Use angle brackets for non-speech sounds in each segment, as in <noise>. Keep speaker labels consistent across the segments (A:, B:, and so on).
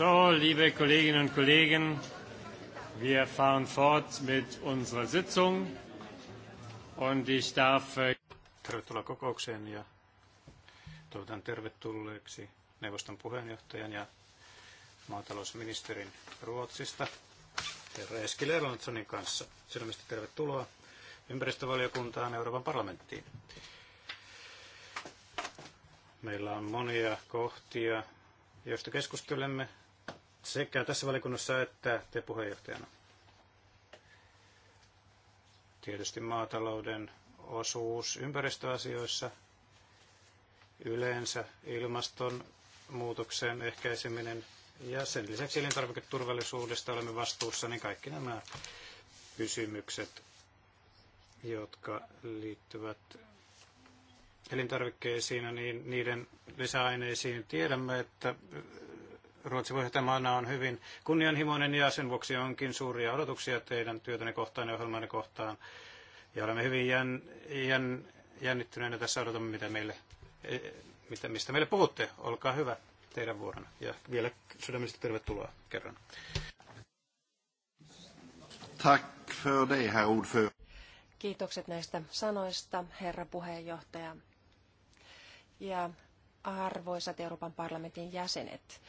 A: So, liebe Kolleginnen und Kollegen, wir fahren fort mit unserer Sitzung und ich darf... Äh, tervetuloa kokoukseen ja
B: toivotan tervetulleeksi neuvoston puheenjohtajan ja maatalousministerin Ruotsista, herra Eskil Erlandsonin kanssa. Sydämestä tervetuloa ympäristövaliokuntaan Euroopan parlamenttiin. Meillä on monia kohtia, joista keskustelemme sekä tässä valikunnassa että te puheenjohtajana. Tietysti maatalouden osuus ympäristöasioissa, yleensä ilmastonmuutoksen ehkäiseminen ja sen lisäksi elintarviketurvallisuudesta olemme vastuussa, niin kaikki nämä kysymykset, jotka liittyvät elintarvikkeisiin ja niin, niiden lisäaineisiin. Tiedämme, että Ruotsin puheenjohtajamaana on hyvin kunnianhimoinen ja sen vuoksi onkin suuria odotuksia teidän työtänne kohtaan ja ohjelmanne kohtaan. Ja olemme hyvin jän, jän, jännittyneenä tässä odotamme, mitä meille, e, mitä, mistä meille puhutte. Olkaa hyvä teidän vuorona. Ja vielä sydämellisesti tervetuloa kerran.
A: Tack för dig, herr
C: Kiitokset näistä sanoista, herra puheenjohtaja. Ja arvoisat Euroopan parlamentin jäsenet.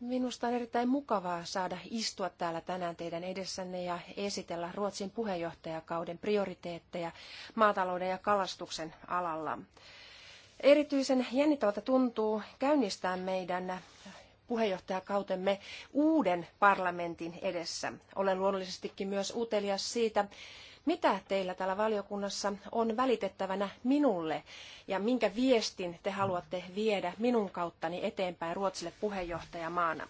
C: Minusta on erittäin mukavaa saada istua täällä tänään teidän edessänne ja esitellä Ruotsin puheenjohtajakauden prioriteetteja maatalouden ja kalastuksen alalla. Erityisen jännittävältä tuntuu käynnistää meidän puheenjohtajakautemme uuden parlamentin edessä. Olen luonnollisestikin myös utelias siitä, mitä teillä täällä valiokunnassa on välitettävänä minulle ja minkä viestin te haluatte viedä minun kauttani eteenpäin Ruotsille puheenjohtajamaana?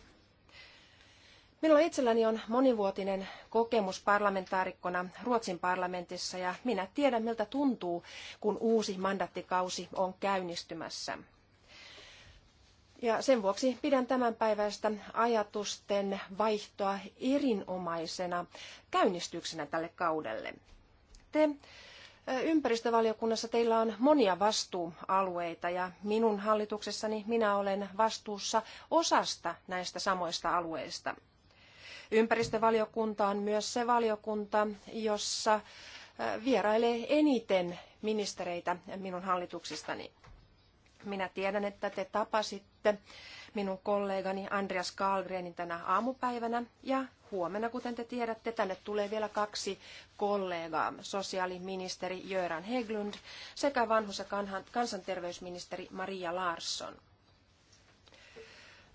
C: Minulla itselläni on monivuotinen kokemus parlamentaarikkona Ruotsin parlamentissa ja minä tiedän miltä tuntuu, kun uusi mandattikausi on käynnistymässä. Ja sen vuoksi pidän tämän päivästä ajatusten vaihtoa erinomaisena käynnistyksenä tälle kaudelle. Te ympäristövaliokunnassa teillä on monia vastuualueita ja minun hallituksessani minä olen vastuussa osasta näistä samoista alueista. Ympäristövaliokunta on myös se valiokunta, jossa vierailee eniten ministereitä minun hallituksistani. Minä tiedän, että te tapasitte minun kollegani Andreas Kalgrenin tänä aamupäivänä ja huomenna, kuten te tiedätte, tänne tulee vielä kaksi kollegaa, sosiaaliministeri Jöran Heglund sekä vanhus- ja kansanterveysministeri Maria Larsson.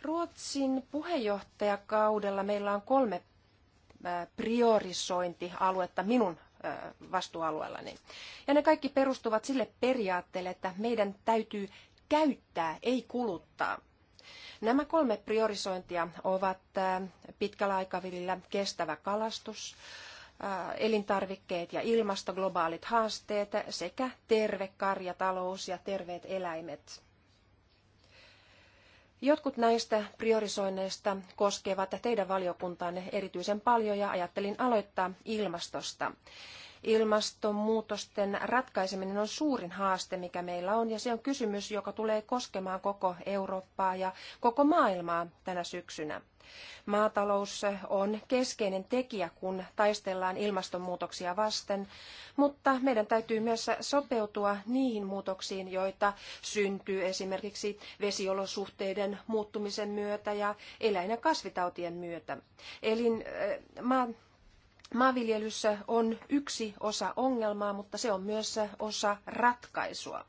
C: Ruotsin puheenjohtajakaudella meillä on kolme priorisointialuetta minun vastuualueellani. Ja ne kaikki perustuvat sille periaatteelle, että meidän täytyy käyttää, ei kuluttaa. Nämä kolme priorisointia ovat pitkällä aikavälillä kestävä kalastus, elintarvikkeet ja ilmasto, globaalit haasteet sekä terve karjatalous ja terveet eläimet. Jotkut näistä priorisoinneista koskevat teidän valiokuntaanne erityisen paljon ja ajattelin aloittaa ilmastosta. Ilmastonmuutosten ratkaiseminen on suurin haaste, mikä meillä on, ja se on kysymys, joka tulee koskemaan koko Eurooppaa ja koko maailmaa tänä syksynä. Maatalous on keskeinen tekijä, kun taistellaan ilmastonmuutoksia vasten, mutta meidän täytyy myös sopeutua niihin muutoksiin, joita syntyy esimerkiksi vesiolosuhteiden muuttumisen myötä ja eläin- ja kasvitautien myötä. Eli maa Maanviljelyssä on yksi osa ongelmaa, mutta se on myös osa ratkaisua.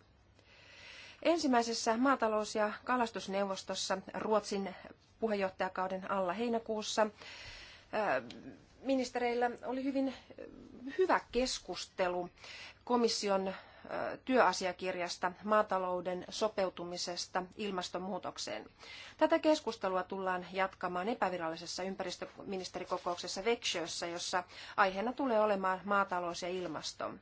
C: Ensimmäisessä maatalous- ja kalastusneuvostossa Ruotsin puheenjohtajakauden alla heinäkuussa äh, ministereillä oli hyvin hyvä keskustelu komission työasiakirjasta maatalouden sopeutumisesta ilmastonmuutokseen. Tätä keskustelua tullaan jatkamaan epävirallisessa ympäristöministerikokouksessa Veksiössä, jossa aiheena tulee olemaan maatalous ja ilmasto.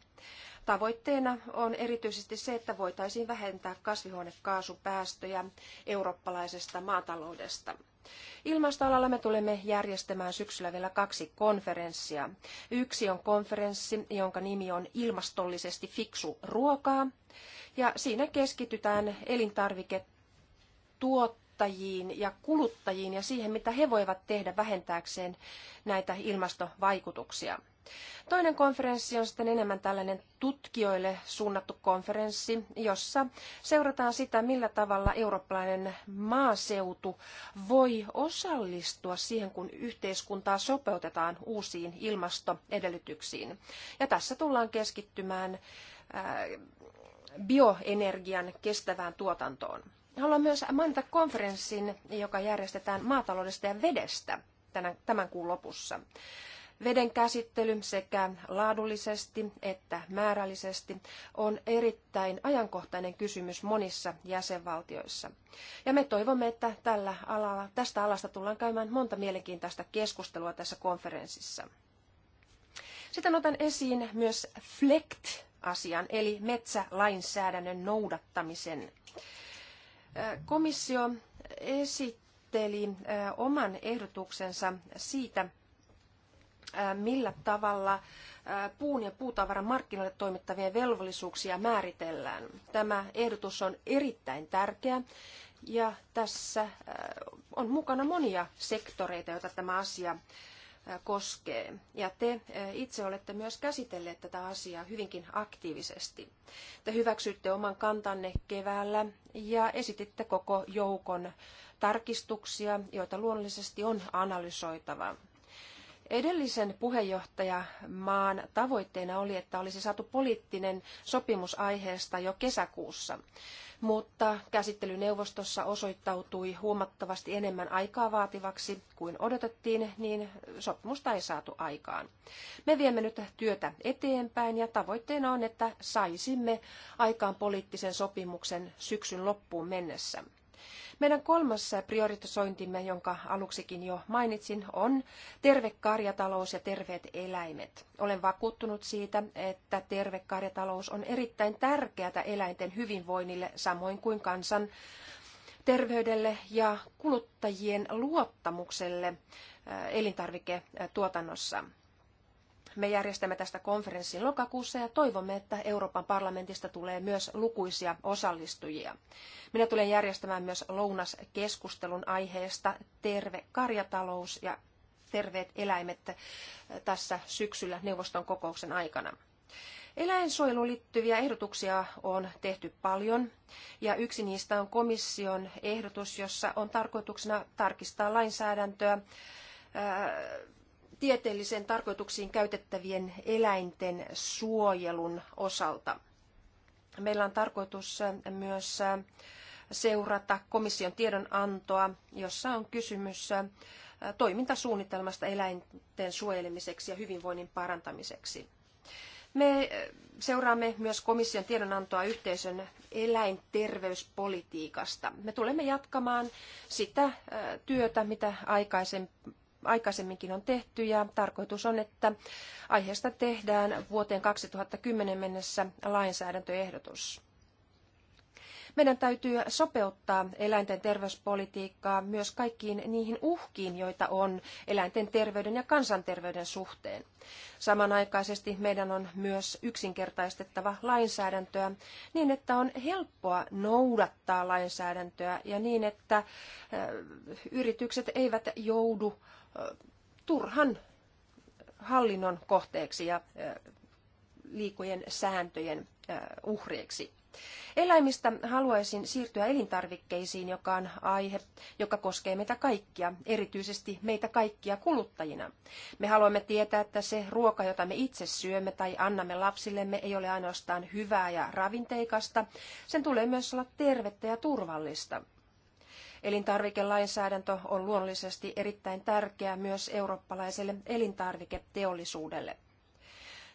C: Tavoitteena on erityisesti se, että voitaisiin vähentää kasvihuonekaasupäästöjä eurooppalaisesta maataloudesta. Ilmastoalalla me tulemme järjestämään syksyllä vielä kaksi konferenssia. Yksi on konferenssi, jonka nimi on Ilmastollisesti fiksu ruokaa, ja siinä keskitytään elintarviketuottajiin ja kuluttajiin ja siihen, mitä he voivat tehdä vähentääkseen näitä ilmastovaikutuksia. Toinen konferenssi on sitten enemmän tällainen tutkijoille suunnattu konferenssi, jossa seurataan sitä, millä tavalla eurooppalainen maaseutu voi osallistua siihen, kun yhteiskuntaa sopeutetaan uusiin ilmastoedellytyksiin. Ja tässä tullaan keskittymään äh, bioenergian kestävään tuotantoon. Haluan myös mainita konferenssin, joka järjestetään maataloudesta ja vedestä tämän kuun lopussa. Veden käsittely sekä laadullisesti että määrällisesti on erittäin ajankohtainen kysymys monissa jäsenvaltioissa. Ja me toivomme, että tällä alalla, tästä alasta tullaan käymään monta mielenkiintoista keskustelua tässä konferenssissa. Sitten otan esiin myös FLECT-asian, eli metsälainsäädännön noudattamisen. Komissio esitteli oman ehdotuksensa siitä, millä tavalla puun ja puutavaran markkinoille toimittavien velvollisuuksia määritellään. Tämä ehdotus on erittäin tärkeä ja tässä on mukana monia sektoreita, joita tämä asia koskee. Ja te itse olette myös käsitelleet tätä asiaa hyvinkin aktiivisesti. Te hyväksyitte oman kantanne keväällä ja esititte koko joukon tarkistuksia, joita luonnollisesti on analysoitava. Edellisen puheenjohtajamaan tavoitteena oli, että olisi saatu poliittinen sopimus aiheesta jo kesäkuussa, mutta käsittelyneuvostossa osoittautui huomattavasti enemmän aikaa vaativaksi kuin odotettiin, niin sopimusta ei saatu aikaan. Me viemme nyt työtä eteenpäin ja tavoitteena on, että saisimme aikaan poliittisen sopimuksen syksyn loppuun mennessä. Meidän kolmas prioritisointimme, jonka aluksikin jo mainitsin, on terve karjatalous ja terveet eläimet. Olen vakuuttunut siitä, että terve karjatalous on erittäin tärkeää eläinten hyvinvoinnille samoin kuin kansan terveydelle ja kuluttajien luottamukselle elintarviketuotannossa. Me järjestämme tästä konferenssin lokakuussa ja toivomme, että Euroopan parlamentista tulee myös lukuisia osallistujia. Minä tulen järjestämään myös lounaskeskustelun aiheesta terve karjatalous ja terveet eläimet tässä syksyllä neuvoston kokouksen aikana. Eläinsuojeluun liittyviä ehdotuksia on tehty paljon ja yksi niistä on komission ehdotus, jossa on tarkoituksena tarkistaa lainsäädäntöä tieteelliseen tarkoituksiin käytettävien eläinten suojelun osalta. Meillä on tarkoitus äh, myös äh, seurata komission tiedonantoa, jossa on kysymys äh, toimintasuunnitelmasta eläinten suojelemiseksi ja hyvinvoinnin parantamiseksi. Me seuraamme myös komission tiedonantoa yhteisön eläinterveyspolitiikasta. Me tulemme jatkamaan sitä työtä, mitä aikaisemmin aikaisemminkin on tehty ja tarkoitus on, että aiheesta tehdään vuoteen 2010 mennessä lainsäädäntöehdotus. Meidän täytyy sopeuttaa eläinten terveyspolitiikkaa myös kaikkiin niihin uhkiin, joita on eläinten terveyden ja kansanterveyden suhteen. Samanaikaisesti meidän on myös yksinkertaistettava lainsäädäntöä niin, että on helppoa noudattaa lainsäädäntöä ja niin, että yritykset eivät joudu turhan hallinnon kohteeksi ja liikojen sääntöjen uhreiksi. Eläimistä haluaisin siirtyä elintarvikkeisiin, joka on aihe, joka koskee meitä kaikkia, erityisesti meitä kaikkia kuluttajina. Me haluamme tietää, että se ruoka, jota me itse syömme tai annamme lapsillemme, ei ole ainoastaan hyvää ja ravinteikasta, sen tulee myös olla tervettä ja turvallista. Elintarvikelainsäädäntö on luonnollisesti erittäin tärkeä myös eurooppalaiselle elintarviketeollisuudelle.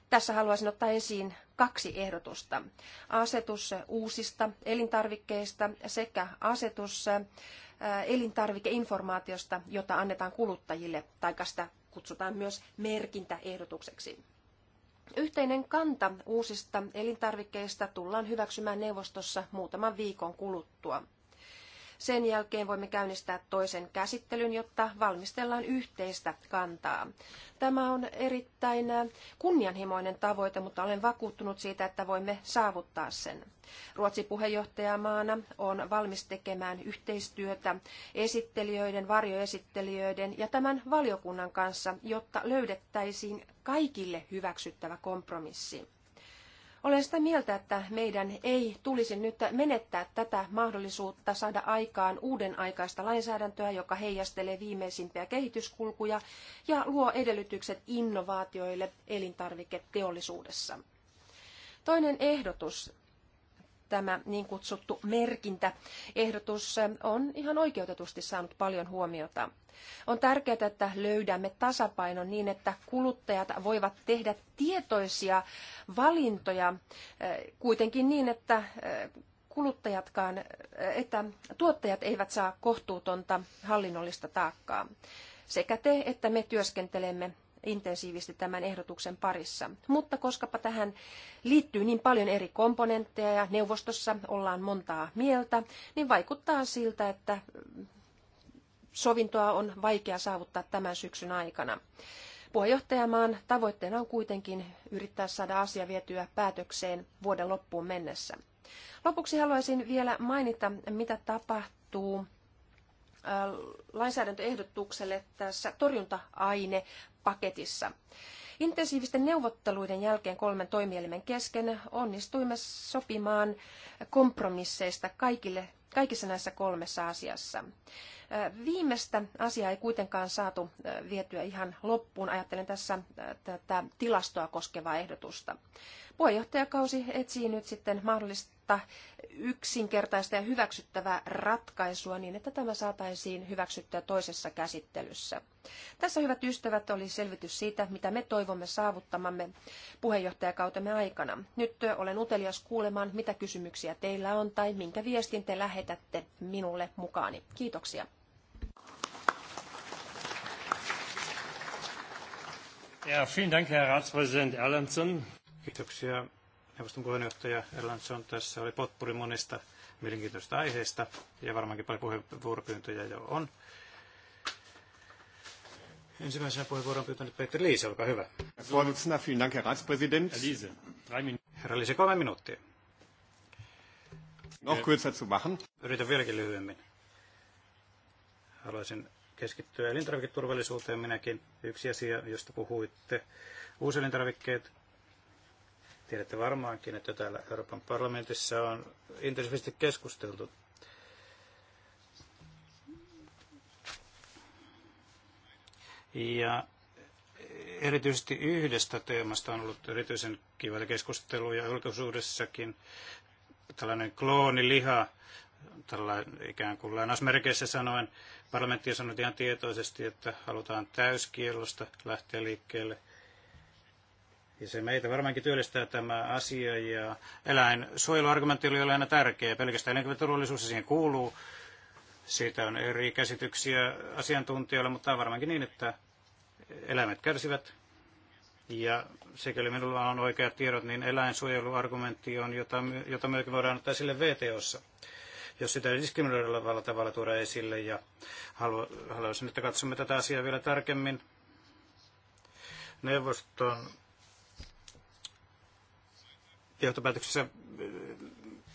C: Tässä haluaisin ottaa esiin kaksi ehdotusta. Asetus uusista elintarvikkeista sekä asetus elintarvikeinformaatiosta, jota annetaan kuluttajille, tai sitä kutsutaan myös merkintäehdotukseksi. Yhteinen kanta uusista elintarvikkeista tullaan hyväksymään neuvostossa muutaman viikon kuluttua. Sen jälkeen voimme käynnistää toisen käsittelyn, jotta valmistellaan yhteistä kantaa. Tämä on erittäin äh, kunnianhimoinen tavoite, mutta olen vakuuttunut siitä, että voimme saavuttaa sen. Ruotsi puheenjohtajamaana on valmis tekemään yhteistyötä esittelijöiden, varjoesittelijöiden ja tämän valiokunnan kanssa, jotta löydettäisiin kaikille hyväksyttävä kompromissi. Olen sitä mieltä, että meidän ei tulisi nyt menettää tätä mahdollisuutta saada aikaan uuden aikaista lainsäädäntöä, joka heijastelee viimeisimpiä kehityskulkuja ja luo edellytykset innovaatioille elintarviketeollisuudessa. Toinen ehdotus tämä niin kutsuttu merkintäehdotus on ihan oikeutetusti saanut paljon huomiota. On tärkeää, että löydämme tasapainon niin, että kuluttajat voivat tehdä tietoisia valintoja eh, kuitenkin niin, että eh, kuluttajatkaan, eh, että tuottajat eivät saa kohtuutonta hallinnollista taakkaa. Sekä te että me työskentelemme intensiivisesti tämän ehdotuksen parissa. Mutta koskapa tähän liittyy niin paljon eri komponentteja ja neuvostossa ollaan montaa mieltä, niin vaikuttaa siltä, että mm, sovintoa on vaikea saavuttaa tämän syksyn aikana. Puheenjohtajamaan tavoitteena on kuitenkin yrittää saada asia vietyä päätökseen vuoden loppuun mennessä. Lopuksi haluaisin vielä mainita, mitä tapahtuu äh, lainsäädäntöehdotukselle tässä torjunta-aine paketissa. Intensiivisten neuvotteluiden jälkeen kolmen toimielimen kesken onnistuimme sopimaan kompromisseista kaikille, kaikissa näissä kolmessa asiassa. Viimeistä asiaa ei kuitenkaan saatu vietyä ihan loppuun. Ajattelen tässä tätä tilastoa koskevaa ehdotusta. Puheenjohtajakausi etsii nyt sitten mahdollista kautta yksinkertaista ja hyväksyttävää ratkaisua niin, että tämä saataisiin hyväksyttyä toisessa käsittelyssä. Tässä, hyvät ystävät, oli selvitys siitä, mitä me toivomme saavuttamamme puheenjohtajakautemme aikana. Nyt olen utelias kuulemaan, mitä kysymyksiä teillä on tai minkä viestin te lähetätte minulle mukaani. Kiitoksia.
A: Ja, vielen Dank, Herr Ratspräsident Erlandsen. Kiitoksia
B: Neuvoston puheenjohtaja Erlandson tässä oli potpuri monista mielenkiintoista aiheista
A: ja varmaankin paljon puheenvuoropyyntöjä jo on.
B: Ensimmäisenä puheenvuoron on pyytänyt
A: Peter Liise, olkaa hyvä. Herra Liise, kolme minuuttia. Noch kürzer zu machen.
B: Yritän vieläkin lyhyemmin. Haluaisin keskittyä elintarviketurvallisuuteen minäkin. Yksi asia, josta puhuitte. Uusi elintarvikkeet Tiedätte varmaankin, että täällä Euroopan parlamentissa on intensiivisesti keskusteltu Ja erityisesti yhdestä teemasta on ollut erityisen kiva keskustelu ja julkisuudessakin tällainen klooniliha, tällainen ikään kuin lainausmerkeissä sanoen, parlamentti on sanonut ihan tietoisesti, että halutaan täyskiellosta lähteä liikkeelle. Ja se meitä varmaankin työllistää tämä asia ja eläinsuojeluargumentti oli aina tärkeä. Pelkästään elinkeinoturvallisuus siihen kuuluu. Siitä on eri käsityksiä asiantuntijoilla, mutta on varmaankin niin, että eläimet kärsivät. Ja sikäli minulla on oikeat tiedot, niin eläinsuojeluargumentti on, jota, jota myöskin voidaan ottaa sille VTOssa jos sitä diskriminoidavalla tavalla tuoda esille. Ja haluaisin, että katsomme tätä asiaa vielä tarkemmin neuvoston johtopäätöksessä,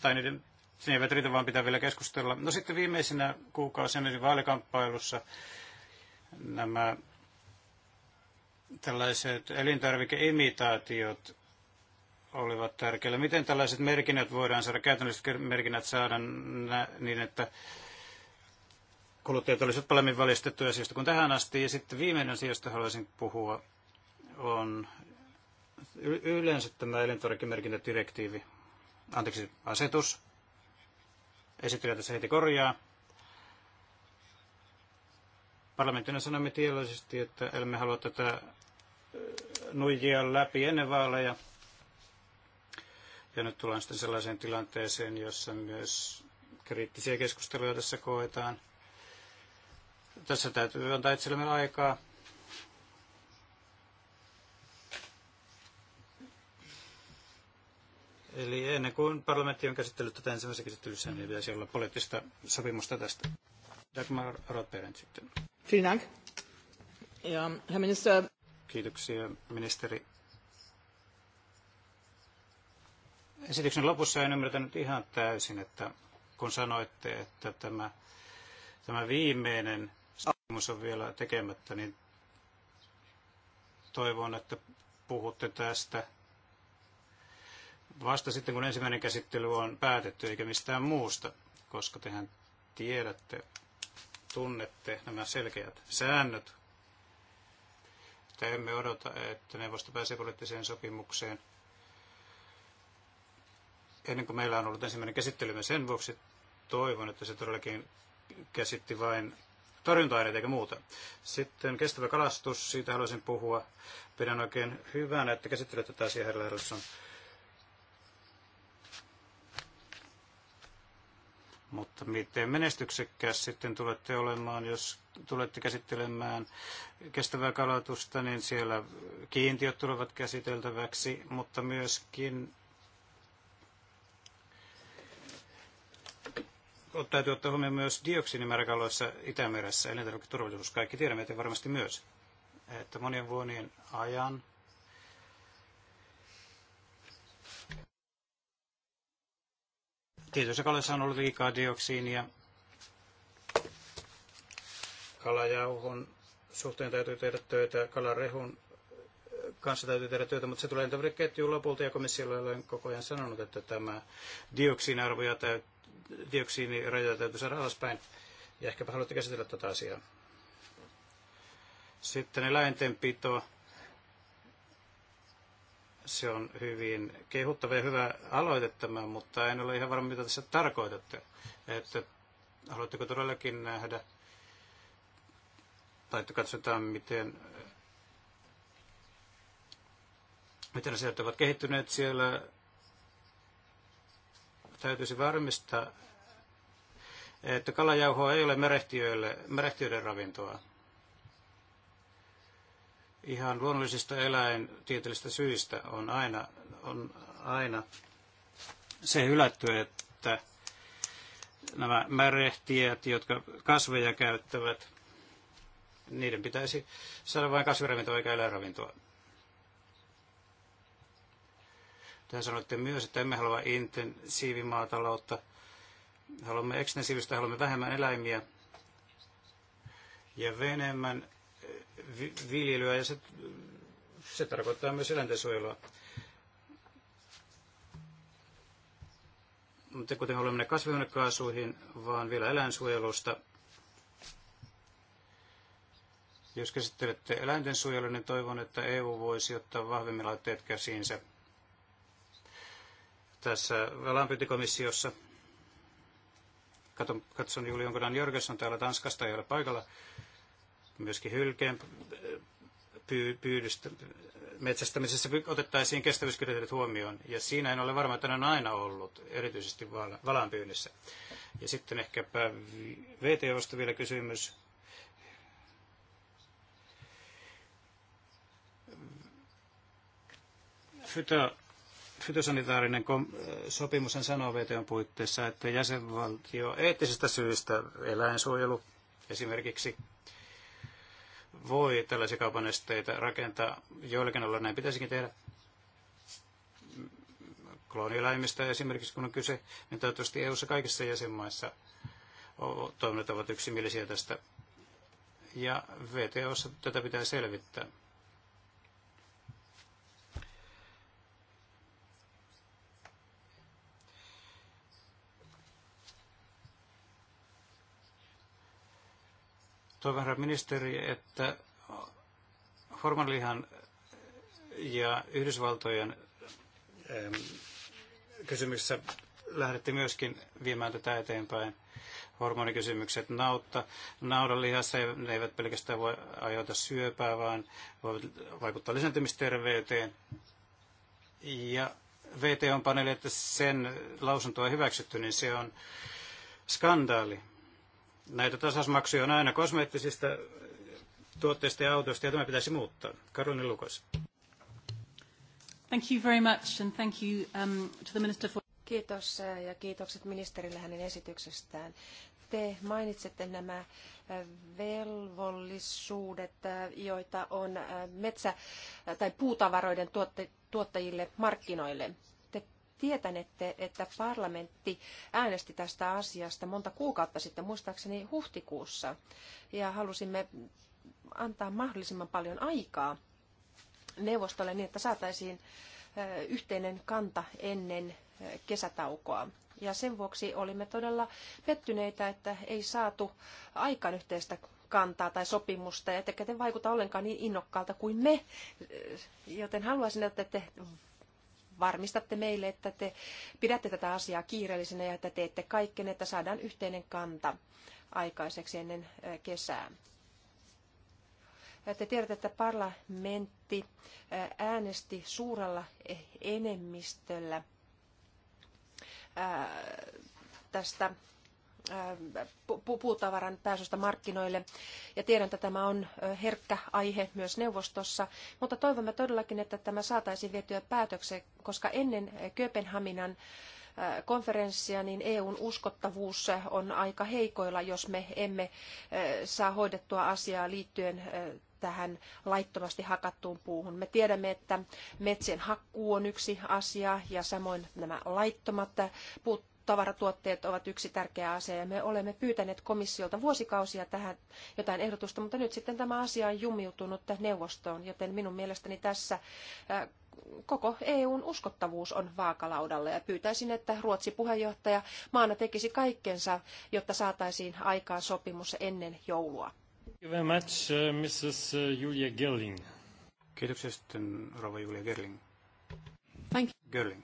B: tai niiden, sinne eivät riitä, vaan pitää vielä keskustella. No sitten viimeisenä kuukausina niin vaalikamppailussa nämä tällaiset elintarvikeimitaatiot olivat tärkeillä. Miten tällaiset merkinnät voidaan saada, käytännölliset merkinnät saada niin, että kuluttajat olisivat paljon valistettuja asioista kuin tähän asti. Ja sitten viimeinen asia, josta haluaisin puhua, on yleensä tämä elintarvikemerkintädirektiivi, anteeksi, asetus, esittelijä tässä heti korjaa. Parlamenttina sanomme tietoisesti, että emme halua tätä nuijia läpi ennen vaaleja. Ja nyt tullaan sitten sellaiseen tilanteeseen, jossa myös kriittisiä keskusteluja tässä koetaan. Tässä täytyy antaa itsellemme aikaa Eli ennen kuin parlamentti on käsitellyt tätä ensimmäisessä käsittelyssä, niin pitäisi olla poliittista sopimusta tästä. Dagmar Rotperen sitten. Vielen Ja, herr minister. Kiitoksia, ministeri. Esityksen lopussa en ymmärtänyt ihan täysin, että kun sanoitte, että tämä, tämä viimeinen sopimus on vielä tekemättä, niin toivon, että puhutte tästä vasta sitten, kun ensimmäinen käsittely on päätetty, eikä mistään muusta, koska tehän tiedätte, tunnette nämä selkeät säännöt, että emme odota, että neuvosto pääsee poliittiseen sopimukseen ennen kuin meillä on ollut ensimmäinen käsittely. Me sen vuoksi toivon, että se todellakin käsitti vain torjunta eikä muuta. Sitten kestävä kalastus, siitä haluaisin puhua. Pidän oikein hyvänä, että käsittelette tätä asiaa, herra herra. Mutta miten menestyksekkäs sitten tulette olemaan, jos tulette käsittelemään kestävää kalatusta, niin siellä kiintiöt tulevat käsiteltäväksi, mutta myöskin täytyy ottaa huomioon myös dioksinimääräkaloissa Itämeressä, elintarviketurvallisuus. Kaikki tiedämme, että varmasti myös, että monien vuonien ajan Tietyissä kaloissa on ollut liikaa dioksiinia. Kalajauhon suhteen täytyy tehdä töitä, kalarehun kanssa täytyy tehdä työtä, mutta se tulee elintarvikeketjuun lopulta ja komissiolle olen koko ajan sanonut, että tämä dioksiiniarvoja täyt, dioksiinirajoja täytyy saada alaspäin. Ja ehkäpä haluatte käsitellä tätä asiaa. Sitten eläintenpito. Se on hyvin kehuttava ja hyvä aloite tämä, mutta en ole ihan varma, mitä tässä tarkoitatte. Että haluatteko todellakin nähdä, tai että katsotaan, miten, miten asiat ovat kehittyneet siellä. Täytyisi varmistaa, että kalajauho ei ole merehtiöiden ravintoa ihan luonnollisista eläintieteellisistä syistä on aina, on aina se hylätty, että nämä märehtiät, jotka kasveja käyttävät, niiden pitäisi saada vain kasviravintoa eikä eläinravintoa. Tähän sanoitte myös, että emme halua intensiivimaataloutta. Haluamme ekstensiivistä, haluamme vähemmän eläimiä ja enemmän viljelyä ja se, se tarkoittaa myös eläintensuojelua. Mutta kuten haluamme mennä kasvihuonekaasuihin, vaan vielä eläinsuojelusta. Jos käsittelette eläintensuojelua, niin toivon, että EU voisi ottaa vahvemmin laitteet käsiinsä tässä lämpötikomissiossa. Katson, katson Julian Kodan Jörgesson täällä Tanskasta ei ole paikalla. Myöskin hylkeen pyydystä, metsästämisessä otettaisiin kestävyyskriteerit huomioon, ja siinä en ole varma, että ne on aina ollut, erityisesti valanpyynnissä. Ja sitten ehkäpä VTOsta vielä kysymys. Fyto, fytosanitaarinen kom, sopimus sanoo VTOn puitteissa, että jäsenvaltio eettisistä syistä, eläinsuojelu esimerkiksi, voi tällaisia kaupan esteitä rakentaa. Joillakin alueilla näin pitäisikin tehdä. Kloonieläimistä esimerkiksi, kun on kyse, niin toivottavasti EU-ssa kaikissa jäsenmaissa toiminnat ovat yksimielisiä tästä. Ja VTOssa tätä pitää selvittää. Toivon, herra ministeri, että hormonlihan ja Yhdysvaltojen kysymyksessä lähdettiin myöskin viemään tätä eteenpäin hormonikysymykset nautta. Naudanlihassa ne eivät pelkästään voi aiheuta syöpää, vaan voivat vaikuttaa lisääntymisterveyteen. Ja VT on paneeli, että sen lausuntoa hyväksytty, niin se on skandaali. Näitä tasausmaksuja on aina kosmeettisista tuotteista ja autoista, ja tämä pitäisi muuttaa. Karolin Lukas.
C: Thank you very much, and thank you um, to the Minister for... Kiitos äh, ja kiitokset ministerille hänen esityksestään. Te mainitsette nämä äh, velvollisuudet, äh, joita on metsä- tai puutavaroiden tuotte, tuottajille markkinoille tietänette, että parlamentti äänesti tästä asiasta monta kuukautta sitten, muistaakseni huhtikuussa, ja halusimme antaa mahdollisimman paljon aikaa neuvostolle niin, että saataisiin yhteinen kanta ennen kesätaukoa. Ja sen vuoksi olimme todella pettyneitä, että ei saatu aikaan yhteistä kantaa tai sopimusta, ettekä te vaikuta ollenkaan niin innokkaalta kuin me. Joten haluaisin, että te varmistatte meille, että te pidätte tätä asiaa kiireellisenä ja että teette kaikkeen, että saadaan yhteinen kanta aikaiseksi ennen kesää. Te tiedätte, että parlamentti äänesti suurella enemmistöllä tästä puutavaran pääsystä markkinoille. Ja tiedän, että tämä on herkkä aihe myös neuvostossa, mutta toivomme todellakin, että tämä saataisiin vietyä päätökseen, koska ennen Kööpenhaminan konferenssia, niin EUn uskottavuus on aika heikoilla, jos me emme saa hoidettua asiaa liittyen tähän laittomasti hakattuun puuhun. Me tiedämme, että metsien hakkuu on yksi asia ja samoin nämä laittomat puut tavaratuotteet ovat yksi tärkeä asia ja me olemme pyytäneet komissiolta vuosikausia tähän jotain ehdotusta, mutta nyt sitten tämä asia on jumiutunut neuvostoon, joten minun mielestäni tässä koko EUn uskottavuus on vaakalaudalla ja pyytäisin, että Ruotsi puheenjohtaja maana tekisi kaikkensa, jotta saataisiin aikaan sopimus ennen joulua.
A: Uh, uh, Kiitoksia sitten, Julia Gerling. Thank you. Gerling.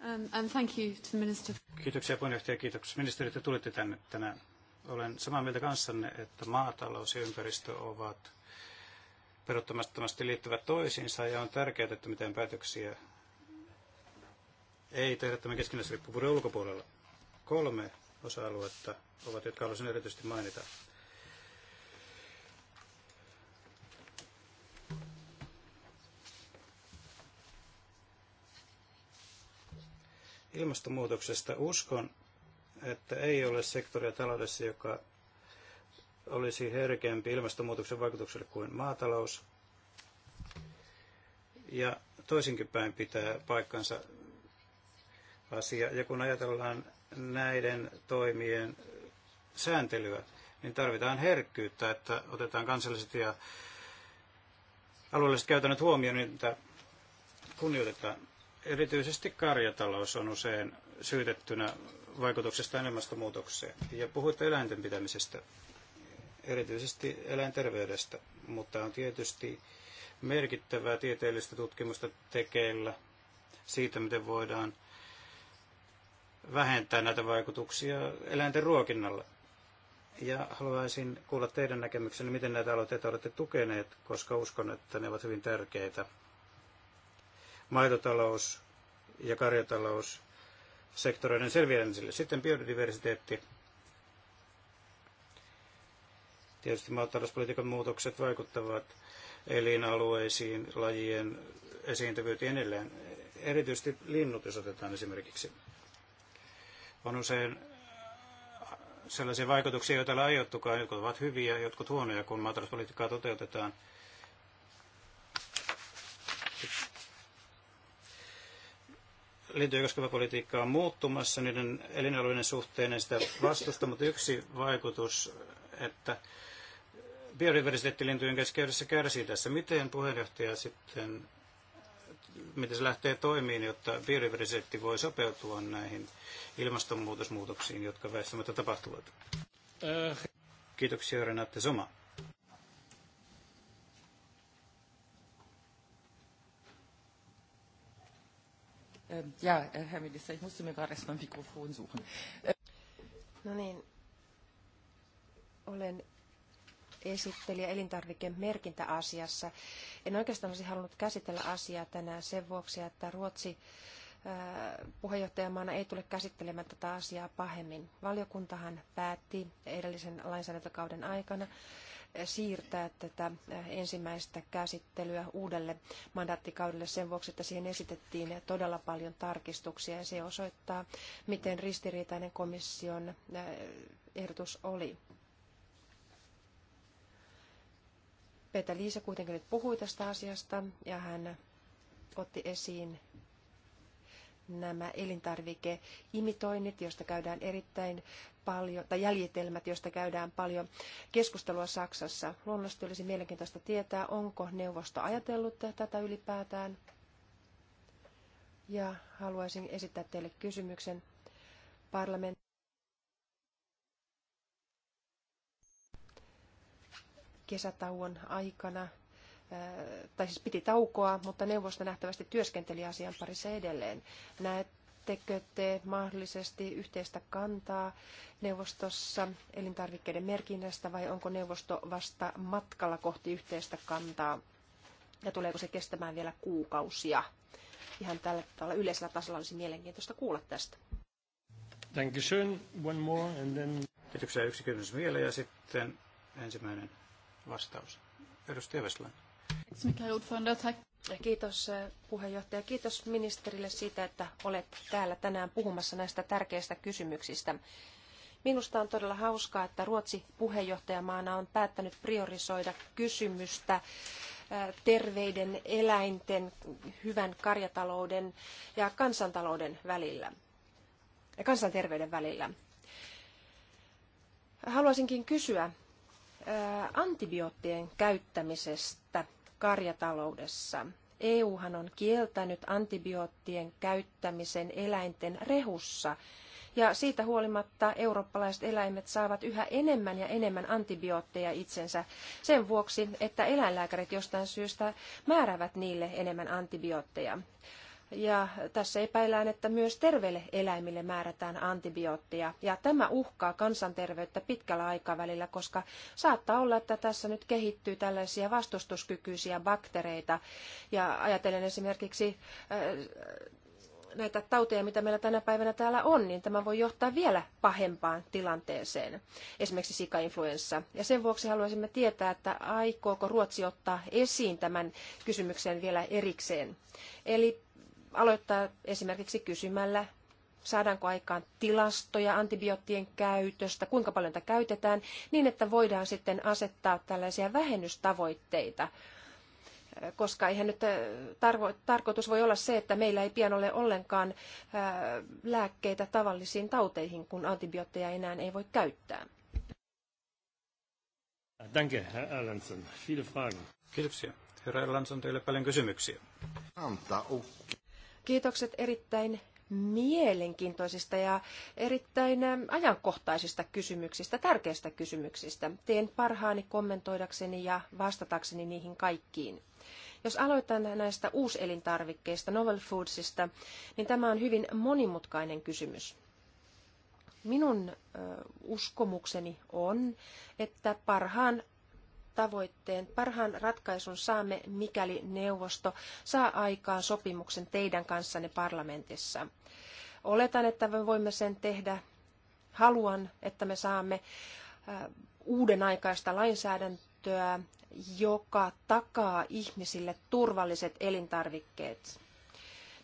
D: Um, and thank you to minister.
B: Kiitoksia puheenjohtaja, kiitoksia ministeri, että tulitte tänne tänään. Olen samaa mieltä kanssanne, että maatalous ja ympäristö ovat perottamattomasti liittyvät toisiinsa ja on tärkeää, että miten päätöksiä ei tehdä tämän keskinäisriippuvuuden ulkopuolella. Kolme osa-aluetta ovat, jotka haluaisin erityisesti mainita. ilmastonmuutoksesta. Uskon, että ei ole sektoria taloudessa, joka olisi herkempi ilmastonmuutoksen vaikutukselle kuin maatalous. Ja toisinkin päin pitää paikkansa asia. Ja kun ajatellaan näiden toimien sääntelyä, niin tarvitaan herkkyyttä, että otetaan kansalliset ja alueelliset käytännöt huomioon, niin että kunnioitetaan. Erityisesti karjatalous on usein syytettynä vaikutuksesta ilmastonmuutokseen. Ja puhuitte eläinten pitämisestä, erityisesti eläinterveydestä, mutta on tietysti merkittävää tieteellistä tutkimusta tekeillä siitä, miten voidaan vähentää näitä vaikutuksia eläinten ruokinnalla. Ja haluaisin kuulla teidän näkemyksenne, miten näitä aloitteita olette tukeneet, koska uskon, että ne ovat hyvin tärkeitä maitotalous ja karjatalous sektoreiden selviämiselle. Sitten biodiversiteetti. Tietysti maatalouspolitiikan muutokset vaikuttavat elinalueisiin, lajien esiintyvyyteen niin edelleen. Erityisesti linnut, jos otetaan esimerkiksi. On usein sellaisia vaikutuksia, joita ei ole aiottukaan. Jotkut ovat hyviä, jotkut huonoja, kun maatalouspolitiikkaa toteutetaan – lintuja koskeva politiikka on muuttumassa niiden elinalueiden suhteen ja sitä vastusta, mutta yksi vaikutus, että biodiversiteettilintujen keskeydessä kärsii tässä. Miten puheenjohtaja sitten, miten se lähtee toimiin, jotta biodiversiteetti voi sopeutua näihin ilmastonmuutosmuutoksiin, jotka väistämättä tapahtuvat? Äh. Kiitoksia Renate Soma.
C: Ähm, ja, äh, Herr Minister, ich musste mir gerade erst mal ein Mikrofon suchen. Äh, no niin, olen esittelijä elintarvikemerkintäasiassa. En oikeastaan olisi halunnut käsitellä asiaa tänään sen vuoksi, että Ruotsi äh, puheenjohtajamaana ei tule käsittelemään tätä asiaa pahemmin. Valiokuntahan päätti edellisen lainsäädäntökauden aikana, siirtää tätä ensimmäistä käsittelyä uudelle mandaattikaudelle sen vuoksi, että siihen esitettiin todella paljon tarkistuksia ja se osoittaa, miten ristiriitainen komission eh, ehdotus oli. Petä Liisa kuitenkin nyt puhui tästä asiasta ja hän otti esiin nämä elintarvikeimitoinnit, joista käydään erittäin paljon, tai jäljitelmät, joista käydään paljon keskustelua Saksassa. Luonnollisesti olisi mielenkiintoista tietää, onko neuvosto ajatellut tätä ylipäätään. Ja haluaisin esittää teille kysymyksen parlamentin kesätauon aikana tai siis piti taukoa, mutta neuvosto nähtävästi työskenteli asian parissa edelleen. Näettekö te mahdollisesti yhteistä kantaa neuvostossa elintarvikkeiden merkinnästä vai onko neuvosto vasta matkalla kohti yhteistä kantaa ja tuleeko se kestämään vielä kuukausia? Ihan tällä tavalla yleisellä tasolla olisi mielenkiintoista kuulla tästä.
A: One more and then... Kiitoksia. Yksi
B: kysymys vielä ja sitten ensimmäinen vastaus. Edustaja Westland.
C: Kiitos eh, puheenjohtaja. Kiitos ministerille siitä, että olet täällä tänään puhumassa näistä tärkeistä kysymyksistä. Minusta on todella hauskaa, että Ruotsi puheenjohtajamaana on päättänyt priorisoida kysymystä eh, terveiden eläinten, hyvän karjatalouden ja kansantalouden välillä, ja kansanterveyden välillä. Haluaisinkin kysyä eh, antibioottien käyttämisestä karjataloudessa. EUhan on kieltänyt antibioottien käyttämisen eläinten rehussa, ja siitä huolimatta eurooppalaiset eläimet saavat yhä enemmän ja enemmän antibiootteja itsensä sen vuoksi, että eläinlääkärit jostain syystä määräävät niille enemmän antibiootteja. Ja tässä epäillään, että myös terveille eläimille määrätään antibiootteja. Ja tämä uhkaa kansanterveyttä pitkällä aikavälillä, koska saattaa olla, että tässä nyt kehittyy tällaisia vastustuskykyisiä bakteereita. Ja ajatellen esimerkiksi äh, näitä tauteja, mitä meillä tänä päivänä täällä on, niin tämä voi johtaa vielä pahempaan tilanteeseen, esimerkiksi sikainfluenssa. Ja sen vuoksi haluaisimme tietää, että aikooko Ruotsi ottaa esiin tämän kysymyksen vielä erikseen. Eli aloittaa esimerkiksi kysymällä, saadaanko aikaan tilastoja antibioottien käytöstä, kuinka paljon tätä käytetään, niin että voidaan sitten asettaa tällaisia vähennystavoitteita koska eihän nyt äh, tarvo, tarkoitus voi olla se, että meillä ei pian ole ollenkaan ää, äh, lääkkeitä tavallisiin tauteihin, kun antibiootteja enää ei voi käyttää.
A: Danke, Herr Erlandsson. Viele Fragen. Kiitoksia. Herra Erlandsson, teille paljon kysymyksiä. Anta, okay.
C: Kiitokset erittäin mielenkiintoisista ja erittäin ähm, ajankohtaisista kysymyksistä, tärkeistä kysymyksistä. Teen parhaani kommentoidakseni ja vastatakseni niihin kaikkiin. Jos aloitan näistä uuselintarvikkeista, novel foodsista, niin tämä on hyvin monimutkainen kysymys. Minun uskomukseni on, että parhaan tavoitteen. Parhaan ratkaisun saamme, mikäli neuvosto saa aikaan sopimuksen teidän kanssanne parlamentissa. Oletan, että me voimme sen tehdä. Haluan, että me saamme uuden aikaista lainsäädäntöä, joka takaa ihmisille turvalliset elintarvikkeet.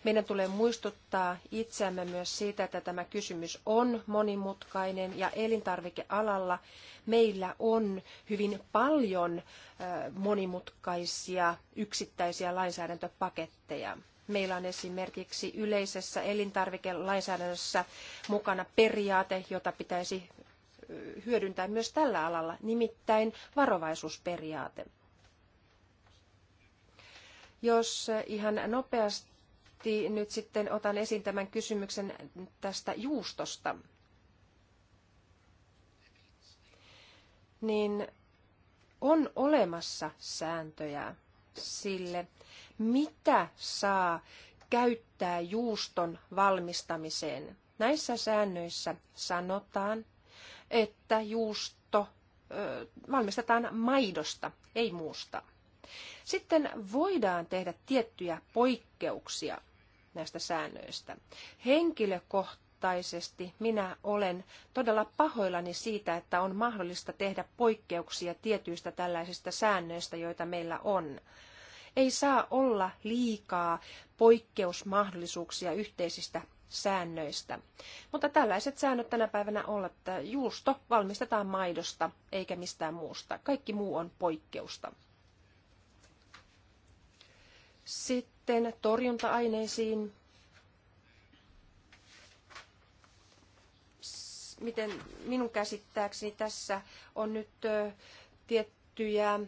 C: Meidän tulee muistuttaa itseämme myös siitä, että tämä kysymys on monimutkainen ja elintarvikealalla meillä on hyvin paljon monimutkaisia yksittäisiä lainsäädäntöpaketteja. Meillä on esimerkiksi yleisessä elintarvikelainsäädännössä mukana periaate, jota pitäisi hyödyntää myös tällä alalla, nimittäin varovaisuusperiaate. Jos ihan nopeasti erityisesti nyt sitten otan esiin tämän kysymyksen tästä juustosta. Niin on olemassa sääntöjä sille, mitä saa käyttää juuston valmistamiseen. Näissä säännöissä sanotaan, että juusto valmistetaan maidosta, ei muusta. Sitten voidaan tehdä tiettyjä poikkeuksia näistä säännöistä. Henkilökohtaisesti minä olen todella pahoillani siitä, että on mahdollista tehdä poikkeuksia tietyistä tällaisista säännöistä, joita meillä on. Ei saa olla liikaa poikkeusmahdollisuuksia yhteisistä säännöistä. Mutta tällaiset säännöt tänä päivänä ovat, että juusto valmistetaan maidosta eikä mistään muusta. Kaikki muu on poikkeusta. Sitten sitten torjunta-aineisiin. Miten minun käsittääkseni tässä on nyt tiettyjä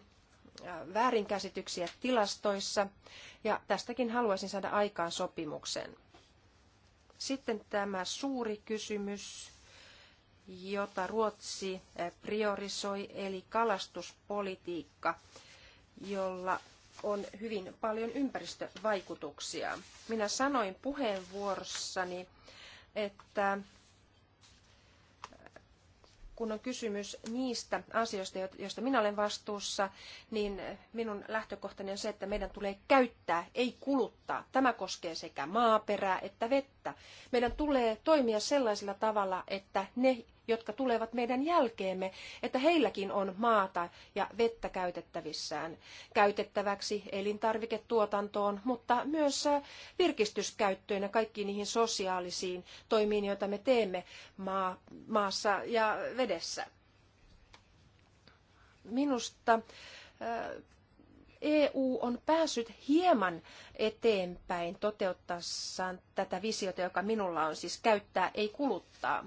C: väärinkäsityksiä tilastoissa ja tästäkin haluaisin saada aikaan sopimuksen. Sitten tämä suuri kysymys, jota Ruotsi priorisoi, eli kalastuspolitiikka, jolla on hyvin paljon ympäristövaikutuksia. Minä sanoin puheenvuorossani, että kun on kysymys niistä asioista, joista minä olen vastuussa, niin minun lähtökohtani on se, että meidän tulee käyttää, ei kuluttaa. Tämä koskee sekä maaperää että vettä että Meidän tulee toimia sellaisella tavalla, että ne, jotka tulevat meidän jälkeemme, että heilläkin on maata ja vettä käytettävissään, käytettäväksi elintarviketuotantoon, mutta myös äh, virkistyskäyttöön ja kaikkiin niihin sosiaalisiin toimiin, joita me teemme maa, maassa ja vedessä. Minusta äh, EU on päässyt hieman eteenpäin toteuttaessaan tätä visiota, joka minulla on, siis käyttää ei kuluttaa.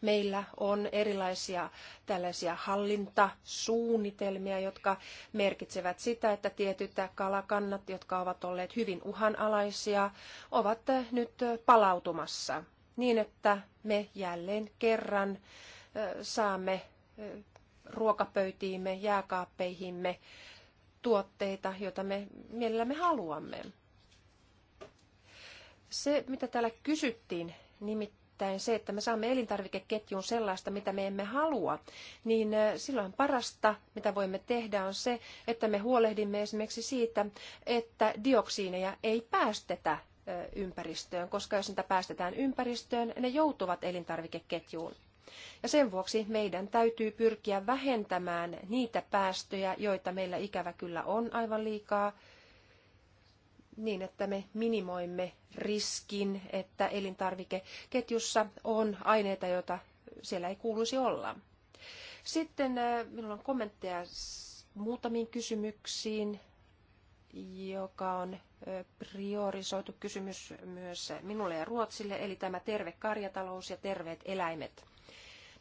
C: Meillä on erilaisia tällaisia hallintasuunnitelmia, jotka merkitsevät sitä, että tietyt kalakannat, jotka ovat olleet hyvin uhanalaisia, ovat nyt palautumassa niin, että me jälleen kerran saamme ruokapöytiimme, jääkaappeihimme tuotteita, joita me mielellämme haluamme. Se, mitä täällä kysyttiin, nimittäin se, että me saamme elintarvikeketjuun sellaista, mitä me emme halua, niin silloin parasta, mitä voimme tehdä, on se, että me huolehdimme esimerkiksi siitä, että dioksiineja ei päästetä ympäristöön, koska jos niitä päästetään ympäristöön, ne joutuvat elintarvikeketjuun. Ja sen vuoksi meidän täytyy pyrkiä vähentämään niitä päästöjä, joita meillä ikävä kyllä on aivan liikaa, niin että me minimoimme riskin, että elintarvikeketjussa on aineita, joita siellä ei kuuluisi olla. Sitten äh, minulla on kommentteja muutamiin kysymyksiin, joka on äh, priorisoitu kysymys myös minulle ja Ruotsille, eli tämä terve karjatalous ja terveet eläimet.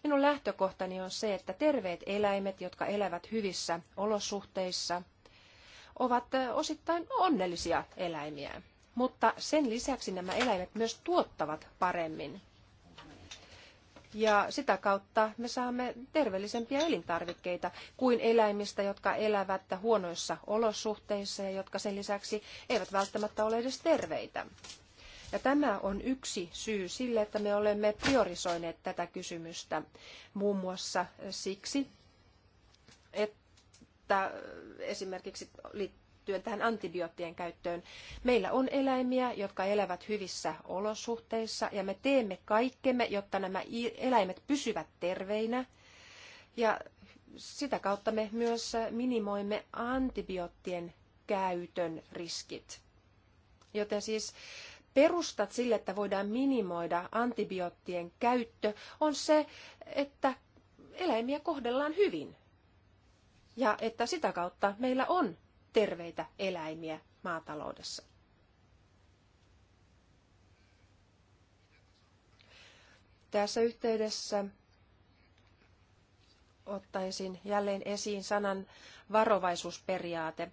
C: Minun lähtökohtani on se, että terveet eläimet, jotka elävät hyvissä olosuhteissa, ovat osittain onnellisia eläimiä. Mutta sen lisäksi nämä eläimet myös tuottavat paremmin. Ja sitä kautta me saamme terveellisempiä elintarvikkeita kuin eläimistä, jotka elävät huonoissa olosuhteissa ja jotka sen lisäksi eivät välttämättä ole edes terveitä. Ja tämä on yksi syy sille, että me olemme priorisoineet tätä kysymystä muun muassa siksi, että esimerkiksi liittyen tähän antibioottien käyttöön, meillä on eläimiä, jotka elävät hyvissä olosuhteissa ja me teemme kaikkemme, jotta nämä eläimet pysyvät terveinä ja sitä kautta me myös minimoimme antibioottien käytön riskit. Joten siis perustat sille, että voidaan minimoida antibioottien käyttö, on se, että eläimiä kohdellaan hyvin. Ja että sitä kautta meillä on terveitä eläimiä maataloudessa. Tässä yhteydessä ottaisin jälleen esiin sanan varovaisuusperiaate.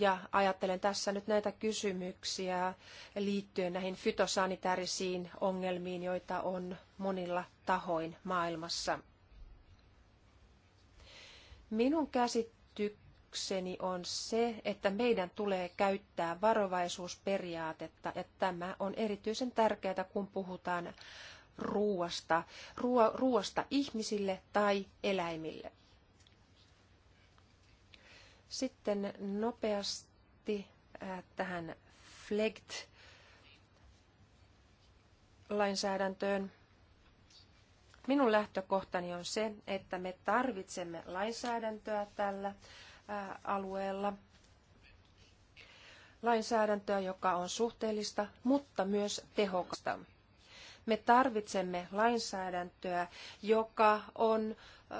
C: Ja ajattelen tässä nyt näitä kysymyksiä liittyen näihin fytosanitaarisiin ongelmiin, joita on monilla tahoin maailmassa. Minun käsitykseni on se, että meidän tulee käyttää varovaisuusperiaatetta, ja tämä on erityisen tärkeää, kun puhutaan ruoasta, ruo, ruoasta ihmisille tai eläimille. Sitten nopeasti äh, tähän FLEGT-lainsäädäntöön. Minun lähtökohtani on se, että me tarvitsemme lainsäädäntöä tällä äh, alueella. Lainsäädäntöä, joka on suhteellista, mutta myös tehokasta. Me tarvitsemme lainsäädäntöä, joka on äh,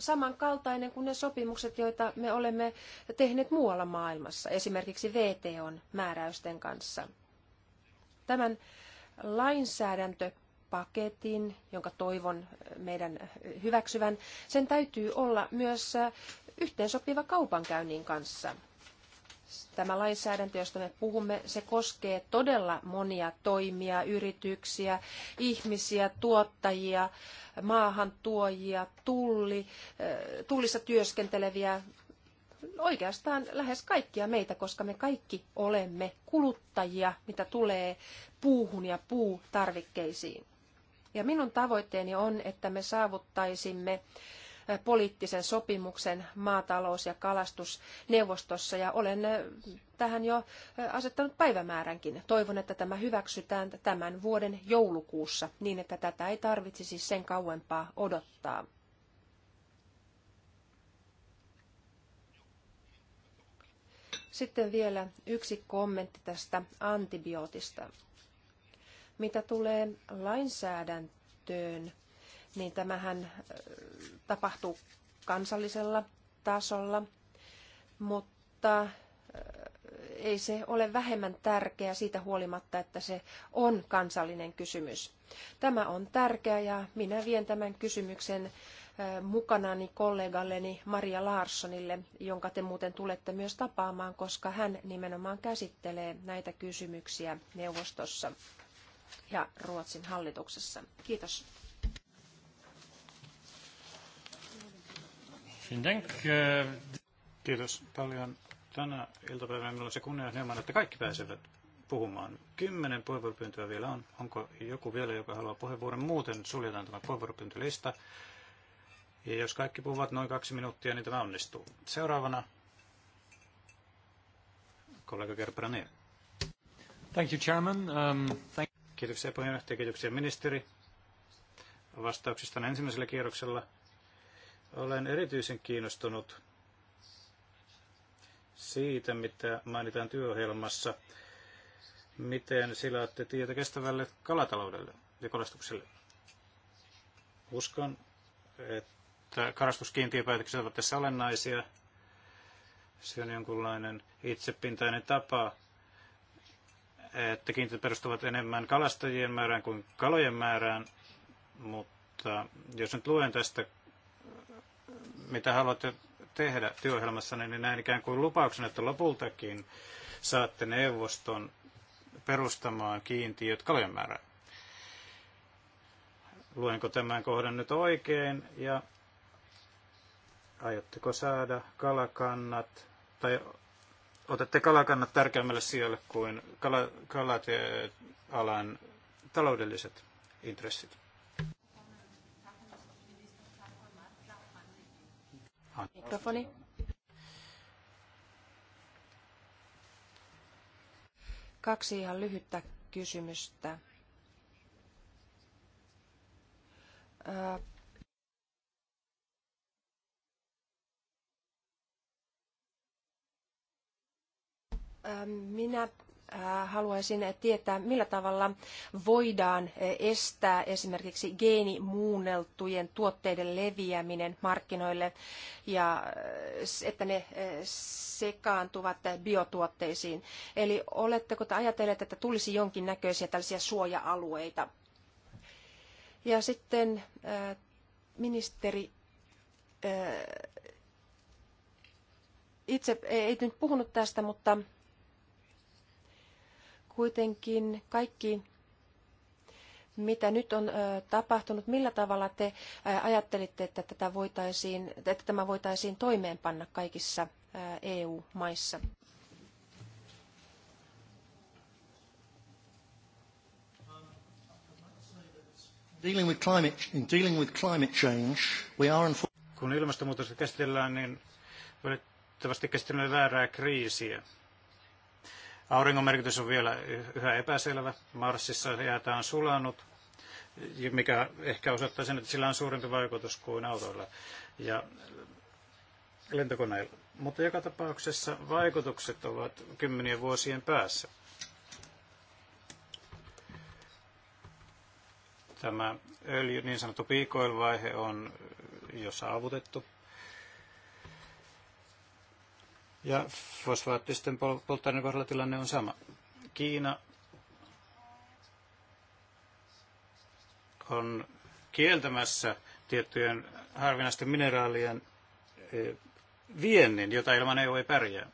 C: samankaltainen kuin ne sopimukset, joita me olemme tehneet muualla maailmassa, esimerkiksi VTOn määräysten kanssa. Tämän lainsäädäntöpaketin, jonka toivon meidän hyväksyvän, sen täytyy olla myös yhteensopiva kaupankäynnin kanssa – Tämä lainsäädäntö, josta me puhumme, se koskee todella monia toimia, yrityksiä, ihmisiä, tuottajia, maahantuojia, tulli, eh, tullissa työskenteleviä, oikeastaan lähes kaikkia meitä, koska me kaikki olemme kuluttajia, mitä tulee puuhun ja puutarvikkeisiin. Ja minun tavoitteeni on, että me saavuttaisimme poliittisen sopimuksen maatalous- ja kalastusneuvostossa ja olen tähän jo asettanut päivämääränkin. Toivon, että tämä hyväksytään tämän vuoden joulukuussa niin, että tätä ei tarvitsisi sen kauempaa odottaa. Sitten vielä yksi kommentti tästä antibiootista. Mitä tulee lainsäädäntöön, niin tämähän tapahtuu kansallisella tasolla, mutta ei se ole vähemmän tärkeä siitä huolimatta, että se on kansallinen kysymys. Tämä on tärkeä ja minä vien tämän kysymyksen mukanani kollegalleni Maria Larssonille, jonka te muuten tulette myös tapaamaan, koska hän nimenomaan käsittelee näitä kysymyksiä neuvostossa ja Ruotsin hallituksessa. Kiitos.
A: Äh, Kiitos paljon. Tänä
B: iltapäivänä minulla on se kunnia hieman, että kaikki pääsevät puhumaan. Kymmenen puheenvuoropyyntöä vielä on. Onko joku vielä, joka haluaa puheenvuoron? Muuten suljetaan tämä puheenvuoropyyntölista. Ja jos kaikki puhuvat noin kaksi minuuttia, niin tämä onnistuu. Seuraavana kollega Gerbranier.
A: Thank you, Chairman. Um, thank... Kiitoksia
B: puheenjohtaja, kiitoksia ministeri vastauksista ensimmäisellä kierroksella. Olen erityisen kiinnostunut siitä, mitä mainitaan työohjelmassa, miten sillä olette tietä kestävälle kalataloudelle ja kalastukselle. Uskon, että kalastuskiintiöpäätökset ovat tässä olennaisia. Se on jonkunlainen itsepintainen tapa, että kiintiöt perustuvat enemmän kalastajien määrään kuin kalojen määrään, mutta jos nyt luen tästä mitä haluatte tehdä työohjelmassa, niin näin ikään kuin lupauksen, että lopultakin saatte neuvoston perustamaan kiintiöt määrää. Luenko tämän kohdan nyt oikein ja aiotteko saada kalakannat tai otatte kalakannat tärkeämmälle sijalle kuin kala, kalatealan taloudelliset intressit?
C: Mikrofoni. Kaksi ihan lyhyttä kysymystä. Minä Äh, haluaisin tietää, millä tavalla voidaan äh, estää esimerkiksi geenimuunneltujen tuotteiden leviäminen markkinoille ja äh, että ne sekaantuvat biotuotteisiin. Eli oletteko te ajatelleet, että tulisi jonkinnäköisiä tällaisia suoja-alueita? Ja sitten ministeri itse ei nyt puhunut tästä, mutta kuitenkin kaikki, mitä nyt on tapahtunut, millä tavalla te ajattelitte, että, tätä voitaisiin, että tämä voitaisiin toimeenpanna kaikissa EU-maissa?
B: Kun ilmastonmuutosta käsitellään, niin valitettavasti käsitellään väärää kriisiä. Auringon merkitys on vielä yhä epäselvä. Marsissa jäätä on sulanut, mikä ehkä osoittaa sen, että sillä on suurempi vaikutus kuin autoilla ja lentokoneilla. Mutta joka tapauksessa vaikutukset ovat kymmenien vuosien päässä. Tämä öljy, niin sanottu piikoilvaihe on jo saavutettu. Ja fosfaattisten pol- polttoaineiden kohdalla tilanne on sama. Kiina on kieltämässä tiettyjen harvinaisten mineraalien e, viennin, jota ilman EU ei pärjää.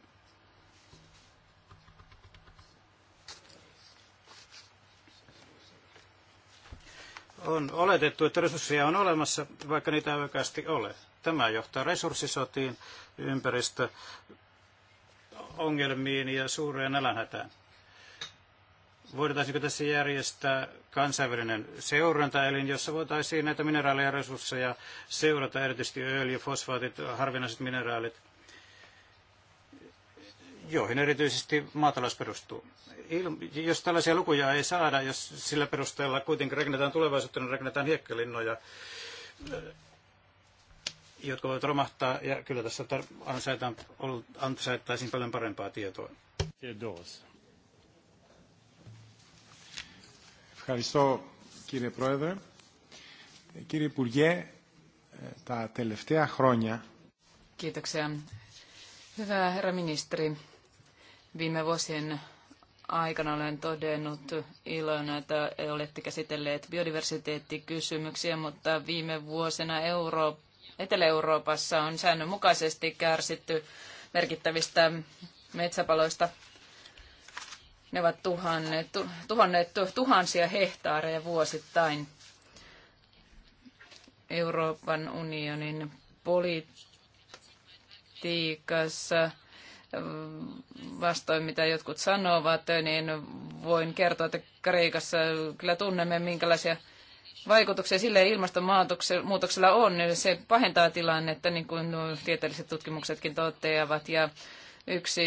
B: On oletettu, että resursseja on olemassa, vaikka niitä ei oikeasti ole. Tämä johtaa resurssisotiin, ympäristö, ongelmiin ja suureen nälänhätään. Voitaisiinko tässä järjestää kansainvälinen seurantaelin, jossa voitaisiin näitä mineraaleja resursseja seurata, erityisesti öljy, fosfaatit, harvinaiset mineraalit, joihin erityisesti maatalous perustuu. Il- jos tällaisia lukuja ei saada, jos sillä perusteella kuitenkin rakennetaan tulevaisuutta, niin rakennetaan hiekkalinnoja jotka voivat romahtaa, ja kyllä tässä ansaittaisiin paljon parempaa tietoa.
A: Kiitos. Ευχαριστώ
B: κύριε Πρόεδρε. Κύριε Υπουργέ, τα τελευταία χρόνια...
D: Κοίταξε. Hyvä herra ministeri, viime vuosien aikana olen todennut ilona, että olette käsitelleet biodiversiteettikysymyksiä, mutta viime vuosina Eurooppa Etelä-Euroopassa on säännönmukaisesti kärsitty merkittävistä metsäpaloista. Ne ovat tuhanneet, tuhanneet, tuhansia hehtaareja vuosittain. Euroopan unionin politiikassa mm, vastoin mitä jotkut sanovat, niin voin kertoa, että Kreikassa kyllä tunnemme minkälaisia vaikutuksia sille ilmastonmuutoksella on. Se pahentaa tilannetta, niin kuin tieteelliset tutkimuksetkin toteavat. Ja yksi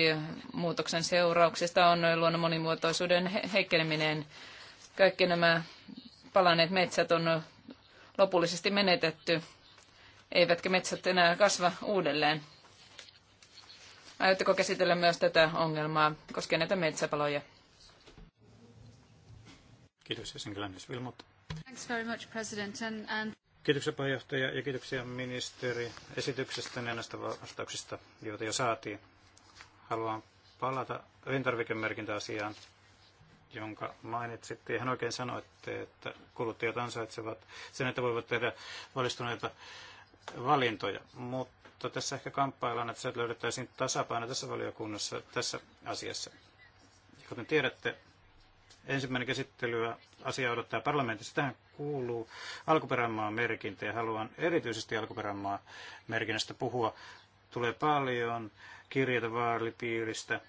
D: muutoksen seurauksista on luonnon monimuotoisuuden heikkeneminen. Kaikki nämä palaneet metsät on lopullisesti menetetty, eivätkä metsät enää kasva uudelleen. Aiotteko käsitellä myös tätä ongelmaa koskien näitä metsäpaloja?
B: Kiitos, Jessen Glennis Vilmot.
D: Thanks very much, President. And,
B: Kiitoksia puheenjohtaja ja kiitoksia ministeri esityksestä ja näistä vastauksista, joita jo saatiin. Haluan palata elintarvikemerkintäasiaan, jonka mainitsitte. hän oikein sanoitte, että kuluttajat ansaitsevat sen, että voivat tehdä valistuneita valintoja. Mutta tässä ehkä kamppaillaan, että se löydettäisiin tasapaino tässä valiokunnassa tässä asiassa. Ja kuten tiedätte, Ensimmäinen käsittelyä asia odottaa parlamentissa. Tähän kuuluu alkuperämaan merkintä ja haluan erityisesti alkuperämaan merkinnästä puhua. Tulee paljon kirjeitä vaalipiiristä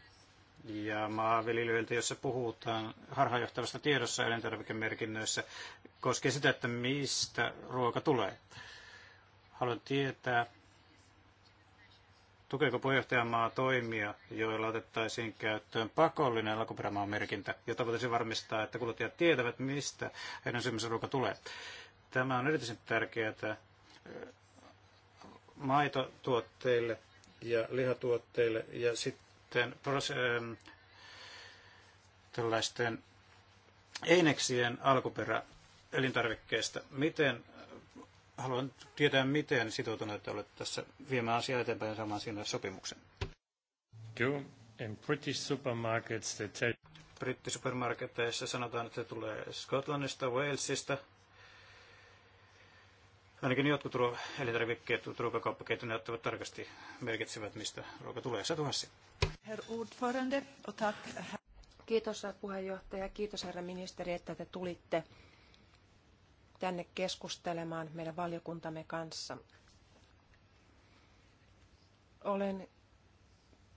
B: ja maanviljelijöiltä, jossa puhutaan harhaanjohtavasta tiedossa elintarvikemerkinnöissä, koskee sitä, että mistä ruoka tulee. Haluan tietää, Tukeeko puheenjohtajamaa toimia, joilla otettaisiin käyttöön pakollinen alkuperämaan merkintä, jotta voitaisiin varmistaa, että kuluttajat tietävät, mistä heidän syömisen ruoka tulee? Tämä on erityisen tärkeää äh, maitotuotteille ja lihatuotteille ja sitten ähm, tällaisten eineksien alkuperä elintarvikkeista. Miten haluan tietää, miten sitoutuneet olette tässä viemään asiaa eteenpäin ja saamaan sinne sopimuksen. Joo, in British supermarkets they tell... Brittisupermarketeissa sanotaan, että se tulee Skotlannista, Walesista, Ainakin jotkut ruo- elintarvikkeet, ne ottavat tarkasti merkitsevät, mistä ruoka tulee. Satu Hassi.
C: Kiitos puheenjohtaja, kiitos herra ministeri, että te tulitte tänne keskustelemaan meidän valiokuntamme kanssa. Olen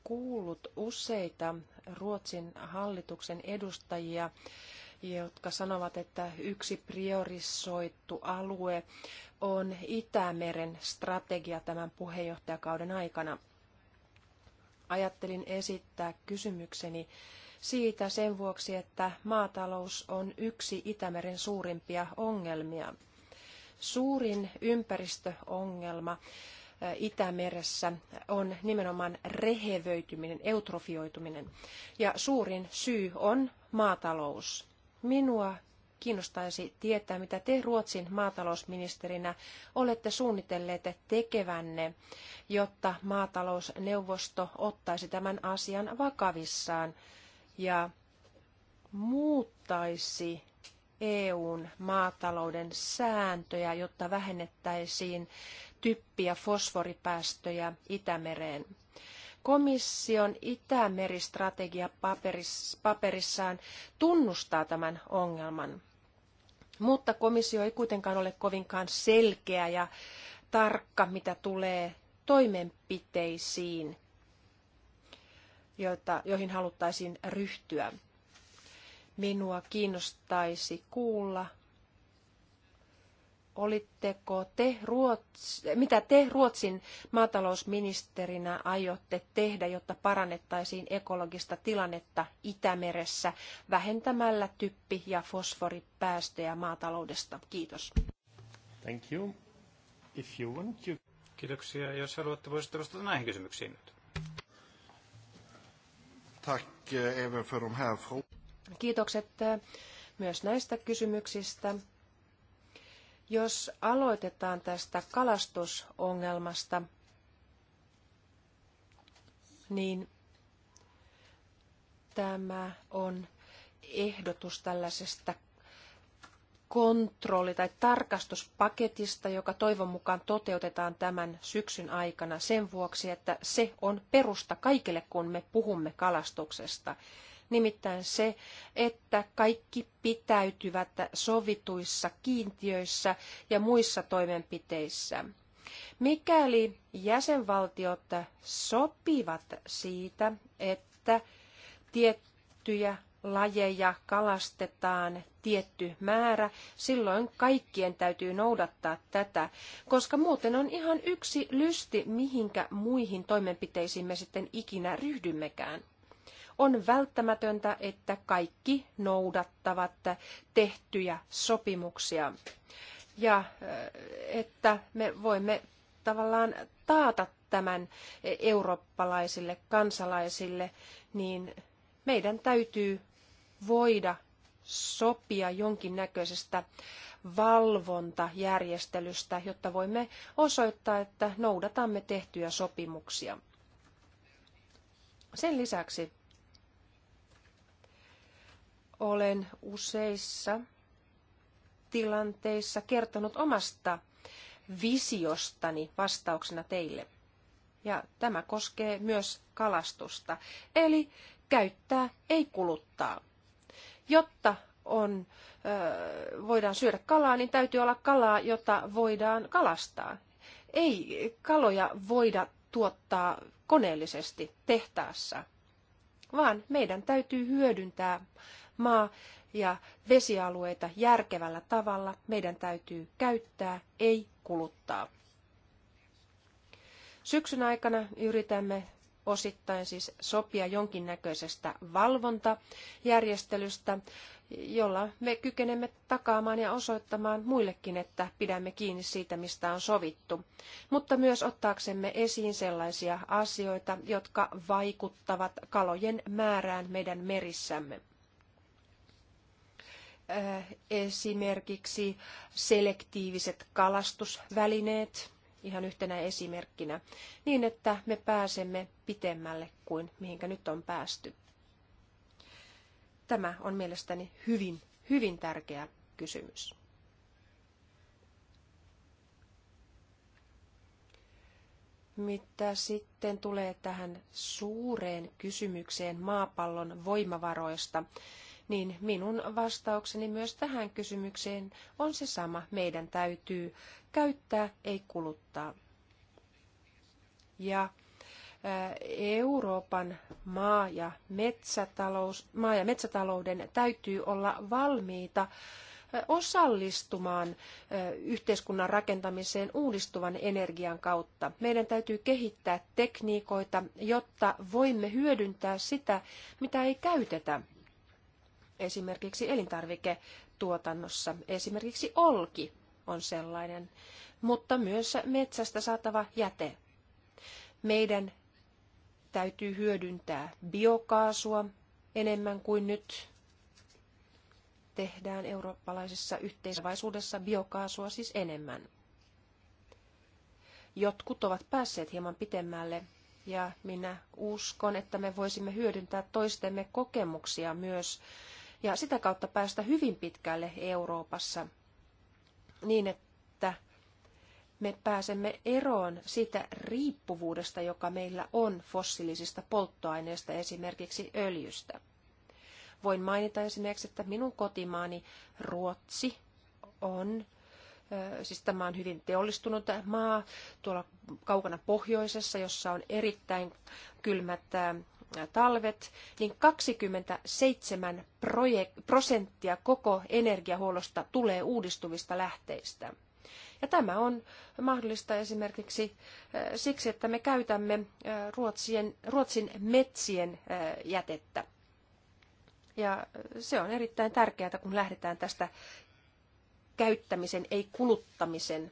C: kuullut useita Ruotsin hallituksen edustajia, jotka sanovat, että yksi priorisoittu alue on Itämeren strategia tämän puheenjohtajakauden aikana. Ajattelin esittää kysymykseni siitä sen vuoksi, että maatalous on yksi Itämeren suurimpia ongelmia. Suurin ympäristöongelma eh, Itämeressä on nimenomaan rehevöityminen, eutrofioituminen. Ja suurin syy on maatalous. Minua kiinnostaisi tietää, mitä te Ruotsin maatalousministerinä olette suunnitelleet tekevänne, jotta maatalousneuvosto ottaisi tämän asian vakavissaan ja muuttaisi EUn maatalouden sääntöjä, jotta vähennettäisiin typpi- ja fosforipäästöjä Itämereen. Komission Itämeristrategia paperissaan tunnustaa tämän ongelman, mutta komissio ei kuitenkaan ole kovinkaan selkeä ja tarkka, mitä tulee toimenpiteisiin joita, joihin haluttaisiin ryhtyä. Minua kiinnostaisi kuulla, olitteko te Ruotsi, mitä te Ruotsin maatalousministerinä aiotte tehdä, jotta parannettaisiin ekologista tilannetta Itämeressä vähentämällä typpi- ja fosforipäästöjä maataloudesta? Kiitos.
A: Thank you. If you want, you...
B: Kiitoksia. Jos haluatte, voisitte vastata näihin kysymyksiin nyt.
A: Tack eh, även för de här
C: Kiitokset eh, myös näistä kysymyksistä. Jos aloitetaan tästä kalastusongelmasta, niin tämä on ehdotus tällaisesta kontrolli- tai tarkastuspaketista, joka toivon mukaan toteutetaan tämän syksyn aikana sen vuoksi, että se on perusta kaikille, kun me puhumme kalastuksesta. Nimittäin se, että kaikki pitäytyvät sovituissa kiintiöissä ja muissa toimenpiteissä. Mikäli jäsenvaltiot sopivat siitä, että tiettyjä lajeja kalastetaan tietty määrä, silloin kaikkien täytyy noudattaa tätä, koska muuten on ihan yksi lysti, mihinkä muihin toimenpiteisiin me sitten ikinä ryhdymmekään. On välttämätöntä, että kaikki noudattavat tehtyjä sopimuksia ja äh, että me voimme tavallaan taata tämän eurooppalaisille kansalaisille, niin meidän täytyy voida sopia jonkinnäköisestä valvontajärjestelystä, jotta voimme osoittaa, että noudatamme tehtyjä sopimuksia. Sen lisäksi olen useissa tilanteissa kertonut omasta visiostani vastauksena teille. Ja tämä koskee myös kalastusta, eli käyttää ei kuluttaa. Jotta on, voidaan syödä kalaa, niin täytyy olla kalaa, jota voidaan kalastaa. Ei kaloja voida tuottaa koneellisesti tehtaassa, vaan meidän täytyy hyödyntää maa- ja vesialueita järkevällä tavalla. Meidän täytyy käyttää, ei kuluttaa. Syksyn aikana yritämme osittain siis sopia jonkinnäköisestä valvontajärjestelystä, jolla me kykenemme takaamaan ja osoittamaan muillekin, että pidämme kiinni siitä, mistä on sovittu, mutta myös ottaaksemme esiin sellaisia asioita, jotka vaikuttavat kalojen määrään meidän merissämme äh, esimerkiksi selektiiviset kalastusvälineet ihan yhtenä esimerkkinä, niin että me pääsemme pitemmälle kuin mihinkä nyt on päästy. Tämä on mielestäni hyvin, hyvin tärkeä kysymys. Mitä sitten tulee tähän suureen kysymykseen maapallon voimavaroista, niin minun vastaukseni myös tähän kysymykseen on se sama. Meidän täytyy käyttää, ei kuluttaa. Ja Euroopan maa- ja, metsätalous, maa- ja metsätalouden täytyy olla valmiita osallistumaan yhteiskunnan rakentamiseen uudistuvan energian kautta. Meidän täytyy kehittää tekniikoita, jotta voimme hyödyntää sitä, mitä ei käytetä esimerkiksi elintarviketuotannossa. Esimerkiksi olki on sellainen, mutta myös metsästä saatava jäte. Meidän täytyy hyödyntää biokaasua enemmän kuin nyt tehdään eurooppalaisessa yhteisvaisuudessa biokaasua siis enemmän. Jotkut ovat päässeet hieman pitemmälle ja minä uskon, että me voisimme hyödyntää toistemme kokemuksia myös ja sitä kautta päästä hyvin pitkälle Euroopassa niin, että me pääsemme eroon siitä riippuvuudesta, joka meillä on fossiilisista polttoaineista, esimerkiksi öljystä. Voin mainita esimerkiksi, että minun kotimaani Ruotsi on, siis tämä on hyvin teollistunut maa tuolla kaukana pohjoisessa, jossa on erittäin kylmät talvet, niin 27 prosenttia koko energiahuollosta tulee uudistuvista lähteistä. Ja tämä on mahdollista esimerkiksi äh, siksi, että me käytämme äh, Ruotsien, Ruotsin metsien äh, jätettä. Ja se on erittäin tärkeää, kun lähdetään tästä käyttämisen, ei kuluttamisen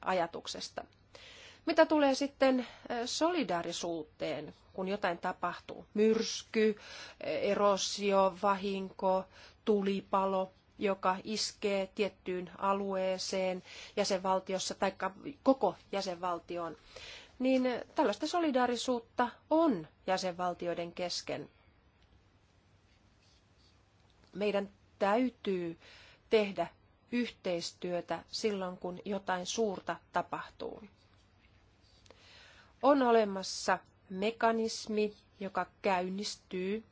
C: ajatuksesta. Mitä tulee sitten solidaarisuuteen, kun jotain tapahtuu. Myrsky, erosio, vahinko, tulipalo, joka iskee tiettyyn alueeseen jäsenvaltiossa tai koko jäsenvaltioon, niin tällaista solidaarisuutta on jäsenvaltioiden kesken. Meidän täytyy tehdä yhteistyötä silloin, kun jotain suurta tapahtuu. On olemassa mekanismi, joka käynnistyy.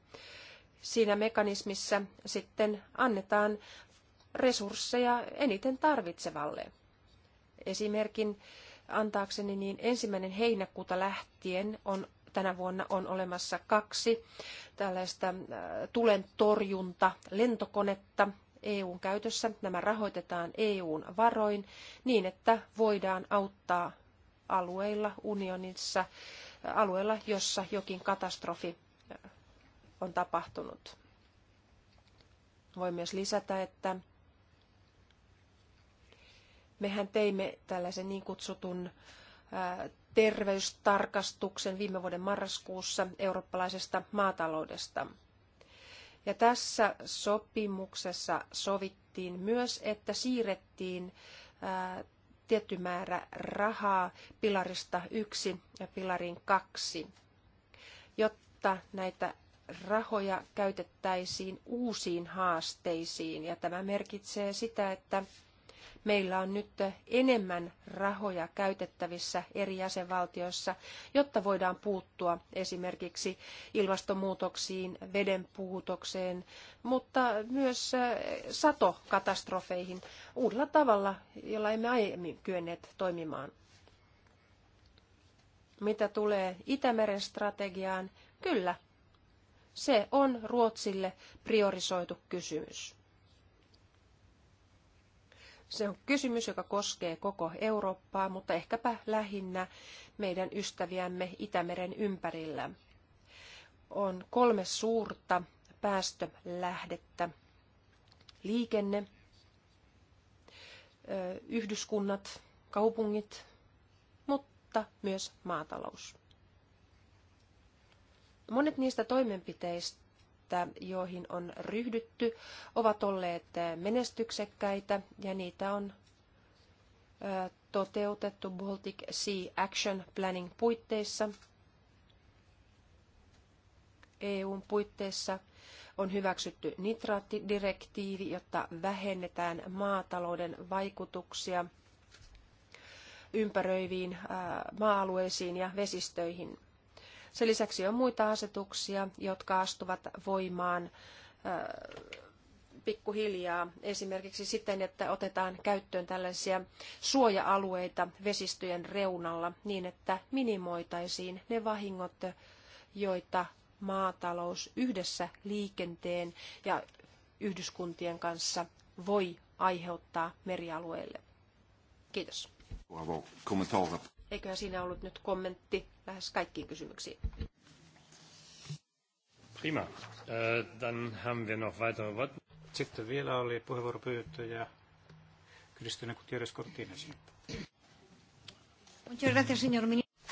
C: Siinä mekanismissa sitten annetaan resursseja eniten tarvitsevalle. Esimerkin antaakseni, niin ensimmäinen heinäkuuta lähtien on tänä vuonna on olemassa kaksi tällaista äh, tulen torjunta lentokonetta EUn käytössä. Nämä rahoitetaan EUn varoin niin, että voidaan auttaa alueilla unionissa alueella, jossa jokin katastrofi äh, on tapahtunut. Voin myös lisätä, että mehän teimme tällaisen niin kutsutun äh, terveystarkastuksen viime vuoden marraskuussa eurooppalaisesta maataloudesta. Ja tässä sopimuksessa sovittiin myös, että siirrettiin äh, tietty määrä rahaa pilarista yksi ja pilariin kaksi, jotta näitä rahoja käytettäisiin uusiin haasteisiin. Ja tämä merkitsee sitä, että meillä on nyt enemmän rahoja käytettävissä eri jäsenvaltioissa, jotta voidaan puuttua esimerkiksi ilmastonmuutoksiin, vedenpuutokseen, mutta myös satokatastrofeihin uudella tavalla, jolla emme aiemmin kyenneet toimimaan. Mitä tulee Itämeren strategiaan, kyllä, se on Ruotsille priorisoitu kysymys. Se on kysymys, joka koskee koko Eurooppaa, mutta ehkäpä lähinnä meidän ystäviämme Itämeren ympärillä. On kolme suurta päästölähdettä. Liikenne, yhdyskunnat, kaupungit, mutta myös maatalous. Monet niistä toimenpiteistä, joihin on ryhdytty, ovat olleet eh, menestyksekkäitä ja niitä on eh, toteutettu Baltic Sea Action Planning puitteissa. EUn puitteissa on hyväksytty nitraattidirektiivi, jotta vähennetään maatalouden vaikutuksia ympäröiviin eh, maa-alueisiin ja vesistöihin. Sen lisäksi on muita asetuksia, jotka astuvat voimaan pikkuhiljaa esimerkiksi siten, että otetaan käyttöön tällaisia suoja-alueita vesistöjen reunalla niin, että minimoitaisiin ne vahingot, joita maatalous yhdessä liikenteen ja yhdyskuntien kanssa voi aiheuttaa merialueille. Kiitos. Eiköhän siinä ollut nyt kommentti lähes kaikkiin kysymyksiin.
A: Prima. Äh, dann haben wir noch weitere Worte. Sitten vielä oli puheenvuoropyyntöjä
B: Kristina Gutierrez Cortines.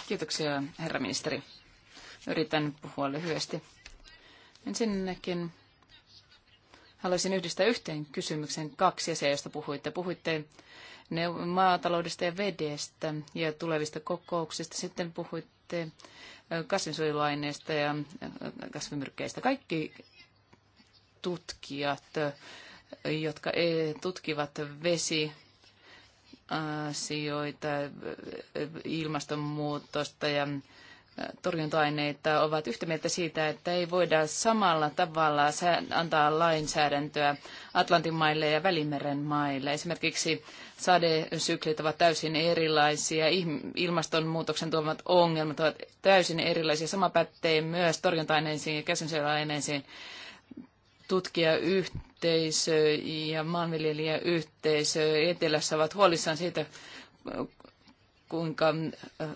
D: Kiitoksia, herra ministeri. Yritän puhua lyhyesti. Ensinnäkin haluaisin yhdistää yhteen kysymyksen kaksi asiaa, josta puhuitte. Puhuitte maataloudesta ja vedestä ja tulevista kokouksista. Sitten puhuitte kasvinsuojeluaineista ja kasvimyrkkeistä. Kaikki tutkijat, jotka e, tutkivat vesi, asioita, ilmastonmuutosta ja torjunta-aineita ovat yhtä mieltä siitä, että ei voida samalla tavalla antaa lainsäädäntöä Atlantin maille ja Välimeren maille. Esimerkiksi sadesyklit ovat täysin erilaisia, ilmastonmuutoksen tuomat ongelmat ovat täysin erilaisia. Sama pätee myös torjunta-aineisiin ja käsinsuojeluaineisiin tutkijayhteisö ja maanviljelijäyhteisö etelässä ovat huolissaan siitä, kuinka äh,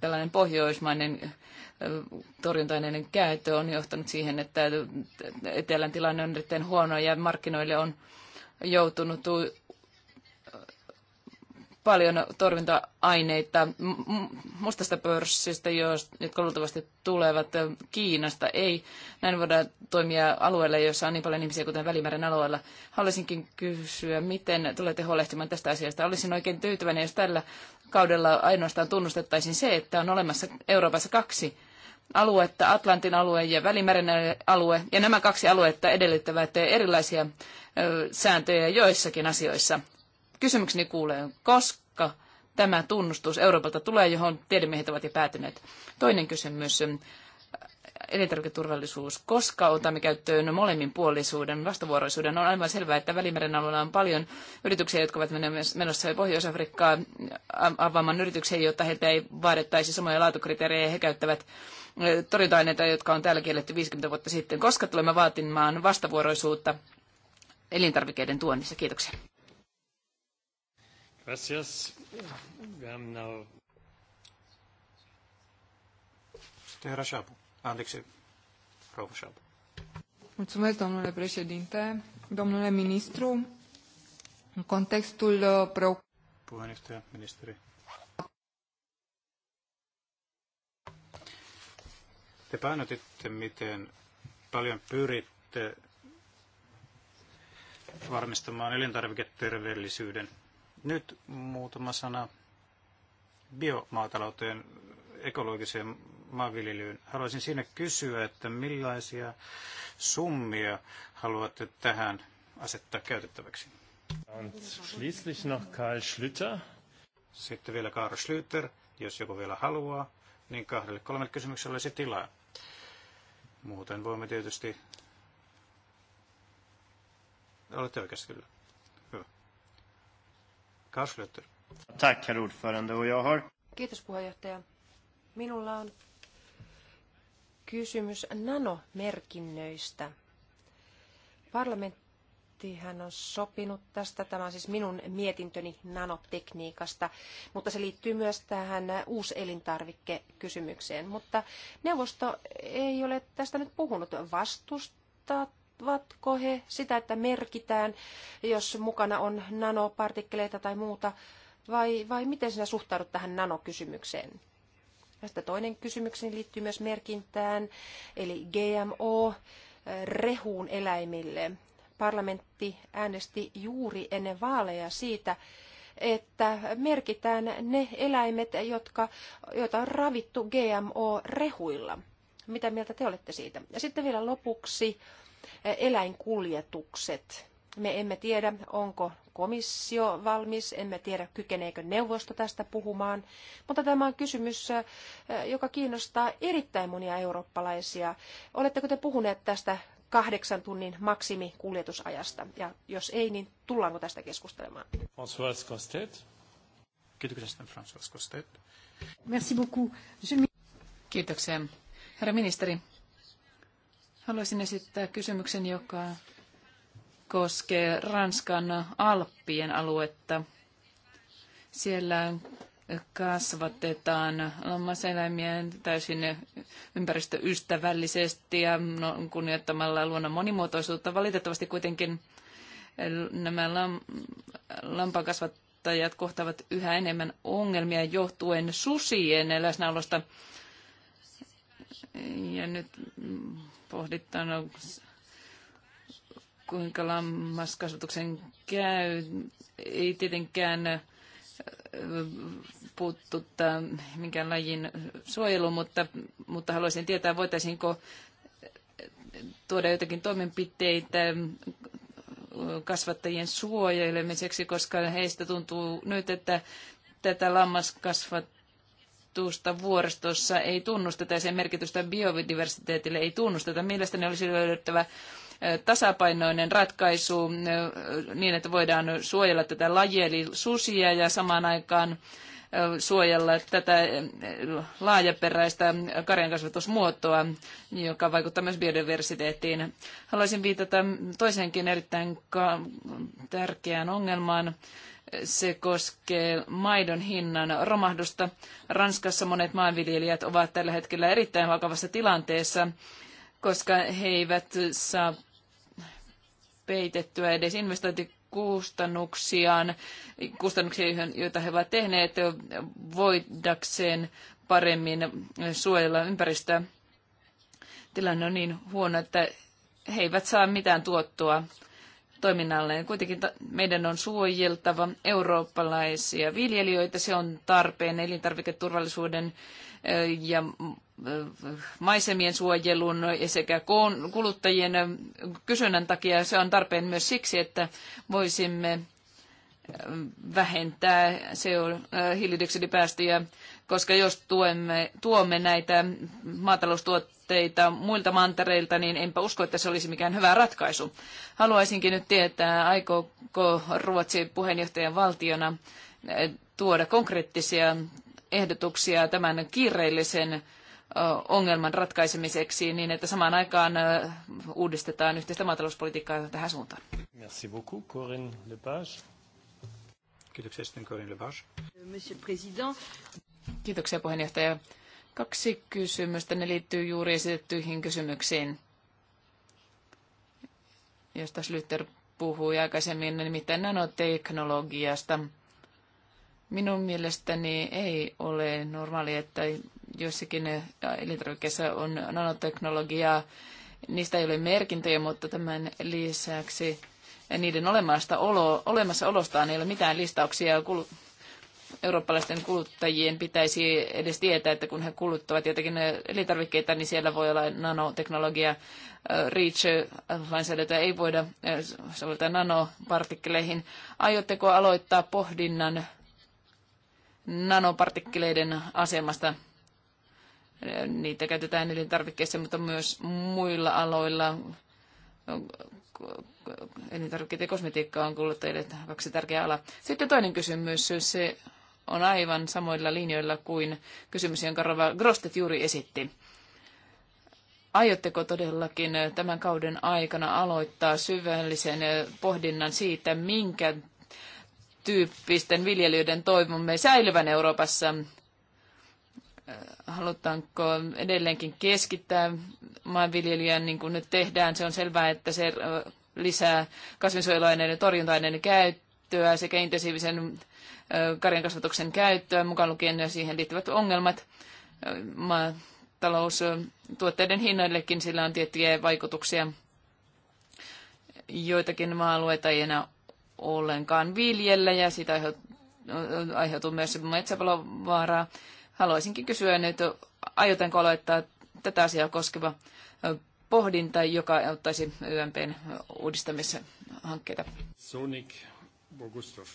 D: tällainen pohjoismainen äh, torjuntainen käyttö on johtanut siihen, että etelän tilanne on erittäin huono ja markkinoille on joutunut paljon torjunta-aineita mustasta pörssistä, jotka luultavasti tulevat Kiinasta. Ei näin voida toimia alueella, jossa on niin paljon ihmisiä, kuten Välimeren alueella. Haluaisinkin kysyä, miten tulette huolehtimaan tästä asiasta. Olisin oikein tyytyväinen, jos tällä kaudella ainoastaan tunnustettaisiin se, että on olemassa Euroopassa kaksi aluetta, Atlantin alue ja Välimeren alue, ja nämä kaksi aluetta edellyttävät erilaisia sääntöjä joissakin asioissa. Kysymykseni kuulee, koska tämä tunnustus Euroopalta tulee, johon tiedemiehet ovat jo päätyneet. Toinen kysymys, äh, elintarviketurvallisuus, koska otamme käyttöön molemmin puolisuuden, vastavuoroisuuden. On aivan selvää, että Välimeren alueella on paljon yrityksiä, jotka ovat menossa Pohjois-Afrikkaan äh, avaamaan yrityksiä, jotta heiltä ei vaadittaisi samoja laatukriteerejä. He käyttävät äh, torjunta-aineita, jotka on täällä kielletty 50 vuotta sitten. Koska tulemme vaatimaan vastavuoroisuutta elintarvikeiden tuonnissa? Kiitoksia.
A: Gracias. Now... Tehra Șapu. Alexei. Rouă Șapu.
D: Mulțumesc, domnule președinte. Domnule ministru, în contextul uh, preocupării
B: puheenjohtaja, ministeri. Te painotitte, miten paljon pyritte varmistamaan elintarviketerveellisyyden nyt muutama sana biomaatalouteen, ekologiseen maanviljelyyn. Haluaisin siinä kysyä, että millaisia summia haluatte tähän asettaa käytettäväksi? Sitten vielä Karl Schlüter, jos joku vielä haluaa, niin kahdelle kolmelle kysymykselle olisi tilaa. Muuten voimme tietysti... Olette oikeassa kyllä. Tack, herr ordförande. Och jag har...
C: Kiitos, puheenjohtaja. Minulla on kysymys nanomerkinnöistä. Parlamenttihan on sopinut tästä, tämä on siis minun mietintöni nanotekniikasta, mutta se liittyy myös tähän uuselintarvikkekysymykseen. Mutta neuvosto ei ole tästä nyt puhunut. vastusta tarkoittavatko he sitä, että merkitään, jos mukana on nanopartikkeleita tai muuta, vai, vai miten sinä suhtaudut tähän nanokysymykseen? Ja sitten toinen kysymykseni liittyy myös merkintään, eli GMO eh, rehuun eläimille. Parlamentti äänesti juuri ennen vaaleja siitä, että merkitään ne eläimet, jotka, joita on ravittu GMO-rehuilla. Mitä mieltä te olette siitä? Ja sitten vielä lopuksi eläinkuljetukset. Me emme tiedä, onko komissio valmis, emme tiedä, kykeneekö neuvosto tästä puhumaan, mutta tämä on kysymys, äh, joka kiinnostaa erittäin monia eurooppalaisia. Oletteko te puhuneet tästä kahdeksan tunnin maksimikuljetusajasta? Ja jos ei, niin tullaanko tästä keskustelemaan?
A: François Costet. Kiitoksia, François Costet.
C: Merci
D: beaucoup. Kiitoksia. Herra ministeri, Haluaisin esittää kysymyksen, joka koskee Ranskan Alppien aluetta. Siellä kasvatetaan lammaseläimiä täysin ympäristöystävällisesti ja no, kunnioittamalla luonnon monimuotoisuutta. Valitettavasti kuitenkin nämä lam, lampakasvattajat kohtaavat yhä enemmän ongelmia johtuen susien läsnäolosta ja nyt pohditaan, kuinka lammaskasvatuksen käy. Ei tietenkään äh, puuttuttaa minkään lajin suojeluun, mutta, mutta haluaisin tietää, voitaisiinko tuoda jotakin toimenpiteitä kasvattajien suojelemiseksi, koska heistä tuntuu nyt, että tätä lammaskasvat tutkitusta vuoristossa ei tunnusteta ja sen merkitystä biodiversiteetille ei tunnusteta. Mielestäni olisi löydettävä tasapainoinen ratkaisu niin, että voidaan suojella tätä lajia eli susia ja samaan aikaan suojella tätä laajaperäistä karjankasvatusmuotoa, joka vaikuttaa myös biodiversiteettiin. Haluaisin viitata toiseenkin erittäin tärkeään ongelmaan, se koskee maidon hinnan romahdusta. Ranskassa monet maanviljelijät ovat tällä hetkellä erittäin vakavassa tilanteessa, koska he eivät saa peitettyä edes investointikustannuksiaan, kustannuksia, joita he ovat tehneet voidakseen paremmin suojella ympäristöä. Tilanne on niin huono, että he eivät saa mitään tuottoa toiminnalleen. Kuitenkin meidän on suojeltava eurooppalaisia viljelijöitä. Se on tarpeen elintarviketurvallisuuden ja maisemien suojelun sekä kuluttajien kysynnän takia. Se on tarpeen myös siksi, että voisimme vähentää hiilidioksidipäästöjä koska jos tuemme, tuomme näitä maataloustuotteita muilta mantereilta, niin enpä usko, että se olisi mikään hyvä ratkaisu. Haluaisinkin nyt tietää, aikooko Ruotsi puheenjohtajan valtiona eh, tuoda konkreettisia ehdotuksia tämän kiireellisen eh, ongelman ratkaisemiseksi niin, että samaan aikaan eh, uudistetaan yhteistä maatalouspolitiikkaa tähän suuntaan.
A: Merci beaucoup, Corinne Lepage. Kiitoksia sitten Corinne Lepage. Monsieur President.
D: Kiitoksia puheenjohtaja. Kaksi kysymystä. Ne liittyy juuri esitettyihin kysymyksiin, josta Lytter puhui aikaisemmin, miten nanoteknologiasta. Minun mielestäni ei ole normaali, että joissakin elintarvikkeissa on nanoteknologiaa. Niistä ei ole merkintöjä, mutta tämän lisäksi niiden olemasta olo, olemassaolostaan ei ole mitään listauksia eurooppalaisten kuluttajien pitäisi edes tietää, että kun he kuluttavat jotakin elintarvikkeita, niin siellä voi olla nanoteknologia. REACH-lainsäädäntöä ei voida soveltaa nanopartikkeleihin. Aiotteko aloittaa pohdinnan nanopartikkeleiden asemasta? Niitä käytetään elintarvikkeissa, mutta myös muilla aloilla Elintarvikkeiden ja kosmetiikka on kuluttajille kaksi tärkeää alaa. Sitten toinen kysymys, se on aivan samoilla linjoilla kuin kysymys, jonka Rova Grostet juuri esitti. Aiotteko todellakin tämän kauden aikana aloittaa syvällisen pohdinnan siitä, minkä tyyppisten viljelijöiden toivomme säilyvän Euroopassa? Halutaanko edelleenkin keskittää maanviljelijän, niin kuin nyt tehdään? Se on selvää, että se lisää kasvinsuojeluaineiden torjunta-aineiden käyttöä käyttöä sekä intensiivisen karjankasvatuksen käyttöä, mukaan lukien siihen liittyvät ongelmat. Maataloustuotteiden hinnoillekin sillä on tiettyjä vaikutuksia. Joitakin maa-alueita ei enää ollenkaan viljellä ja siitä aiheutuu myös metsäpalovaaraa. Haluaisinkin kysyä nyt, aiotaanko aloittaa tätä asiaa koskeva pohdinta, joka auttaisi YMPn uudistamishankkeita.
A: Sonic Bogustov.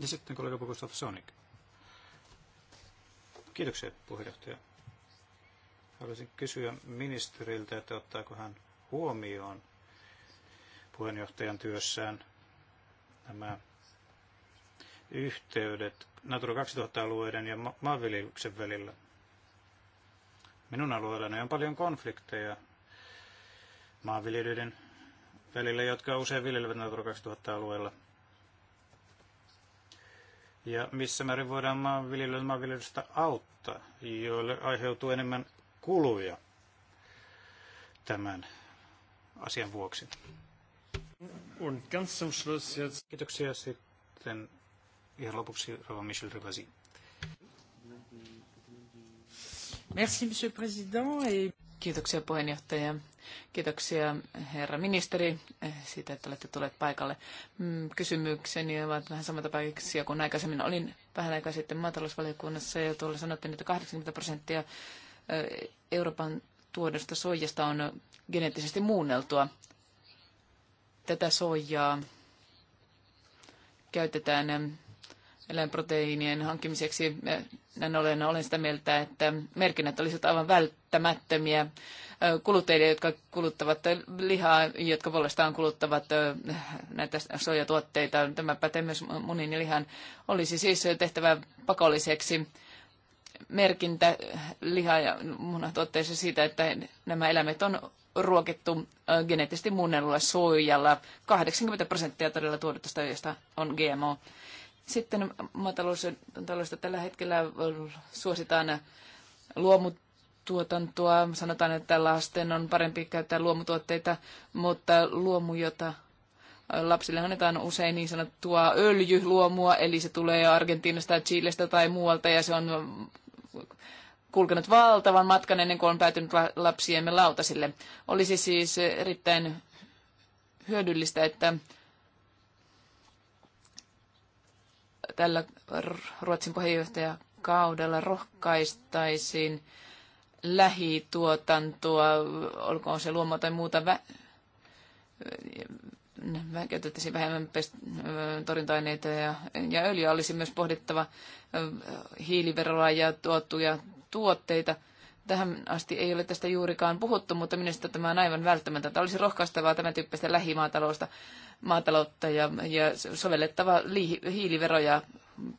B: Ja sitten kollega Bogustov Sonic. Kiitoksia puheenjohtaja. Haluaisin kysyä ministeriltä, että ottaako hän huomioon puheenjohtajan työssään nämä yhteydet Natura 2000-alueiden ja ma- maanviljelyksen välillä. Minun alueellani on paljon konflikteja maanviljelyiden välillä, jotka usein viljelevät Natura 2000-alueella ja missä määrin voidaan maanviljelijöiden maanviljelystä auttaa, joille aiheutuu enemmän kuluja tämän asian vuoksi. Kiitoksia sitten ihan lopuksi Rova Michel Rivasi.
D: Merci, Monsieur le Président. Et... Kiitoksia puheenjohtaja. Kiitoksia herra ministeri eh, siitä, että olette tulleet paikalle. Mm, kysymykseni ovat vähän samalta paikkaa kuin aikaisemmin. Olin vähän aikaa sitten maatalousvaliokunnassa ja tuolla sanottiin, että 80 prosenttia eh, Euroopan tuodosta soijasta on geneettisesti muunneltua. Tätä soijaa käytetään eh, eläinproteiinien hankkimiseksi. Näin ollen olen sitä mieltä, että merkinnät olisivat aivan vält- välttämättömiä kuluttajille, jotka kuluttavat lihaa, jotka puolestaan kuluttavat näitä sojatuotteita. Tämä pätee myös munin ja lihan. Olisi siis tehtävä pakolliseksi merkintä liha- ja munatuotteissa siitä, että nämä eläimet on ruokittu geneettisesti muunnellulla soijalla. 80 prosenttia todella tuotetusta öljystä on GMO. Sitten maataloudesta tällä hetkellä suositaan luomut tuotantoa. Sanotaan, että lasten on parempi käyttää luomutuotteita, mutta luomu, jota lapsille annetaan usein niin sanottua öljyluomua, eli se tulee Argentiinasta, Chilestä tai muualta, ja se on kulkenut valtavan matkan ennen kuin on päätynyt lapsiemme lautasille. Olisi siis erittäin hyödyllistä, että tällä Ruotsin puheenjohtajakaudella rohkaistaisiin lähituotantoa, olkoon se luomo tai muuta, vä- käytettäisiin vähemmän pest- torjunta-aineita ja, ja öljyä olisi myös pohdittava hiiliveroa ja tuottuja tuotteita. Tähän asti ei ole tästä juurikaan puhuttu, mutta minusta tämä on aivan välttämätöntä. Olisi rohkaistavaa tämän tyyppistä lähimaataloutta maataloutta ja, ja sovellettava li- hiiliveroja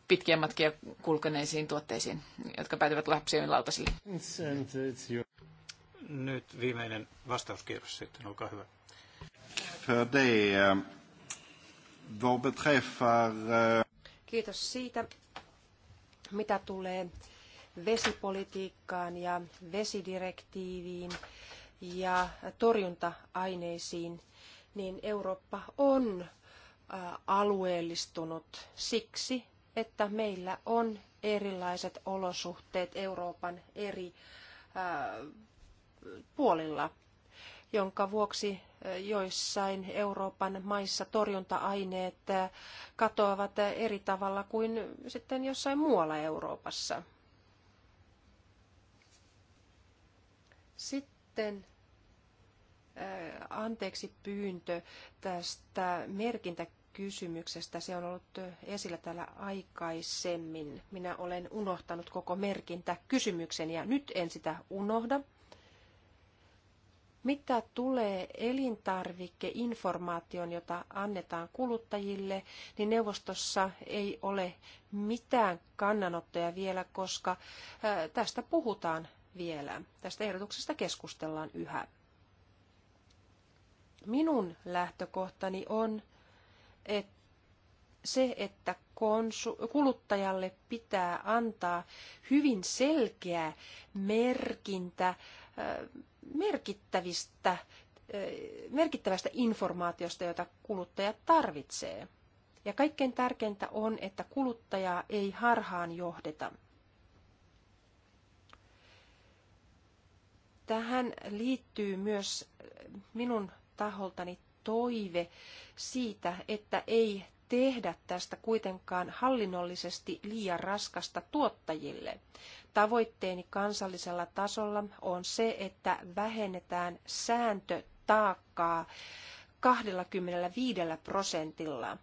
D: pitkiä matkia kulkeneisiin tuotteisiin, jotka päätyvät lapsien
B: lautasille. Nyt viimeinen vastauskierros sitten, olkaa hyvä.
A: För det, eh, vad beträffar...
B: Eh,
C: Kiitos siitä, mitä tulee vesipolitiikkaan ja vesidirektiiviin ja torjunta-aineisiin, niin Eurooppa on eh, alueellistunut siksi, että meillä on erilaiset olosuhteet Euroopan eri puolilla, jonka vuoksi joissain Euroopan maissa torjunta-aineet katoavat eri tavalla kuin sitten jossain muualla Euroopassa. Sitten anteeksi pyyntö tästä merkintä kysymyksestä. Se on ollut esillä täällä aikaisemmin. Minä olen unohtanut koko merkintä kysymyksen ja nyt en sitä unohda. Mitä tulee elintarvikeinformaation, jota annetaan kuluttajille, niin neuvostossa ei ole mitään kannanottoja vielä, koska tästä puhutaan vielä. Tästä ehdotuksesta keskustellaan yhä. Minun lähtökohtani on, että se, että kuluttajalle pitää antaa hyvin selkeä merkintä merkittävistä, merkittävästä informaatiosta, jota kuluttaja tarvitsee. Ja kaikkein tärkeintä on, että kuluttajaa ei harhaan johdeta. Tähän liittyy myös minun taholtani toive siitä, että ei tehdä tästä kuitenkaan hallinnollisesti liian raskasta tuottajille. Tavoitteeni kansallisella tasolla on se, että vähennetään sääntötaakkaa 25 prosentilla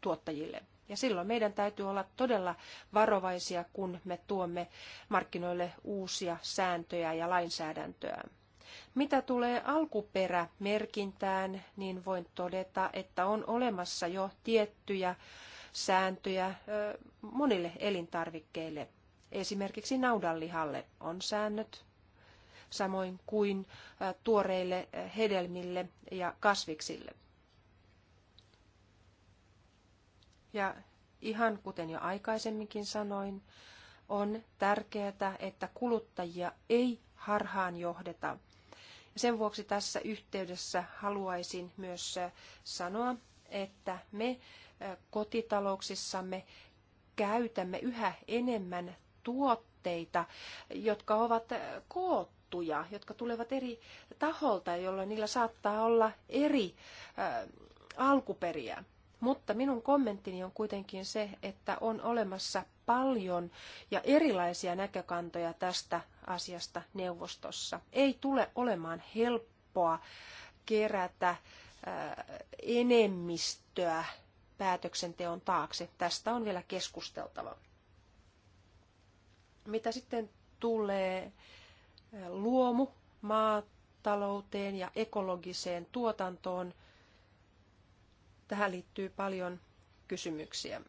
C: tuottajille. Ja silloin meidän täytyy olla todella varovaisia, kun me tuomme markkinoille uusia sääntöjä ja lainsäädäntöä. Mitä tulee alkuperämerkintään, niin voin todeta, että on olemassa jo tiettyjä sääntöjä monille elintarvikkeille. Esimerkiksi naudanlihalle on säännöt, samoin kuin tuoreille hedelmille ja kasviksille. Ja ihan kuten jo aikaisemminkin sanoin, on tärkeää, että kuluttajia ei harhaan johdeta sen vuoksi tässä yhteydessä haluaisin myös äh, sanoa, että me äh, kotitalouksissamme käytämme yhä enemmän tuotteita, jotka ovat äh, koottuja, jotka tulevat eri taholta, jolloin niillä saattaa olla eri alkuperiä. Mutta minun kommenttini on kuitenkin se, että on olemassa paljon ja erilaisia näkökantoja tästä asiasta neuvostossa. Ei tule olemaan helppoa kerätä äh, enemmistöä päätöksenteon taakse. Tästä on vielä keskusteltava. Mitä sitten tulee äh, luomu, maatalouteen ja ekologiseen tuotantoon, Tähän liittyy paljon kysymyksiä.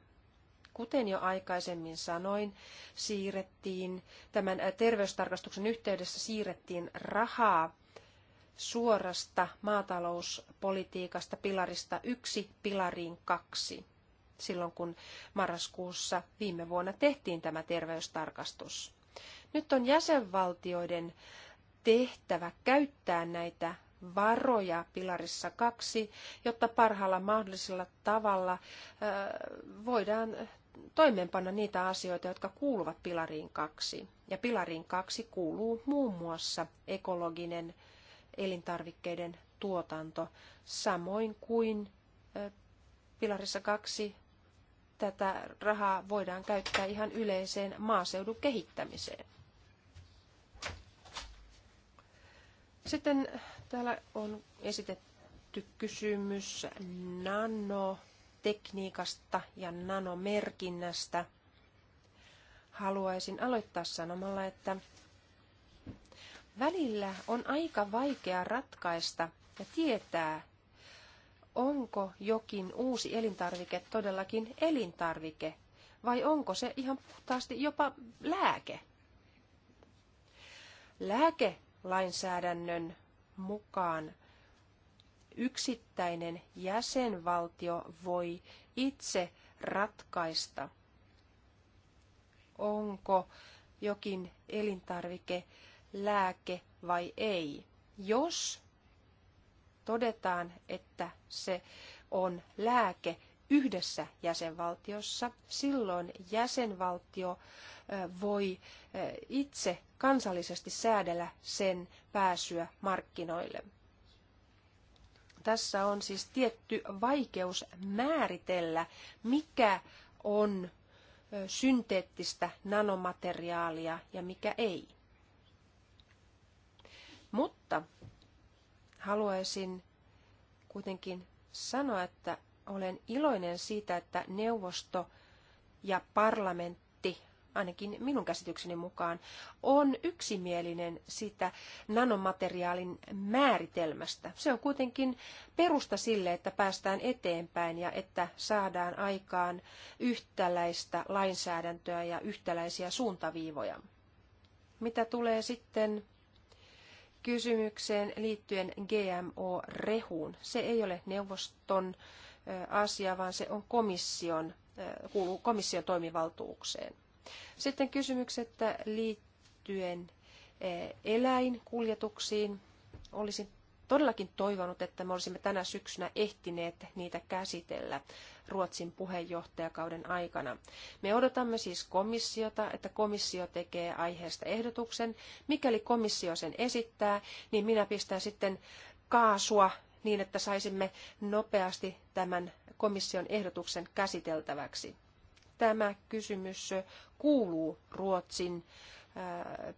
C: Kuten jo aikaisemmin sanoin, siirrettiin tämän terveystarkastuksen yhteydessä siirrettiin rahaa suorasta maatalouspolitiikasta pilarista yksi pilariin kaksi silloin kun marraskuussa viime vuonna tehtiin tämä terveystarkastus. Nyt on jäsenvaltioiden tehtävä käyttää näitä varoja pilarissa kaksi, jotta parhaalla mahdollisella tavalla voidaan toimeenpanna niitä asioita, jotka kuuluvat pilariin kaksi. Ja pilariin kaksi kuuluu muun muassa ekologinen elintarvikkeiden tuotanto, samoin kuin pilarissa kaksi tätä rahaa voidaan käyttää ihan yleiseen maaseudun kehittämiseen. Sitten Täällä on esitetty kysymys nanotekniikasta ja nanomerkinnästä. Haluaisin aloittaa sanomalla, että välillä on aika vaikea ratkaista ja tietää, onko jokin uusi elintarvike todellakin elintarvike vai onko se ihan puhtaasti jopa lääke. Lääkelainsäädännön mukaan yksittäinen jäsenvaltio voi itse ratkaista, onko jokin elintarvike lääke vai ei. Jos todetaan, että se on lääke, yhdessä jäsenvaltiossa, silloin jäsenvaltio voi itse kansallisesti säädellä sen pääsyä markkinoille. Tässä on siis tietty vaikeus määritellä, mikä on synteettistä nanomateriaalia ja mikä ei. Mutta haluaisin kuitenkin sanoa, että olen iloinen siitä, että neuvosto ja parlamentti, ainakin minun käsitykseni mukaan, on yksimielinen sitä nanomateriaalin määritelmästä. Se on kuitenkin perusta sille, että päästään eteenpäin ja että saadaan aikaan yhtäläistä lainsäädäntöä ja yhtäläisiä suuntaviivoja. Mitä tulee sitten kysymykseen liittyen GMO-rehuun. Se ei ole neuvoston asia, vaan se on komission, äh, kuuluu komission toimivaltuukseen. Sitten kysymykset äh, liittyen äh, eläinkuljetuksiin. Olisin todellakin toivonut, että me olisimme tänä syksynä ehtineet niitä käsitellä Ruotsin puheenjohtajakauden aikana. Me odotamme siis komissiota, että komissio tekee aiheesta ehdotuksen. Mikäli komissio sen esittää, niin minä pistän sitten kaasua niin, että saisimme nopeasti tämän komission ehdotuksen käsiteltäväksi. Tämä kysymys kuuluu Ruotsin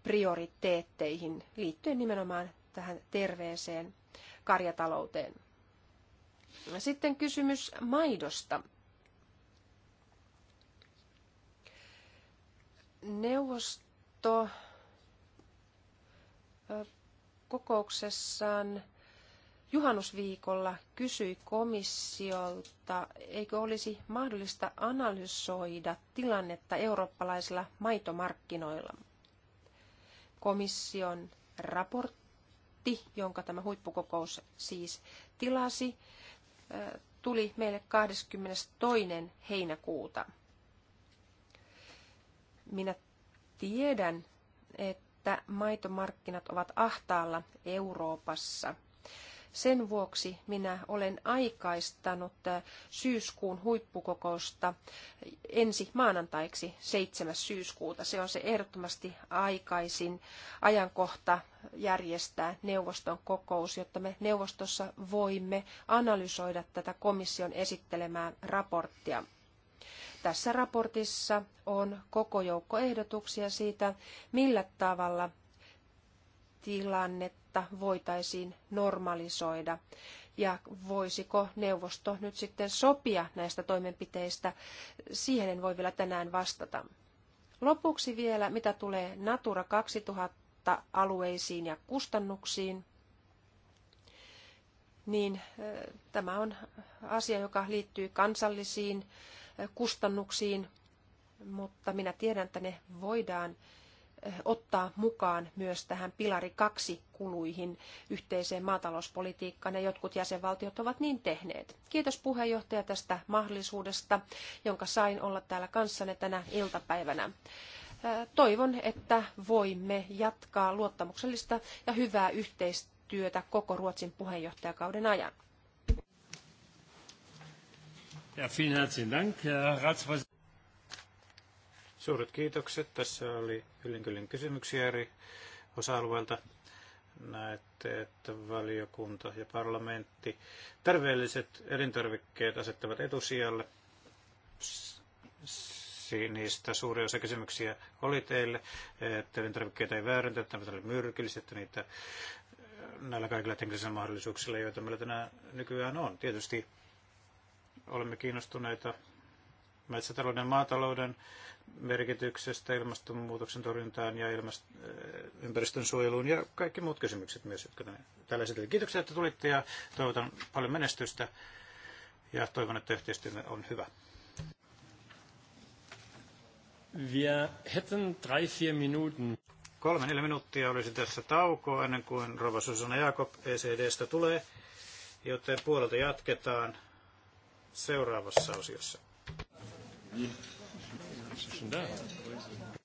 C: prioriteetteihin liittyen nimenomaan tähän terveeseen karjatalouteen. Sitten kysymys maidosta. Neuvosto kokouksessaan juhannusviikolla kysyi komissiolta, eikö olisi mahdollista analysoida tilannetta eurooppalaisilla maitomarkkinoilla. Komission raportti, jonka tämä huippukokous siis tilasi, tuli meille 22. heinäkuuta. Minä tiedän, että maitomarkkinat ovat ahtaalla Euroopassa – sen vuoksi minä olen aikaistanut äh, syyskuun huippukokousta ensi maanantaiksi 7. syyskuuta. Se on se ehdottomasti aikaisin ajankohta järjestää neuvoston kokous, jotta me neuvostossa voimme analysoida tätä komission esittelemää raporttia. Tässä raportissa on koko joukko ehdotuksia siitä, millä tavalla tilannetta tilannetta voitaisiin normalisoida ja voisiko neuvosto nyt sitten sopia näistä toimenpiteistä, siihen en voi vielä tänään vastata. Lopuksi vielä, mitä tulee Natura 2000 alueisiin ja kustannuksiin, niin äh, tämä on asia, joka liittyy kansallisiin äh, kustannuksiin, mutta minä tiedän, että ne voidaan Eh, ottaa mukaan myös tähän pilari kaksi kuluihin yhteiseen maatalouspolitiikkaan ja jotkut jäsenvaltiot ovat niin tehneet. Kiitos puheenjohtaja tästä mahdollisuudesta, jonka sain olla täällä kanssanne tänä iltapäivänä. Eh, toivon, että voimme jatkaa luottamuksellista ja hyvää yhteistyötä koko Ruotsin puheenjohtajakauden ajan.
A: Ja, Suuret kiitokset. Tässä oli
B: yllin kysymyksiä eri osa-alueilta. Näette, että valiokunta ja parlamentti terveelliset elintarvikkeet asettavat etusijalle. Niistä suuri osa kysymyksiä oli teille, että elintarvikkeita ei väärintä, että ne oli myrkylliset että niitä näillä kaikilla teknisillä mahdollisuuksilla, joita meillä tänään nykyään on. Tietysti olemme kiinnostuneita metsätalouden ja maatalouden merkityksestä ilmastonmuutoksen torjuntaan ja ilmast- eh, ympäristön suojeluun ja kaikki muut kysymykset myös, jotka täällä esiteltiin. Kiitoksia, että tulitte ja toivotan paljon menestystä ja toivon, että yhteistyömme on hyvä.
A: Wir hätten drei, vier
B: Minuten. Kolme, neljä minuuttia olisi tässä taukoa ennen kuin Rova Susanna Jakob ECDstä tulee, joten puolelta jatketaan seuraavassa osiossa.
A: Ja, ist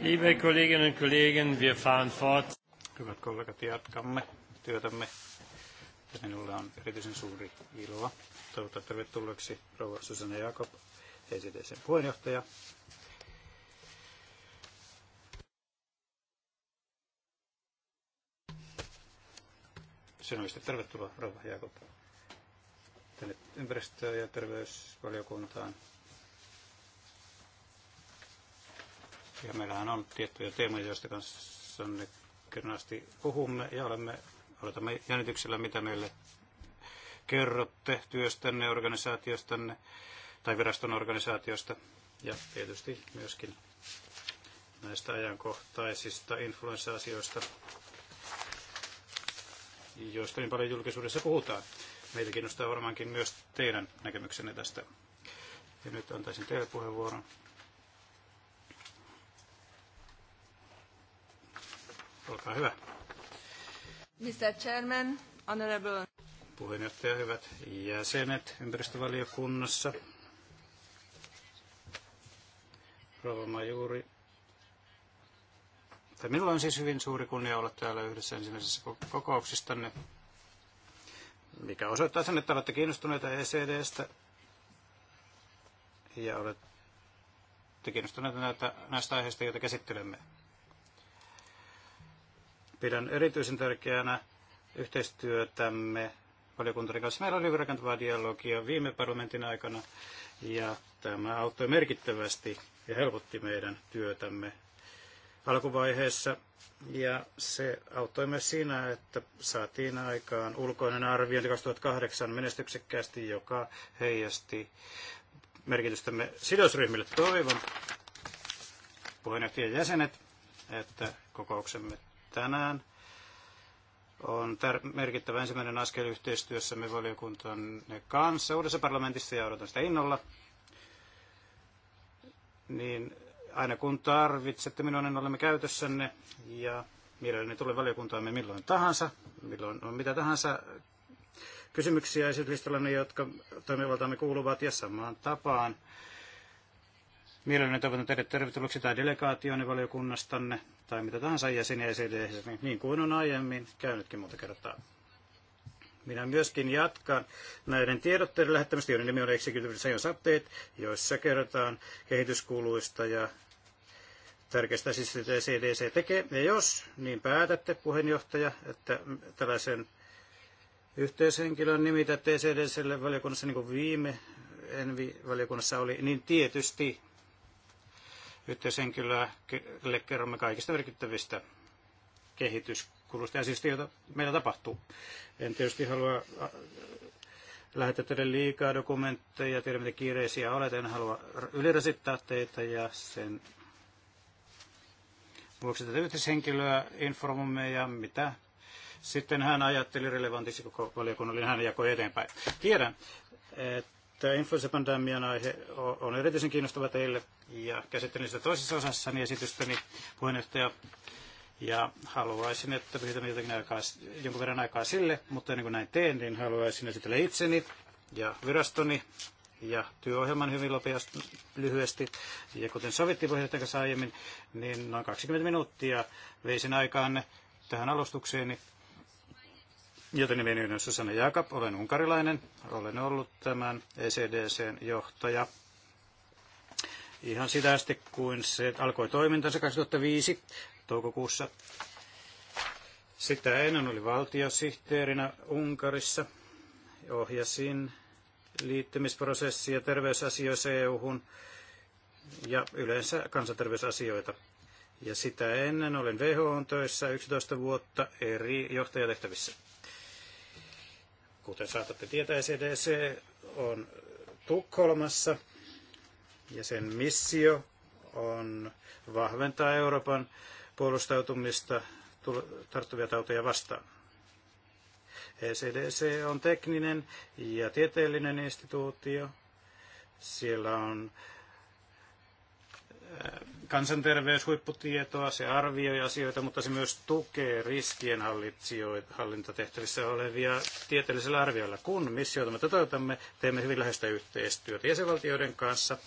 A: Liebe Kolleginnen und Kollegen, wir fahren fort. Hyvät kollegat, jatkamme työtämme. Ja minulla on erityisen suuri
B: iloa. Toivottavasti tervetulleeksi rouva Susanne Jakob, ECDCn puheenjohtaja. Sinullisesti tervetuloa rouva Jakob tänne ympäristöön ja terveysvaliokuntaan Ja meillähän on tiettyjä teemoja, joista kanssanne kernaasti puhumme ja olemme, odotamme jännityksellä, mitä meille kerrotte työstänne, organisaatiostanne tai viraston organisaatiosta ja tietysti myöskin näistä ajankohtaisista influenssa-asioista, joista niin paljon julkisuudessa puhutaan. Meitä kiinnostaa varmaankin myös teidän näkemyksenne tästä. Ja nyt antaisin teille puheenvuoron. Olkaa hyvä.
C: Mr. Chairman, Honorable.
B: Puheenjohtaja, hyvät jäsenet ympäristövaliokunnassa. Rouva Majuri, minulla on siis hyvin suuri kunnia olla täällä yhdessä ensimmäisessä kokouksistanne, mikä osoittaa sen, että olette kiinnostuneita ECDstä ja olette kiinnostuneita näitä, näistä aiheista, joita käsittelemme. Pidän erityisen tärkeänä yhteistyötämme valiokuntien kanssa. Meillä oli hyvin rakentavaa dialogia viime parlamentin aikana ja tämä auttoi merkittävästi ja helpotti meidän työtämme alkuvaiheessa. Ja se auttoi myös siinä, että saatiin aikaan ulkoinen arviointi 2008 menestyksekkäästi, joka heijasti merkitystämme sidosryhmille. Toivon puheenjohtajan jäsenet, että kokouksemme tänään on tär- merkittävä ensimmäinen askel yhteistyössämme valiokuntan kanssa uudessa parlamentissa ja odotan sitä innolla. Niin aina kun tarvitsette minua, niin olemme käytössänne ja mielelläni tulee valiokuntaamme milloin tahansa, milloin on mitä tahansa kysymyksiä esityslistallamme, jotka toimivaltaamme kuuluvat ja samaan tapaan Mielelläni toivotan teidät tervetulleeksi tai delegaatioon valiokunnastanne tai mitä tahansa jäseniä esiin, niin kuin on aiemmin käynytkin monta kertaa. Minä myöskin jatkan näiden tiedotteiden lähettämistä, joiden nimi on Executive Science Update, joissa kerrotaan kehityskuluista ja tärkeistä asioista, joita CDC tekee. Ja jos niin päätätte, puheenjohtaja, että tällaisen yhteishenkilön nimitätte CDClle valiokunnassa, niin kuin viime Envi-valiokunnassa oli, niin tietysti yhteishenkilölle kerromme kaikista merkittävistä kehityskulusta ja siis joita meillä tapahtuu. En tietysti halua äh, lähettää teille liikaa dokumentteja, tiedä mitä kiireisiä olet, en halua ylirasittaa teitä ja sen vuoksi tätä yhteishenkilöä informoimme ja mitä sitten hän ajatteli relevantiksi koko valiokunnalle, niin hän jakoi eteenpäin. Tiedän, että Tämä influenssapandemian aihe on erityisen kiinnostava teille ja käsittelin sitä toisessa niin esitystäni puheenjohtaja ja haluaisin, että pyytän jotakin aikaa, jonkun verran aikaa sille, mutta ennen kuin näin teen, niin haluaisin esitellä itseni ja virastoni ja työohjelman hyvin nopeasti, lyhyesti. Ja kuten sovittiin puheenjohtajan kanssa aiemmin, niin noin 20 minuuttia veisin aikaan tähän alustukseen Joten nimeni on Susanna Jakab, olen unkarilainen, olen ollut tämän ECDCn johtaja ihan sitä asti, kuin se alkoi toimintansa 2005 toukokuussa. Sitä ennen oli valtiosihteerinä Unkarissa. Ohjasin liittymisprosessia terveysasioissa EU-hun ja yleensä kansanterveysasioita. Ja sitä ennen olin WHOn töissä 11 vuotta eri johtajatehtävissä. Kuten saatatte tietää, CDC e on Tukholmassa ja sen missio on vahventaa Euroopan puolustautumista tarttuvia tauteja vastaan. ECDC on tekninen ja tieteellinen instituutio. Siellä on kansanterveyshuipputietoa, se arvioi asioita, mutta se myös tukee riskien hallintatehtävissä olevia tieteellisellä arvioilla. Kun missioita me toteutamme, teemme hyvin läheistä yhteistyötä jäsenvaltioiden kanssa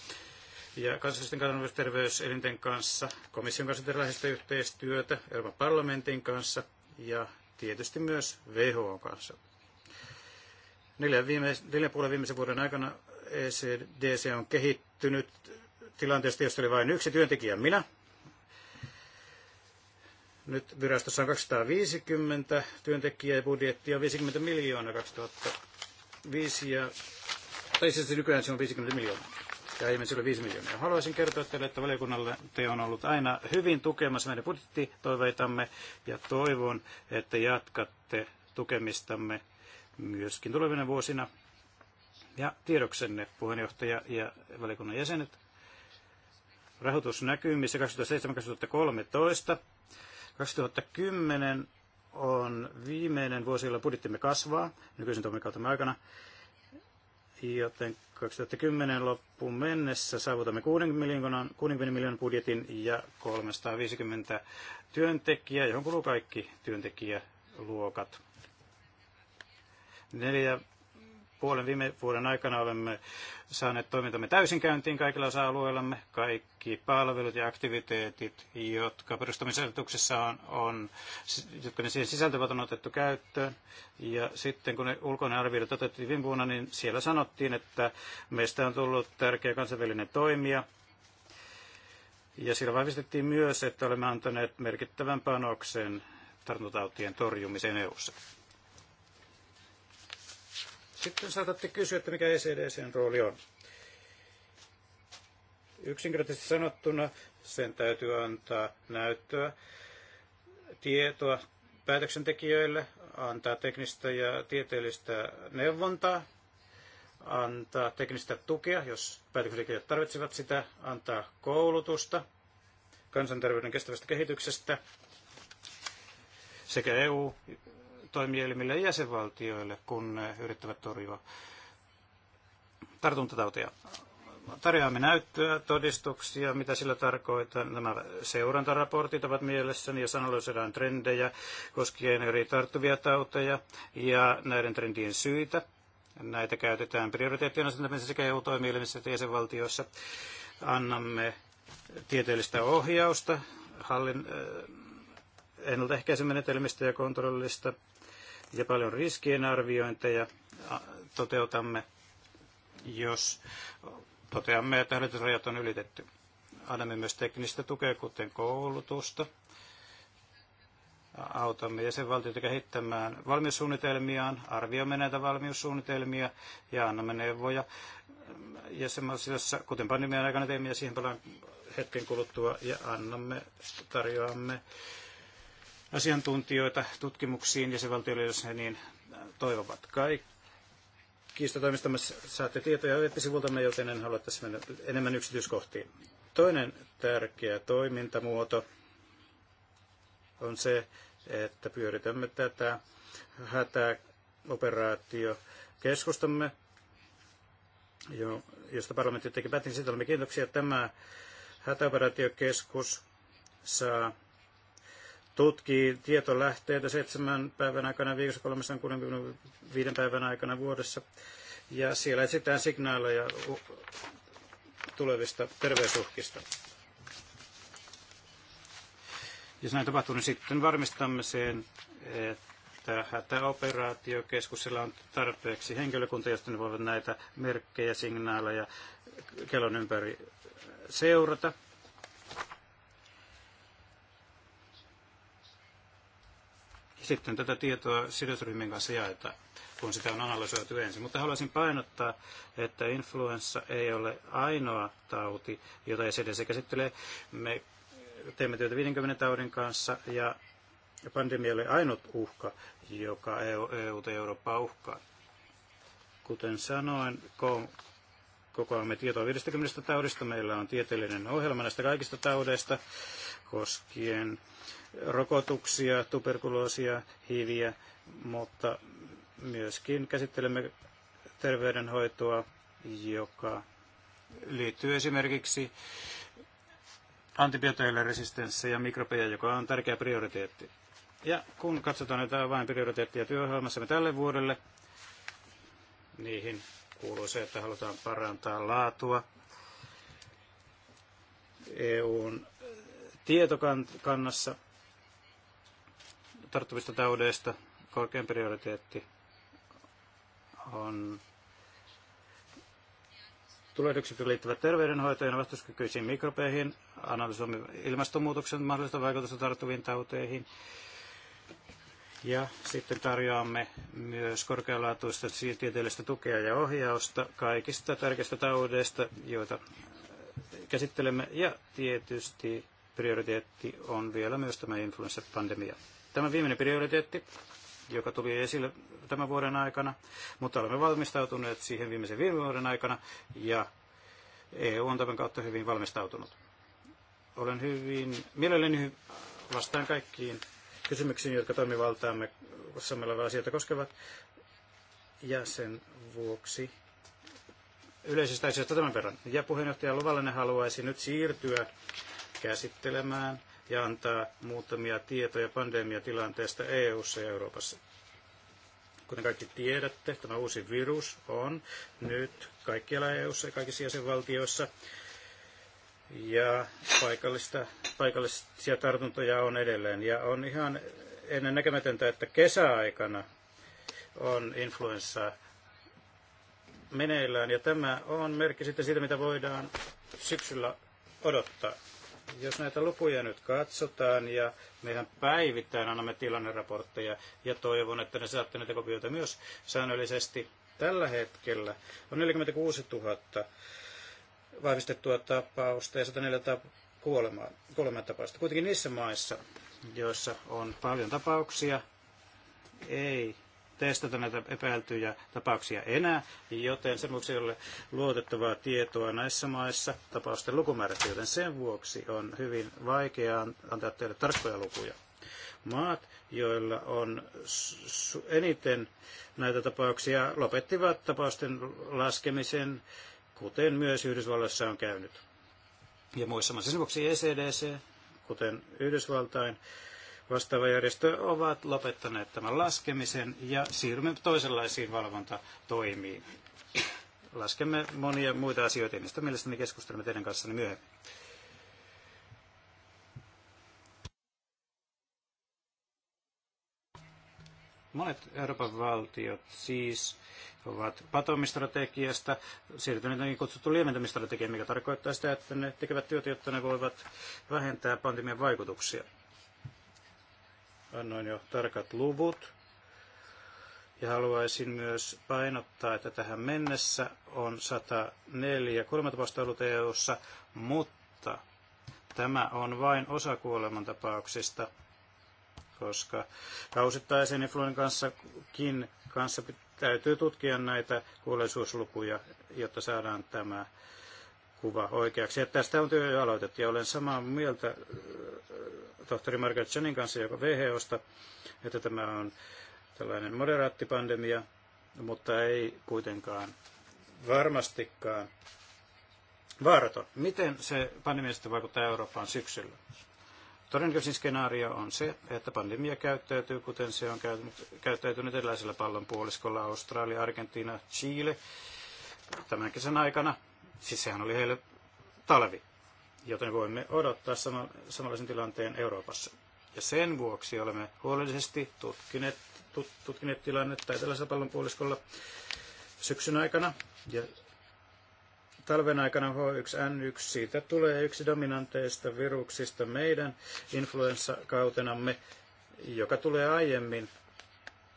B: ja kansallisten kansanterveyselinten kanssa, komission kanssa läheistä yhteistyötä, Euroopan parlamentin kanssa ja tietysti myös WHO kanssa. Neljän, viime, neljän puolen viimeisen vuoden aikana ECDC on kehittynyt tilanteesta, jossa oli vain yksi työntekijä minä. Nyt virastossa on 250 työntekijää ja budjetti on 50 miljoonaa 2005 ja, tai siis nykyään se on 50 miljoonaa. Ja aiemmin se oli 5 miljoonaa. Haluaisin kertoa teille, että valiokunnalle te on ollut aina hyvin tukemassa meidän budjettitoiveitamme ja toivon, että jatkatte tukemistamme myöskin tulevina vuosina. Ja tiedoksenne, puheenjohtaja ja valiokunnan jäsenet, rahoitusnäkymissä 2007-2013. 2010 on viimeinen vuosi, jolloin budjettimme kasvaa nykyisen toimikautamme aikana, joten 2010 loppuun mennessä saavutamme 60 miljoonan, 60 miljoonan budjetin ja 350 työntekijää, johon kuluu kaikki työntekijäluokat. Neljä puolen viime vuoden aikana olemme saaneet toimintamme täysin käyntiin kaikilla osa-alueillamme. Kaikki palvelut ja aktiviteetit, jotka perustamisasetuksessa on, on, jotka ne siihen sisältävät, on otettu käyttöön. Ja sitten kun ne ulkoinen arvioidut otettiin viime vuonna, niin siellä sanottiin, että meistä on tullut tärkeä kansainvälinen toimija, ja sillä vahvistettiin myös, että olemme antaneet merkittävän panoksen tartuntatautien torjumiseen EU:ssa. ssa sitten saatatte kysyä, että mikä ECDCn rooli on. Yksinkertaisesti sanottuna sen täytyy antaa näyttöä, tietoa päätöksentekijöille, antaa teknistä ja tieteellistä neuvontaa, antaa teknistä tukea, jos päätöksentekijät tarvitsevat sitä, antaa koulutusta kansanterveyden kestävästä kehityksestä sekä EU- toimielimille ja jäsenvaltioille, kun ne yrittävät torjua tartuntatautia. Tarjoamme näyttöä, todistuksia, mitä sillä tarkoitan. Nämä seurantaraportit ovat mielessäni, ja analysoidaan trendejä koskien eri tarttuvia tauteja ja näiden trendien syitä. Näitä käytetään prioriteettien asentamisessa sekä EU-toimielimissä että jäsenvaltioissa. Annamme tieteellistä ohjausta hallin, ennaltaehkäisymenetelmistä ja kontrollista ja paljon riskien arviointeja toteutamme, jos toteamme, että hälytysrajat on ylitetty. Annamme myös teknistä tukea, kuten koulutusta. Autamme jäsenvaltioita kehittämään valmiussuunnitelmiaan, arvioimme näitä valmiussuunnitelmia ja annamme neuvoja Jäsenvaltioissa kuten pandemian aikana teemme, ja siihen palaan hetken kuluttua, ja annamme, tarjoamme asiantuntijoita tutkimuksiin jäsenvaltioille, jos he niin äh, toivovat. Kaikki kiistatoimistamme saatte tietoja web-sivultamme, joten en halua tässä mennä enemmän yksityiskohtiin. Toinen tärkeä toimintamuoto on se, että pyöritämme tätä hätäoperaatiokeskustamme, josta parlamentti teki päätin. Siitä olemme kiitoksia. Tämä hätäoperaatiokeskus saa tutkii tietolähteitä seitsemän päivän aikana viikossa 365 päivän aikana vuodessa. Ja siellä etsitään signaaleja tulevista terveysuhkista. Jos näin tapahtuu, niin sitten varmistamme sen, että hätäoperaatiokeskuksella on tarpeeksi henkilökunta, josta ne voivat näitä merkkejä, signaaleja kellon ympäri seurata. Sitten tätä tietoa sidosryhmien kanssa jaetaan, kun sitä on analysoitu ensin. Mutta haluaisin painottaa, että influenssa ei ole ainoa tauti, jota se käsittelee. Me teemme työtä 50 taudin kanssa ja pandemia oli ainut uhka, joka EU, EU ja Eurooppaa uhkaa. Kuten sanoin, kokoamme tietoa 50 taudista. Meillä on tieteellinen ohjelma näistä kaikista taudeista koskien rokotuksia, tuberkuloosia, hiiviä, mutta myöskin käsittelemme terveydenhoitoa, joka liittyy esimerkiksi antibiooteille resistenssejä ja mikrobeja, joka on tärkeä prioriteetti. Ja kun katsotaan näitä avainprioriteetteja työohjelmassamme tälle vuodelle, niihin kuuluu se, että halutaan parantaa laatua, EUn tietokannassa tarttuvista taudeista korkein prioriteetti on tulehdukset liittyvät terveydenhoitojen ja vastuskykyisiin mikrobeihin, analysoimme ilmastonmuutoksen mahdollista vaikutusta tarttuviin tauteihin. Ja sitten tarjoamme myös korkealaatuista tieteellistä tukea ja ohjausta kaikista tärkeistä taudeista, joita käsittelemme. Ja tietysti prioriteetti on vielä myös tämä influenssapandemia. Tämä viimeinen prioriteetti, joka tuli esille tämän vuoden aikana, mutta olemme valmistautuneet siihen viimeisen viime vuoden aikana ja EU on tämän kautta hyvin valmistautunut. Olen hyvin mielelläni vastaan kaikkiin kysymyksiin, jotka toimivaltaamme samalla asioita koskevat. Ja sen vuoksi yleisistä asioista tämän verran. Ja puheenjohtaja Luvallinen haluaisi nyt siirtyä käsittelemään ja antaa muutamia tietoja pandemiatilanteesta EU:ssa ja Euroopassa. Kuten kaikki tiedätte, tämä uusi virus on nyt kaikkialla EU:ssa ja kaikissa jäsenvaltioissa ja paikallista, paikallisia tartuntoja on edelleen. Ja on ihan ennen näkemätöntä, että kesäaikana on influenssa. meneillään. Ja tämä on merkki sitten siitä, mitä voidaan syksyllä odottaa. Jos näitä lukuja nyt katsotaan ja mehän päivittäin annamme tilanneraportteja ja toivon, että ne saatte näitä kopioita myös säännöllisesti. Tällä hetkellä on 46 000 vahvistettua tapausta ja 104 kuolemaa, kuolemaa tapausta. Kuitenkin niissä maissa, joissa on paljon tapauksia, ei testata näitä epäiltyjä tapauksia enää, joten sen vuoksi ei ole luotettavaa tietoa näissä maissa tapausten lukumäärästä, joten sen vuoksi on hyvin vaikeaa antaa teille tarkkoja lukuja. Maat, joilla on eniten näitä tapauksia, lopettivat tapausten laskemisen, kuten myös Yhdysvalloissa on käynyt. Ja muissa maissa. Sen vuoksi ECDC, kuten Yhdysvaltain vastaava järjestö ovat lopettaneet tämän laskemisen ja siirrymme toisenlaisiin valvontatoimiin. Laskemme monia muita asioita, niistä mielestäni keskustelemme teidän kanssanne myöhemmin. monet Euroopan valtiot siis ovat patomistrategiasta siirtyneet niin kutsuttu lieventämistrategiaan, mikä tarkoittaa sitä, että ne tekevät työtä, jotta ne voivat vähentää pandemian vaikutuksia annoin jo tarkat luvut. Ja haluaisin myös painottaa, että tähän mennessä on 104 kuolemantapausta ollut EU-ssa, mutta tämä on vain osa kuolemantapauksista, koska kausittaisen influen kanssakin kanssa täytyy tutkia näitä kuolleisuuslukuja, jotta saadaan tämä kuva oikeaksi. Ja tästä on työ jo aloitettu ja olen samaa mieltä äh, tohtori Margaret Janin kanssa, joka WHOsta, että tämä on tällainen moderaattipandemia, mutta ei kuitenkaan varmastikaan vaaraton. Miten se pandemia vaikuttaa Eurooppaan syksyllä? Todennäköisin skenaario on se, että pandemia käyttäytyy, kuten se on käyttäytynyt erilaisella pallonpuoliskolla Australia, Argentiina, Chile tämän kesän aikana Siis sehän oli heille talvi, joten voimme odottaa saman, samanlaisen tilanteen Euroopassa. Ja sen vuoksi olemme huolellisesti tutkineet, tut, tutkineet tilannetta etelässä pallonpuoliskolla syksyn aikana ja talven aikana H1N1. Siitä tulee yksi dominanteista viruksista meidän influenssakautenamme, joka tulee aiemmin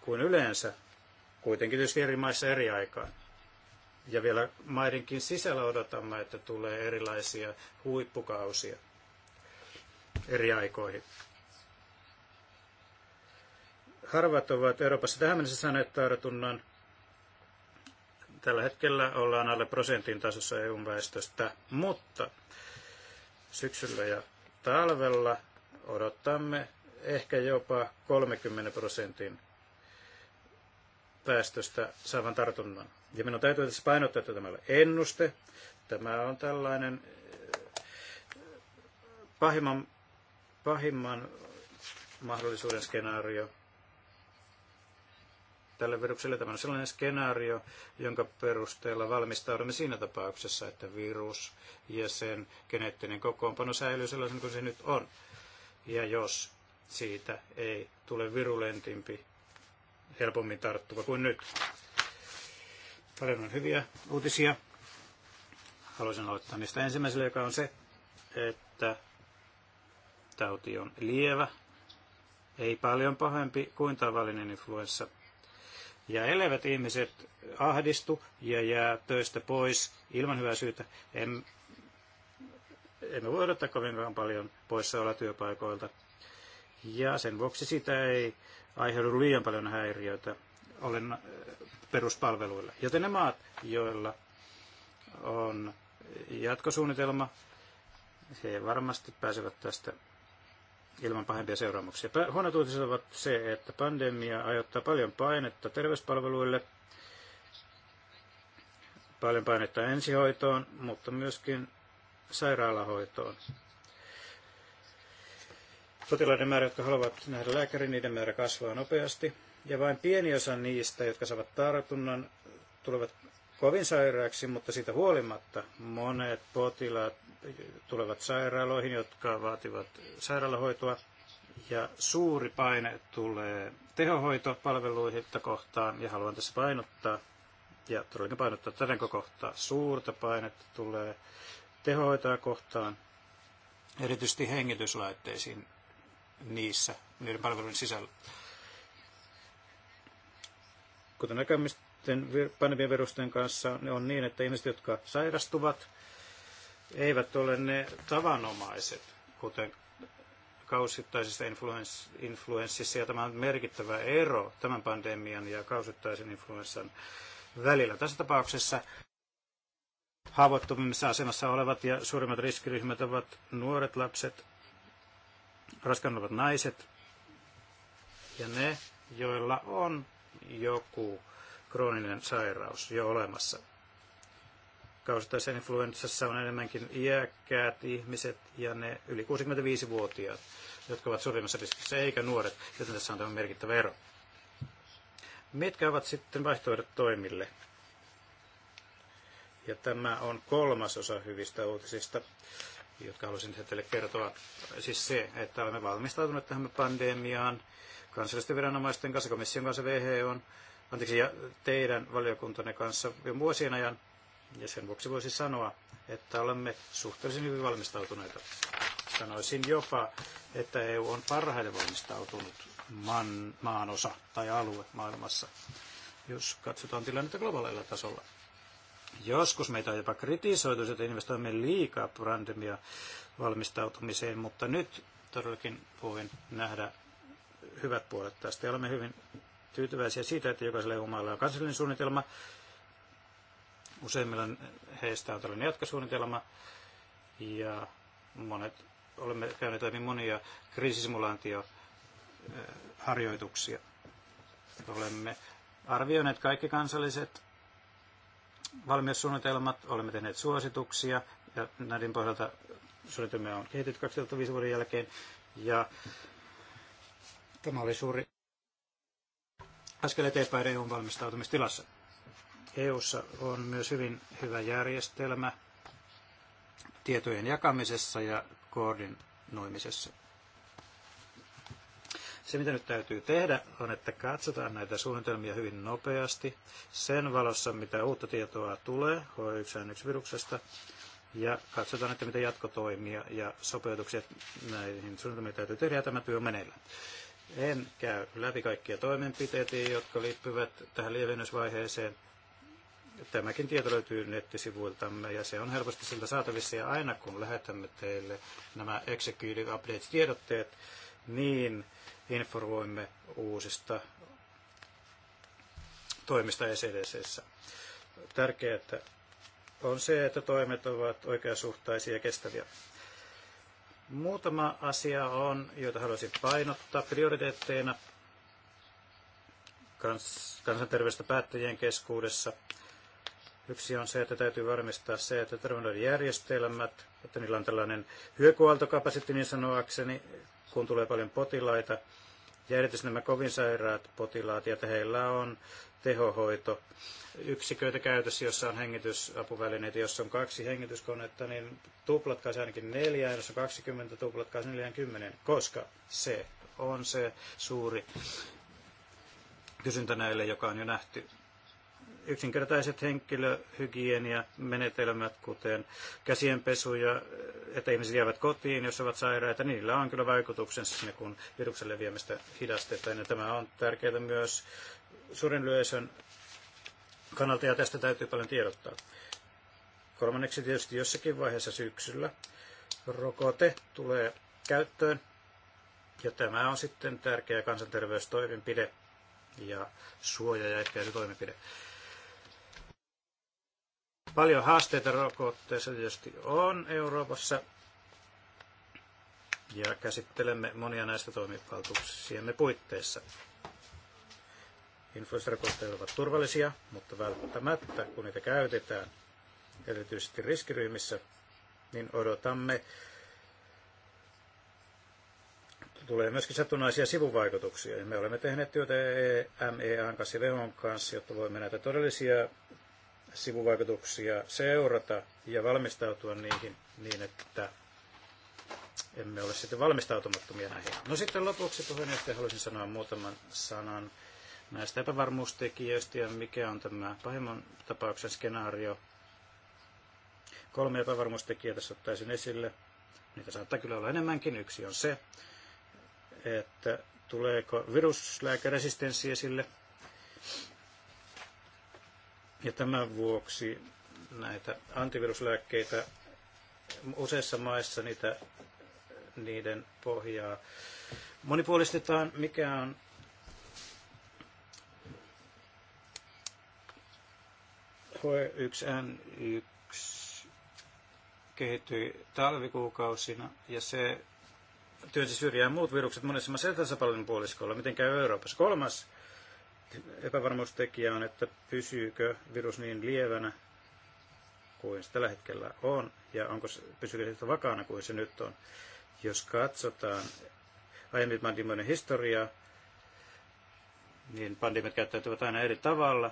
B: kuin yleensä, kuitenkin tietysti eri maissa eri aikaan. Ja vielä maidenkin sisällä odotamme, että tulee erilaisia huippukausia eri aikoihin. Harvat ovat Euroopassa tähän mennessä saaneet tartunnan. Tällä hetkellä ollaan alle prosentin tasossa EU-väestöstä, mutta syksyllä ja talvella odottamme ehkä jopa 30 prosentin väestöstä saavan tartunnan. Ja minun täytyy tässä painottaa, että tämä on ennuste. Tämä on tällainen eh, pahimman, pahimman mahdollisuuden skenaario. Tälle virukselle tämä on sellainen skenaario, jonka perusteella valmistaudumme siinä tapauksessa, että virus ja sen geneettinen kokoonpano säilyy sellaisen kuin se nyt on. Ja jos siitä ei tule virulentimpi, helpommin tarttuva kuin nyt. Paljon on hyviä uutisia. Haluaisin aloittaa niistä ensimmäisellä, joka on se, että tauti on lievä, ei paljon pahempi kuin tavallinen influenssa. Ja elävät ihmiset ahdistu ja jää töistä pois ilman hyvää syytä. En, emme voi odottaa kovinkaan paljon poissaolla työpaikoilta. Ja sen vuoksi sitä ei aiheudu liian paljon häiriöitä. Olen peruspalveluilla. Joten ne maat, joilla on jatkosuunnitelma, he varmasti pääsevät tästä ilman pahempia seuraamuksia. Huonot uutiset ovat se, että pandemia aiheuttaa paljon painetta terveyspalveluille, paljon painetta ensihoitoon, mutta myöskin sairaalahoitoon. Potilaiden määrä, jotka haluavat nähdä lääkärin, niiden määrä kasvaa nopeasti. Ja vain pieni osa niistä, jotka saavat tartunnan, tulevat kovin sairaaksi, mutta siitä huolimatta monet potilaat tulevat sairaaloihin, jotka vaativat sairaalahoitoa. Ja suuri paine tulee tehohoitopalveluihin kohtaan, ja haluan tässä painottaa, ja todellakin painottaa tätä kohtaa, suurta painetta tulee tehohoitoa kohtaan, erityisesti hengityslaitteisiin niissä, niiden palvelujen sisällä kuten näkemisten painavien virusten kanssa, ne on niin, että ihmiset, jotka sairastuvat, eivät ole ne tavanomaiset, kuten kausittaisista influens, influenssissa, ja tämä on merkittävä ero tämän pandemian ja kausittaisen influenssan välillä. Tässä tapauksessa haavoittuvimmissa asemassa olevat ja suurimmat riskiryhmät ovat nuoret lapset, raskaantuvat naiset ja ne, joilla on joku krooninen sairaus jo olemassa. Kausittaisessa influenssassa on enemmänkin iäkkäät ihmiset ja ne yli 65-vuotiaat, jotka ovat suurimmassa riskissä, eikä nuoret, joten tässä on tämä merkittävä ero. Mitkä ovat sitten vaihtoehdot toimille? Ja tämä on kolmas osa hyvistä uutisista, jotka halusin teille kertoa. Siis se, että olemme valmistautuneet tähän pandemiaan kansallisten viranomaisten kanssa, komission kanssa, WHO, anteeksi, ja teidän valiokuntanne kanssa jo vuosien ajan. Ja sen vuoksi voisi sanoa, että olemme suhteellisen hyvin valmistautuneita. Sanoisin jopa, että EU on parhaiten valmistautunut maan, maanosa tai alue maailmassa, jos katsotaan tilannetta globaalilla tasolla. Joskus meitä on jopa kritisoitu, että investoimme liikaa pandemia valmistautumiseen, mutta nyt todellakin voin nähdä hyvät puolet tästä. Ja olemme hyvin tyytyväisiä siitä, että jokaiselle humaalla on kansallinen suunnitelma. Useimmilla heistä on tällainen jatkosuunnitelma. Ja monet olemme käyneet toimin monia kriisisimulaatioharjoituksia. Olemme arvioineet kaikki kansalliset valmiussuunnitelmat, olemme tehneet suosituksia ja näiden pohjalta suunnitelmia on kehitetty 2005 vuoden jälkeen ja Tämä oli suuri askel eteenpäin EUn valmistautumistilassa. EUssa on myös hyvin hyvä järjestelmä tietojen jakamisessa ja koordinoimisessa. Se, mitä nyt täytyy tehdä, on, että katsotaan näitä suunnitelmia hyvin nopeasti sen valossa, mitä uutta tietoa tulee H1N1-viruksesta, ja katsotaan, että mitä jatkotoimia ja sopeutuksia näihin suunnitelmiin täytyy tehdä, ja tämä työ on meneillään. En käy läpi kaikkia toimenpiteitä, jotka liittyvät tähän lievennysvaiheeseen. Tämäkin tieto löytyy nettisivuiltamme ja se on helposti siltä saatavissa. Ja aina kun lähetämme teille nämä Execute Updates-tiedotteet, niin informoimme uusista toimista ECDCssä. Tärkeää on se, että toimet ovat oikeasuhtaisia ja kestäviä. Muutama asia on, joita haluaisin painottaa prioriteetteina kans, kansanterveystä päättäjien keskuudessa. Yksi on se, että täytyy varmistaa se, että terveydenjärjestelmät, että niillä on tällainen hyökualtokapasiteetti niin sanoakseni, kun tulee paljon potilaita, ja erityisesti nämä kovin sairaat potilaat, ja että heillä on tehohoito yksiköitä käytössä, jossa on hengitysapuvälineitä. Jos on kaksi hengityskonetta, niin tuplatkaa se ainakin neljään. Jos on 20, tuplatkaa se 40, koska se on se suuri kysyntä näille, joka on jo nähty. Yksinkertaiset henkilöhygieniamenetelmät, kuten käsienpesu ja että ihmiset jäävät kotiin, jos ovat sairaita, niin niillä on kyllä vaikutuksensa sinne, kun viruksen leviämistä hidastetaan. Ja tämä on tärkeää myös suuren kannalta ja tästä täytyy paljon tiedottaa. Kolmanneksi tietysti jossakin vaiheessa syksyllä rokote tulee käyttöön ja tämä on sitten tärkeä kansanterveystoimenpide ja suoja- ja ehkäisytoimenpide. Paljon haasteita rokotteessa tietysti on Euroopassa ja käsittelemme monia näistä toimivaltuuksiemme puitteissa. Influenssarokotteet ovat turvallisia, mutta välttämättä kun niitä käytetään, erityisesti riskiryhmissä, niin odotamme tulee myöskin satunnaisia sivuvaikutuksia. Me olemme tehneet työtä e MEAn kanssa ja WHOn kanssa, jotta voimme näitä todellisia sivuvaikutuksia seurata ja valmistautua niihin niin, että emme ole sitten valmistautumattomia näihin. No sitten lopuksi puheenjohtaja haluaisin sanoa muutaman sanan näistä epävarmuustekijöistä ja mikä on tämä pahimman tapauksen skenaario. Kolme epävarmuustekijää tässä ottaisin esille. Niitä saattaa kyllä olla enemmänkin. Yksi on se, että tuleeko viruslääkäresistenssi esille. Ja tämän vuoksi näitä antiviruslääkkeitä useissa maissa niitä, niiden pohjaa monipuolistetaan, mikä on HE 1N1 kehittyi talvikuukausina ja se työnsi syrjään muut virukset monessa maassa eteläsapallon puoliskolla, miten käy Euroopassa. Kolmas epävarmuustekijä on, että pysyykö virus niin lievänä kuin se tällä hetkellä on, ja onko se, pysyykö se vakaana kuin se nyt on. Jos katsotaan aiemmin pandemioiden historiaa, niin pandemiat käyttäytyvät aina eri tavalla,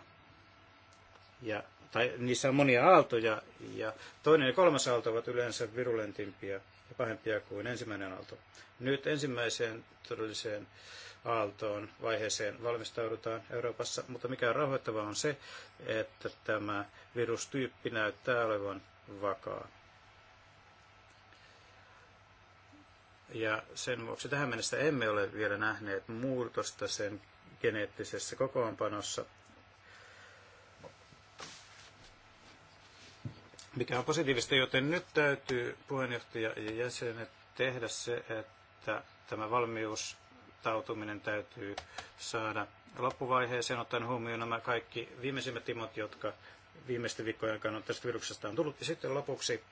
B: ja tai niissä on monia aaltoja, ja toinen ja kolmas aalto ovat yleensä virulentimpia ja pahempia kuin ensimmäinen aalto. Nyt ensimmäiseen todelliseen aaltoon vaiheeseen valmistaudutaan Euroopassa, mutta mikä on rauhoittavaa on se, että tämä virustyyppi näyttää olevan vakaa. Ja sen vuoksi tähän mennessä emme ole vielä nähneet muutosta sen geneettisessä kokoonpanossa – mikä on positiivista, joten nyt täytyy puheenjohtaja ja jäsenet tehdä se, että tämä valmius täytyy saada loppuvaiheeseen, ottaen huomioon nämä kaikki viimeisimmät timot, jotka viimeisten viikkojen aikana tästä viruksesta on tullut. Ja sitten lopuksi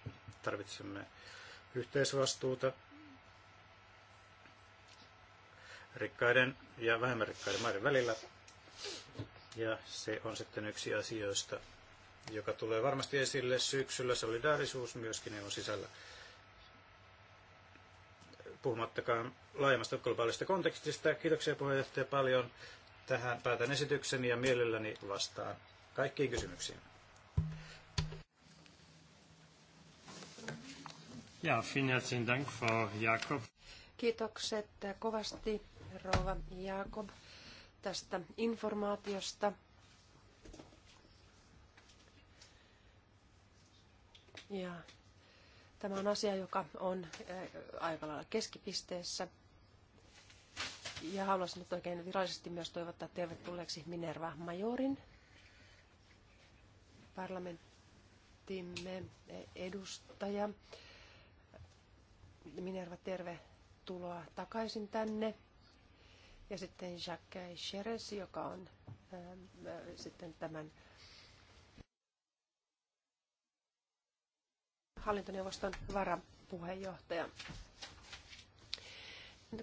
B: tarvitsemme yhteisvastuuta rikkaiden ja vähemmän rikkaiden maiden välillä. Ja se on sitten yksi asioista, joka tulee varmasti esille syksyllä, solidaarisuus myöskin EUn sisällä. Puhumattakaan laajemmasta globaalista kontekstista. Kiitoksia puheenjohtaja paljon. Tähän päätän esityksen ja mielelläni vastaan kaikkiin kysymyksiin.
A: Ja, Dank, Frau Jakob.
C: Kiitokset kovasti, Rova Jakob, tästä informaatiosta. Ja tämä on asia, joka on eh, aika lailla keskipisteessä. Ja haluaisin nyt oikein virallisesti myös toivottaa tervetulleeksi Minerva Majorin parlamenttimme edustaja. Minerva, tervetuloa takaisin tänne. Ja sitten Jacques Cheres, joka on ää, eh, eh, sitten tämän hallintoneuvoston varapuheenjohtaja.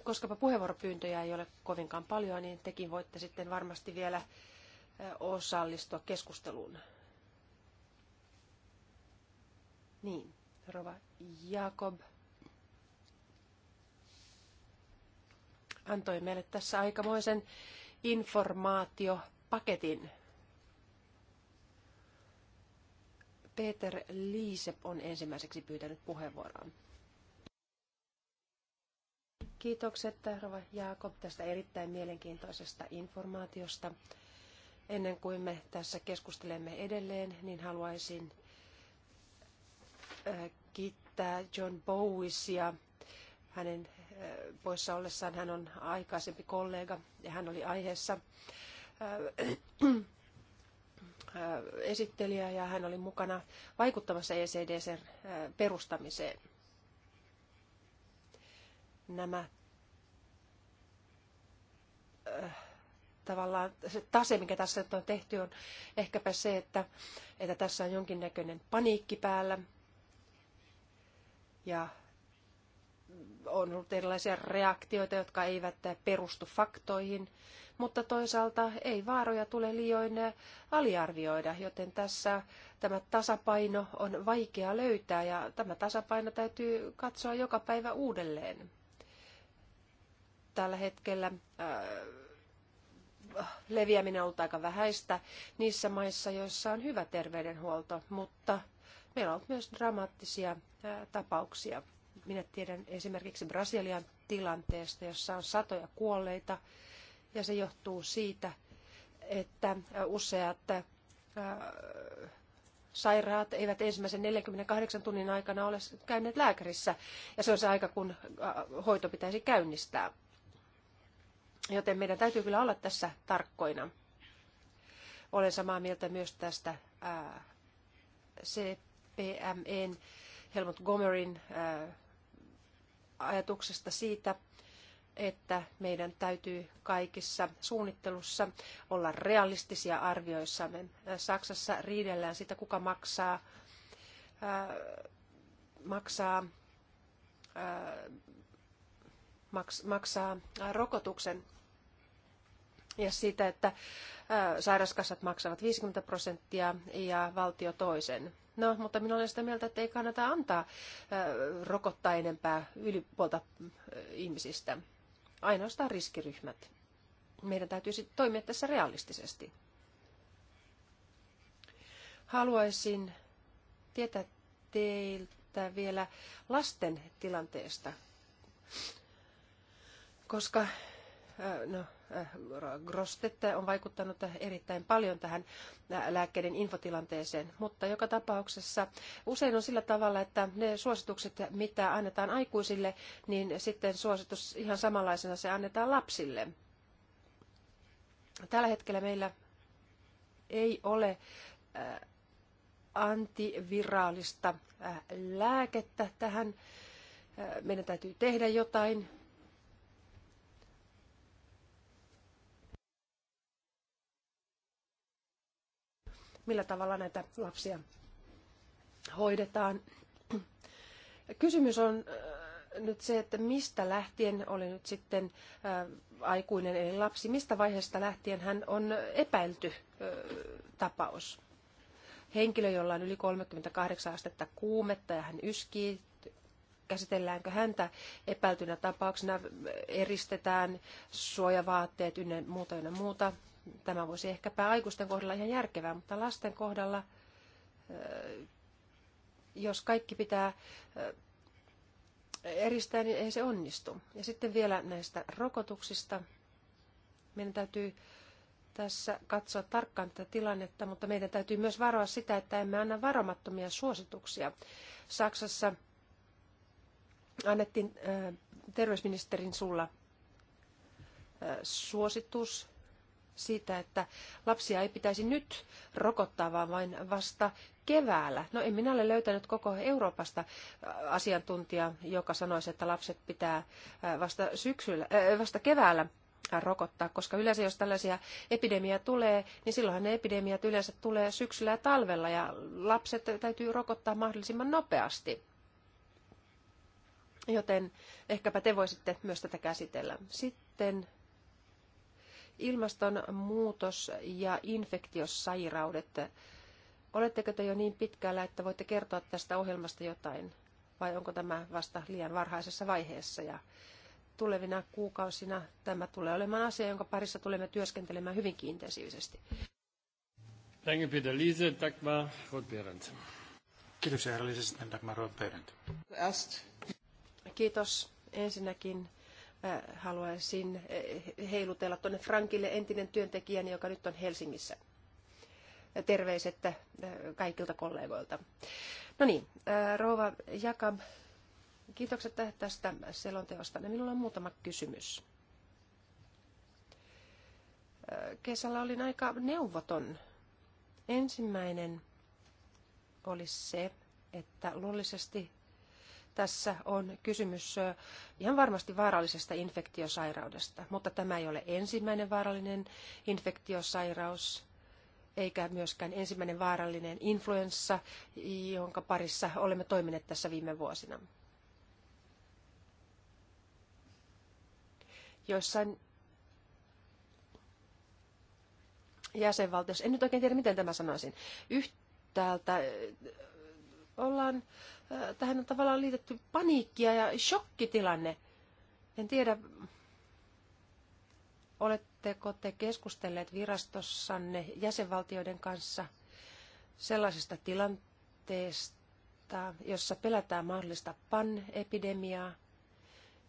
C: Koska puheenvuoropyyntöjä ei ole kovinkaan paljon, niin tekin voitte sitten varmasti vielä osallistua keskusteluun. Niin, Rova Jakob antoi meille tässä aikamoisen informaatiopaketin Peter Liisep on ensimmäiseksi pyytänyt puheenvuoroa. Kiitokset Rova Jaakob tästä erittäin mielenkiintoisesta informaatiosta. Ennen kuin me tässä keskustelemme edelleen, niin haluaisin äh, kiittää John Bowisia. Hänen äh, poissa ollessaan hän on aikaisempi kollega ja hän oli aiheessa äh, Äh, esittelijä ja hän oli mukana vaikuttamassa ECDCn äh, perustamiseen. Nämä äh, tavallaan se tase, mikä tässä on tehty, on ehkäpä se, että, että tässä on jonkinnäköinen paniikki päällä ja on ollut erilaisia reaktioita, jotka eivät perustu faktoihin – mutta toisaalta ei vaaroja tule liioin eh, aliarvioida, joten tässä tämä tasapaino on vaikea löytää ja tämä tasapaino täytyy katsoa joka päivä uudelleen. Tällä hetkellä äh, leviäminen on ollut aika vähäistä niissä maissa, joissa on hyvä terveydenhuolto, mutta meillä on ollut myös dramaattisia äh, tapauksia minä tiedän esimerkiksi Brasilian tilanteesta, jossa on satoja kuolleita ja se johtuu siitä, että useat äh, sairaat eivät ensimmäisen 48 tunnin aikana ole käyneet lääkärissä, ja se on se aika, kun äh, hoito pitäisi käynnistää. Joten meidän täytyy kyllä olla tässä tarkkoina. Olen samaa mieltä myös tästä äh, CPMEn Helmut Gomerin ajatuksesta siitä, että meidän täytyy kaikissa suunnittelussa olla realistisia arvioissamme. Saksassa riidellään sitä, kuka maksaa, ää, äh, maksaa, ää, äh, maks, maksaa äh, rokotuksen ja siitä, että ää, sairaskassat maksavat 50 prosenttia ja valtio toisen. No, mutta minä olen sitä mieltä, että ei kannata antaa ää, rokottaa enempää yli puolta ihmisistä ainoastaan riskiryhmät. Meidän täytyisi toimia tässä realistisesti. Haluaisin tietää teiltä vielä lasten tilanteesta, koska äh, no, Grostet on vaikuttanut erittäin paljon tähän lääkkeiden infotilanteeseen, mutta joka tapauksessa usein on sillä tavalla, että ne suositukset, mitä annetaan aikuisille, niin sitten suositus ihan samanlaisena se annetaan lapsille. Tällä hetkellä meillä ei ole äh, antiviraalista äh, lääkettä tähän. Äh, meidän täytyy tehdä jotain millä tavalla näitä lapsia hoidetaan. Kysymys on äh, nyt se, että mistä lähtien oli nyt sitten äh, aikuinen eli lapsi, mistä vaiheesta lähtien hän on epäilty äh, tapaus. Henkilö, jolla on yli 38 astetta kuumetta ja hän yskii, käsitelläänkö häntä epäiltynä tapauksena, eristetään suojavaatteet ynnä muuta ynnä muuta. Tämä voisi ehkäpä aikuisten kohdalla ihan järkevää, mutta lasten kohdalla, jos kaikki pitää eristää, niin ei se onnistu. Ja sitten vielä näistä rokotuksista. Meidän täytyy tässä katsoa tarkkaan tätä tilannetta, mutta meidän täytyy myös varoa sitä, että emme anna varomattomia suosituksia. Saksassa annettiin terveysministerin sulla suositus siitä, että lapsia ei pitäisi nyt rokottaa, vaan vain vasta keväällä. No en minä ole löytänyt koko Euroopasta asiantuntijaa, joka sanoisi, että lapset pitää vasta, syksyllä, vasta keväällä rokottaa, koska yleensä jos tällaisia epidemia tulee, niin silloinhan ne epidemiat yleensä tulee syksyllä ja talvella ja lapset täytyy rokottaa mahdollisimman nopeasti. Joten ehkäpä te voisitte myös tätä käsitellä. Sitten Ilmastonmuutos ja infektiosairaudet. Oletteko te jo niin pitkällä, että voitte kertoa tästä ohjelmasta jotain? Vai onko tämä vasta liian varhaisessa vaiheessa? Ja tulevina kuukausina tämä tulee olemaan asia, jonka parissa tulemme työskentelemään hyvinkin intensiivisesti.
A: Danke Peter Liese, Dagmar Rothberend. Kiitoksia herra Liese, Dagmar Rothberend.
C: Kiitos ensinnäkin Äh, haluaisin äh, heilutella tuonne Frankille entinen työntekijäni, joka nyt on Helsingissä. Terveiset äh, kaikilta kollegoilta. No niin, Rova Jakab, kiitokset tästä selonteosta. Minulla on muutama kysymys. Kesällä olin aika neuvoton. Ensimmäinen oli se, että luonnollisesti tässä on kysymys ihan varmasti vaarallisesta infektiosairaudesta, mutta tämä ei ole ensimmäinen vaarallinen infektiosairaus, eikä myöskään ensimmäinen vaarallinen influenssa, jonka parissa olemme toimineet tässä viime vuosina. Joissain jäsenvaltioissa, en nyt oikein tiedä miten tämä sanoisin, yhtäältä ollaan tähän on tavallaan liitetty paniikkia ja shokkitilanne. En tiedä, oletteko te keskustelleet virastossanne jäsenvaltioiden kanssa sellaisesta tilanteesta, jossa pelätään mahdollista pan-epidemiaa,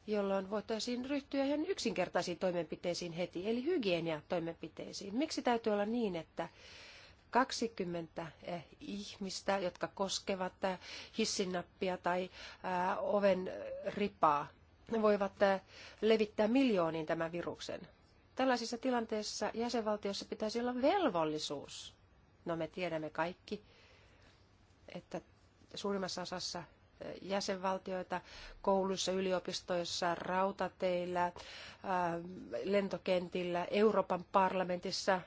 C: jolloin voitaisiin ryhtyä ihan yksinkertaisiin toimenpiteisiin heti, eli hygieniatoimenpiteisiin. Miksi täytyy olla niin, että 20 eh, ihmistä, jotka koskevat eh, hissinnappia tai eh, oven ripaa, voivat levittää miljooniin tämän viruksen. Tällaisissa tilanteissa jäsenvaltiossa pitäisi olla velvollisuus. No me tiedämme kaikki, että suurimmassa osassa jäsenvaltioita kouluissa, yliopistoissa, rautateillä, lentokentillä, Euroopan parlamentissa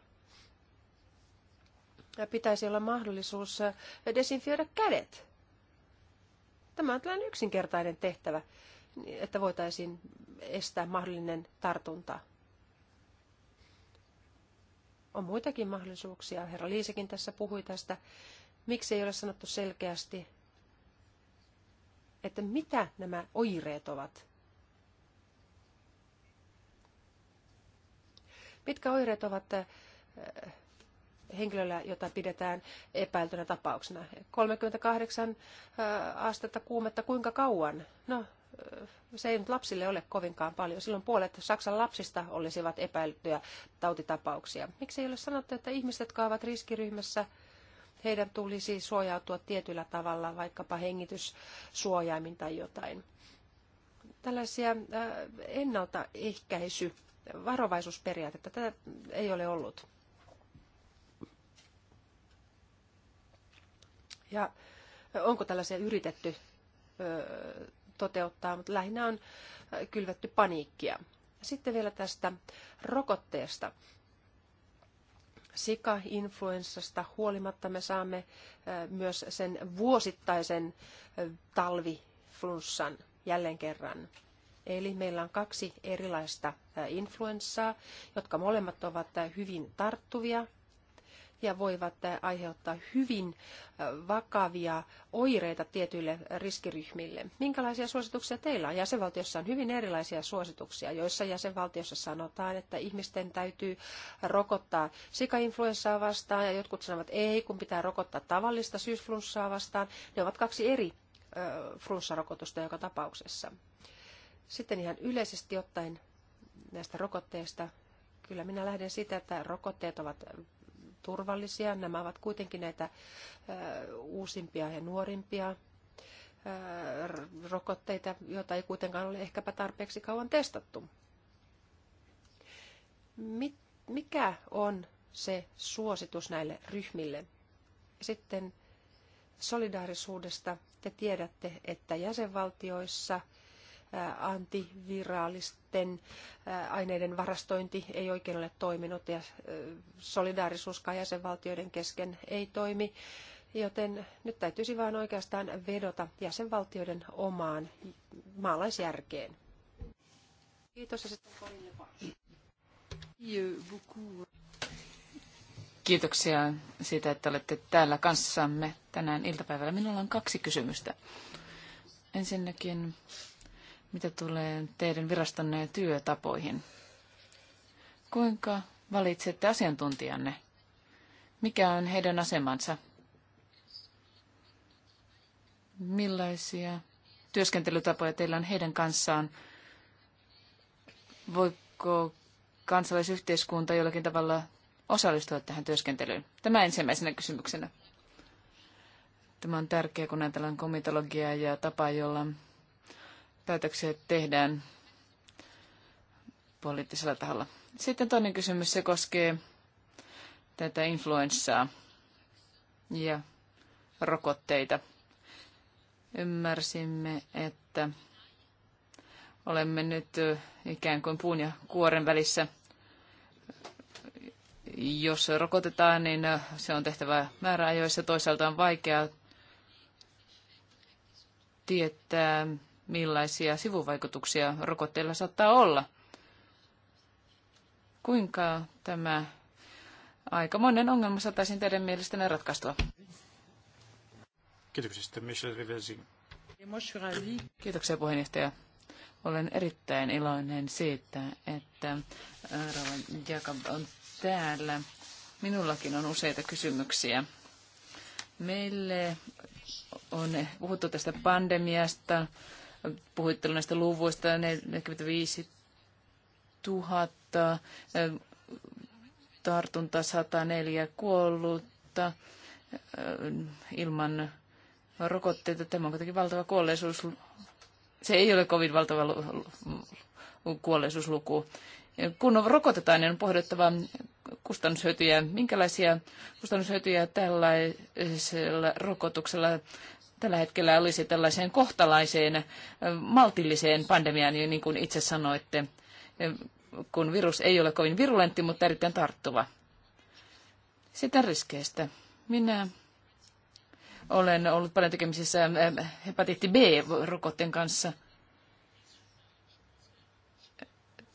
C: pitäisi olla mahdollisuus desinfioida kädet. Tämä on tällainen yksinkertainen tehtävä, niin, että voitaisiin estää mahdollinen tartunta. On muitakin mahdollisuuksia. Herra Liisekin tässä puhui tästä. Miksi ei ole sanottu selkeästi, että mitä nämä oireet ovat? Mitkä oireet ovat henkilöllä, jota pidetään epäiltynä tapauksena. 38 äh, astetta kuumetta kuinka kauan? No, äh, se ei nyt lapsille ole kovinkaan paljon. Silloin puolet Saksan lapsista olisivat epäiltyjä tautitapauksia. Miksi ei ole sanottu, että ihmiset, jotka ovat riskiryhmässä, heidän tulisi suojautua tietyllä tavalla, vaikkapa hengityssuojaimin tai jotain. Tällaisia äh, ennaltaehkäisy, varovaisuusperiaatetta, tätä ei ole ollut. Ja onko tällaisia yritetty toteuttaa, mutta lähinnä on kylvetty paniikkia. Sitten vielä tästä rokotteesta. Sika-influenssasta huolimatta me saamme myös sen vuosittaisen talviflunssan jälleen kerran. Eli meillä on kaksi erilaista influenssaa, jotka molemmat ovat hyvin tarttuvia ja voivat aiheuttaa hyvin vakavia oireita tietyille riskiryhmille. Minkälaisia suosituksia teillä on? Jäsenvaltiossa on hyvin erilaisia suosituksia, joissa jäsenvaltiossa sanotaan, että ihmisten täytyy rokottaa sikainfluenssaa vastaan ja jotkut sanovat ei, kun pitää rokottaa tavallista syysflunssaa vastaan. Ne ovat kaksi eri flunssarokotusta joka tapauksessa. Sitten ihan yleisesti ottaen näistä rokotteista. Kyllä minä lähden siitä, että rokotteet ovat turvallisia. Nämä ovat kuitenkin näitä uusimpia ja nuorimpia rokotteita, joita ei kuitenkaan ole ehkäpä tarpeeksi kauan testattu. Mikä on se suositus näille ryhmille? Sitten solidaarisuudesta te tiedätte, että jäsenvaltioissa – antiviraalisten aineiden varastointi ei oikein ole toiminut ja solidaarisuuskaan jäsenvaltioiden kesken ei toimi. Joten nyt täytyisi vain oikeastaan vedota jäsenvaltioiden omaan maalaisjärkeen. Kiitos ja sitten
D: Kiitoksia siitä, että olette täällä kanssamme tänään iltapäivällä. Minulla on kaksi kysymystä. Ensinnäkin mitä tulee teidän virastonne työtapoihin. Kuinka valitsette asiantuntijanne? Mikä on heidän asemansa? Millaisia työskentelytapoja teillä on heidän kanssaan? Voiko kansalaisyhteiskunta jollakin tavalla osallistua tähän työskentelyyn? Tämä ensimmäisenä kysymyksenä. Tämä on tärkeää, kun ajatellaan komitologiaa ja tapaa, jolla päätöksiä tehdään poliittisella taholla. Sitten toinen kysymys, se koskee tätä influenssaa ja rokotteita. Ymmärsimme, että olemme nyt ikään kuin puun ja kuoren välissä. Jos rokotetaan, niin se on tehtävä määräajoissa. Toisaalta on vaikea tietää, millaisia sivuvaikutuksia rokotteilla saattaa olla. Kuinka tämä aika monen ongelma saataisiin teidän mielestänne ratkaistua?
B: Kiitoksia Michel Rivesi.
D: Kiitoksia puheenjohtaja. Olen erittäin iloinen siitä, että äh, Rauhan Jakab on täällä. Minullakin on useita kysymyksiä. Meille on puhuttu tästä pandemiasta, Puhuittelu näistä luvuista 45 000 tartunta 104 kuollutta ilman rokotteita. Tämä on kuitenkin valtava kuolleisuus. Se ei ole kovin valtava kuolleisuusluku. Kun rokotetaan, niin on pohdittava kustannushyötyjä. Minkälaisia kustannushyötyjä tällaisella rokotuksella tällä hetkellä olisi tällaiseen kohtalaiseen, maltilliseen pandemiaan, niin kuin itse sanoitte, kun virus ei ole kovin virulentti, mutta erittäin tarttuva. Sitä riskeistä. Minä olen ollut paljon tekemisissä hepatiitti B-rokotteen kanssa.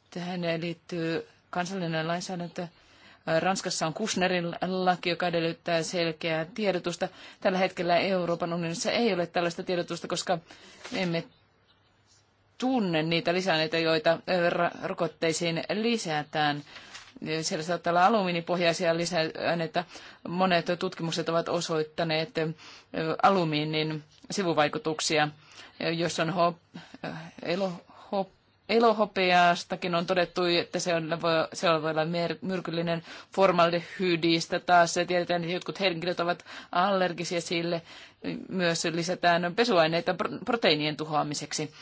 D: Tähän liittyy kansallinen lainsäädäntö Ranskassa on Kushnerin laki, joka edellyttää selkeää tiedotusta. Tällä hetkellä Euroopan unionissa ei ole tällaista tiedotusta, koska emme tunne niitä lisääneitä, joita rokotteisiin lisätään. Siellä saattaa olla alumiinipohjaisia lisäaineita. Monet tutkimukset ovat osoittaneet alumiinin sivuvaikutuksia. Jos on elohopeastakin on todettu, että se, on, voi, se on, voi olla myrkyllinen formaldehydistä taas. Se tiedetään, että jotkut henkilöt ovat allergisia sille. Myös lisätään pesuaineita proteiinien tuhoamiseksi.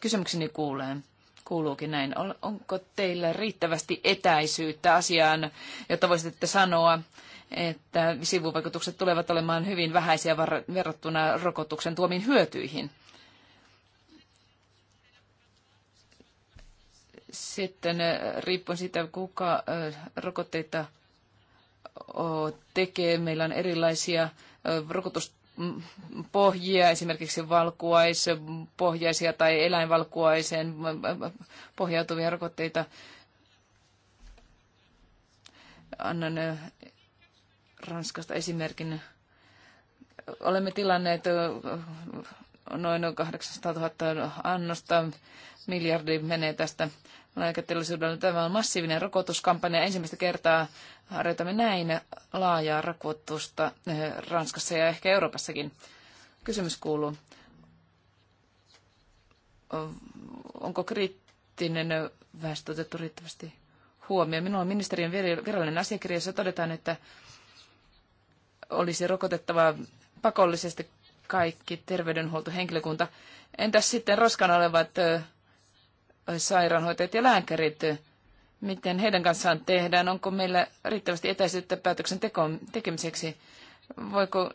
D: Kysymykseni kuulee. Kuuluukin näin. Onko teillä riittävästi etäisyyttä asiaan, jotta voisitte sanoa, että sivuvaikutukset tulevat olemaan hyvin vähäisiä verrattuna rokotuksen tuomiin hyötyihin? Sitten äh, riippuen siitä, kuka äh, rokotteita tekee. Meillä on erilaisia äh, rokotuspohjia, esimerkiksi valkuaispohjaisia tai eläinvalkuaiseen pohjautuvia rokotteita. Annan Ranskasta esimerkin. Olemme tilanneet noin 800 000 annosta. Miljardi menee tästä lääketeollisuudella Tämä on massiivinen rokotuskampanja. Ensimmäistä kertaa harjoitamme näin laajaa rokotusta eh, Ranskassa ja ehkä Euroopassakin. Kysymys kuuluu, onko kriittinen väestö otettu riittävästi huomioon? Minulla on ministeriön virallinen asiakirja, jossa todetaan, että olisi rokotettava pakollisesti kaikki terveydenhuoltohenkilökunta. Entäs sitten roskan olevat eh, sairaanhoitajat ja lääkärit, miten heidän kanssaan tehdään, onko meillä riittävästi etäisyyttä päätöksen tekemiseksi, Voiko,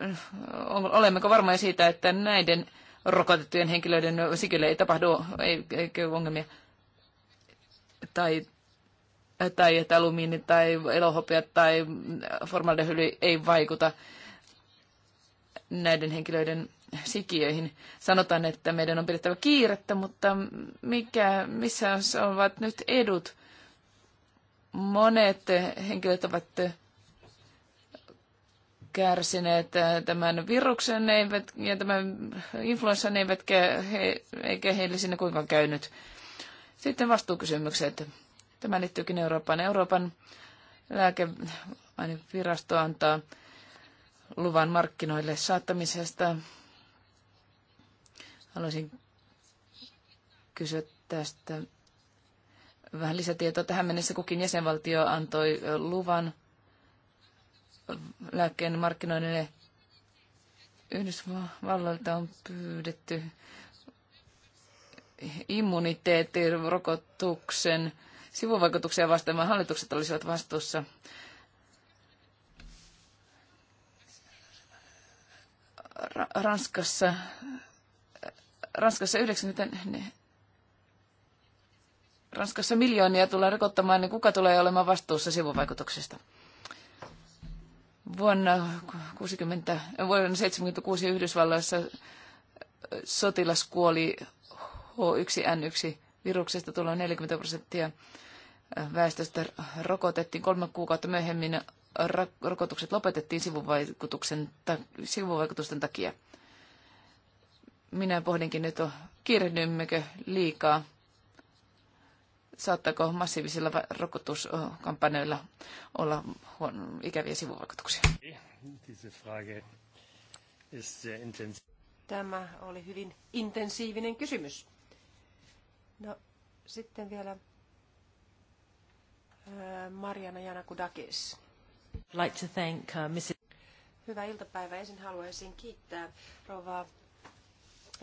D: olemmeko varmoja siitä, että näiden rokotettujen henkilöiden sikille ei tapahdu ei, ei ongelmia tai, tai että alumiini tai elohopea tai formaldehyli ei vaikuta näiden henkilöiden sikiöihin. Sanotaan, että meidän on pidettävä kiirettä, mutta mikä, missä ovat nyt edut? Monet henkilöt ovat kärsineet tämän viruksen eivät, ja tämän influenssan eivätkä, he, eikä heille sinne kuinkaan käynyt. Sitten vastuukysymykset. Tämä liittyykin Euroopan. Euroopan lääkevirasto antaa luvan markkinoille saattamisesta Haluaisin kysyä tästä vähän lisätietoa. Tähän mennessä kukin jäsenvaltio antoi luvan lääkkeen markkinoinnille. Yhdysvalloilta on pyydetty immuniteettirokotuksen sivuvaikutuksia vastaamaan hallitukset olisivat vastuussa. Ranskassa Ranskassa 90, ne, Ranskassa miljoonia tulee rokottamaan, niin kuka tulee olemaan vastuussa sivuvaikutuksista? Vuonna, 60, vuonna 76 Yhdysvalloissa sotilas kuoli H1N1 viruksesta tulee 40 prosenttia väestöstä rokotettiin. Kolme kuukautta myöhemmin rokotukset lopetettiin sivuvaikutuksen, sivuvaikutusten takia minä pohdinkin nyt, oh, kiirehdymmekö liikaa. Saattaako massiivisilla rokotuskampanjoilla olla huon, ikäviä sivuvaikutuksia?
C: Tämä oli hyvin intensiivinen kysymys. No sitten vielä Mariana Janakudakis.
A: Like to thank, uh, Mrs.
C: Hyvää iltapäivää. Ensin haluaisin kiittää rouva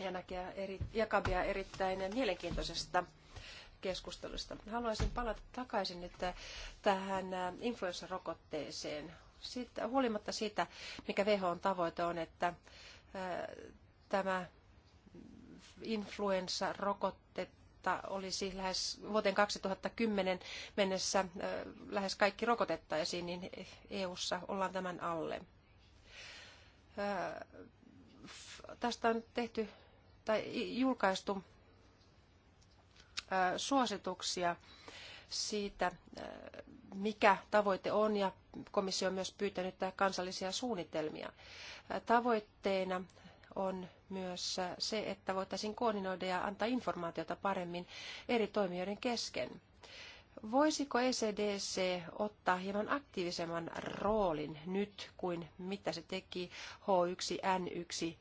C: ja näkee eri, jakabia erittäin mielenkiintoisesta keskustelusta. Haluaisin palata takaisin nyt tähän influenssarokotteeseen. Sitten, huolimatta siitä, mikä WHO tavoite on, että tämä influenssarokotte olisi lähes vuoteen 2010 mennessä lähes kaikki rokotettaisiin, niin EU:ssa ollaan tämän alle. Tästä on tehty tai julkaistu suosituksia siitä, mikä tavoite on, ja komissio on myös pyytänyt kansallisia suunnitelmia. Tavoitteena on myös se, että voitaisiin koordinoida ja antaa informaatiota paremmin eri toimijoiden kesken. Voisiko ECDC ottaa hieman aktiivisemman roolin nyt kuin mitä se teki H1N1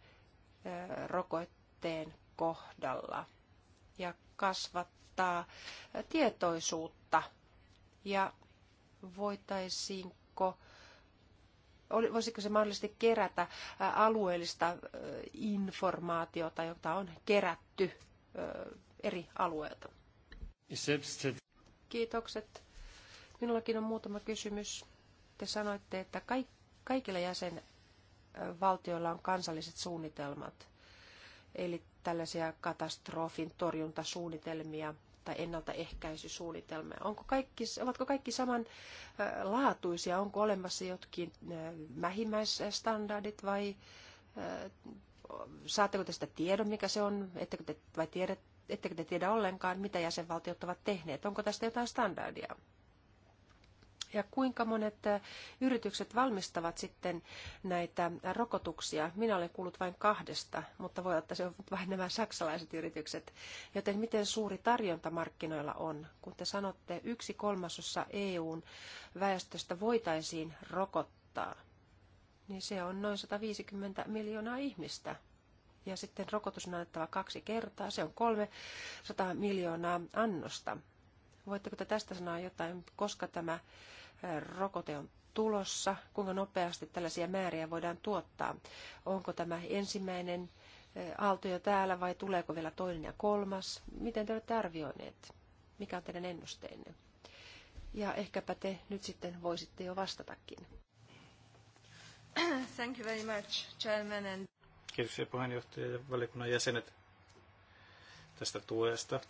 C: rokotteen? tuotteen kohdalla ja kasvattaa tietoisuutta ja voitaisiinko voisiko se mahdollisesti kerätä alueellista informaatiota, jota on kerätty eri alueilta? Kiitokset. Minullakin on muutama kysymys. Te sanoitte, että kaikilla jäsenvaltioilla on kansalliset suunnitelmat. Eli tällaisia katastrofin torjuntasuunnitelmia tai ennaltaehkäisysuunnitelmia. Onko kaikki, ovatko kaikki samanlaatuisia? Onko olemassa jotkin vähimmäisstandardit vai saatteko te sitä tiedon, mikä se on, ettekö te, vai tiedä ettekö te tiedä ollenkaan, mitä jäsenvaltiot ovat tehneet? Onko tästä jotain standardia? Ja kuinka monet yritykset valmistavat sitten näitä rokotuksia? Minä olen kuullut vain kahdesta, mutta voi olla, että se on vain nämä saksalaiset yritykset. Joten miten suuri tarjonta markkinoilla on? Kun te sanotte, yksi kolmasosa EUn väestöstä voitaisiin rokottaa, niin se on noin 150 miljoonaa ihmistä ja sitten rokotus on annettava kaksi kertaa. Se on 300 miljoonaa annosta. Voitteko te tästä sanoa jotain, koska tämä rokote on tulossa, kuinka nopeasti tällaisia määriä voidaan tuottaa. Onko tämä ensimmäinen aalto jo täällä vai tuleeko vielä toinen ja kolmas? Miten te olette arvioineet? Mikä on teidän ennusteenne? Ja ehkäpä te nyt sitten voisitte jo vastatakin. <clears throat> Thank you very much, Chairman. And...
B: Kiitoksia puheenjohtaja ja valiokunnan jäsenet tästä tuesta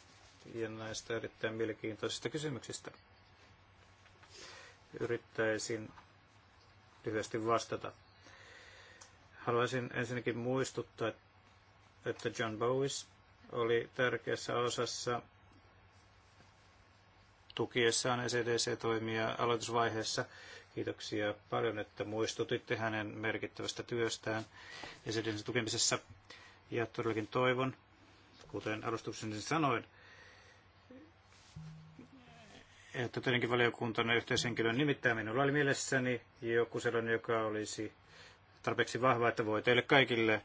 B: ja näistä erittäin mielenkiintoisista kysymyksistä yrittäisin lyhyesti vastata. Haluaisin ensinnäkin muistuttaa, että John Bowis oli tärkeässä osassa tukiessaan ECDC-toimia aloitusvaiheessa. Kiitoksia paljon, että muistutitte hänen merkittävästä työstään ECDCn tukemisessa. Ja todellakin toivon, kuten alustukseni sanoin, että tietenkin valiokuntana yhteishenkilön nimittäin minulla oli mielessäni joku sellainen, joka olisi tarpeeksi vahva, että voi teille kaikille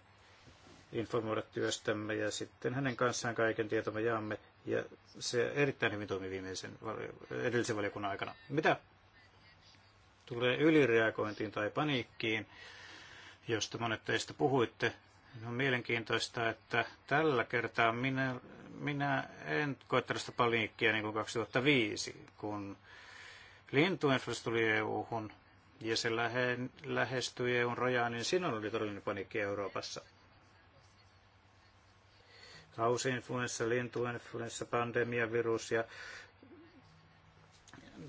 B: informoida työstämme ja sitten hänen kanssaan kaiken tietomme jaamme. Ja se erittäin hyvin toimi viimeisen, edellisen valiokunnan aikana. Mitä tulee ylireagointiin tai paniikkiin, josta monet teistä puhuitte, niin on mielenkiintoista, että tällä kertaa minä minä en koettanut sitä paniikkia niin kuin 2005, kun lintuinfluenssi tuli EU-hun ja se lähe, lähestyi EUn rajaan, niin silloin oli todellinen paniikki Euroopassa. Kausinfluenssa, lintuinfluenssa, pandemia, virus ja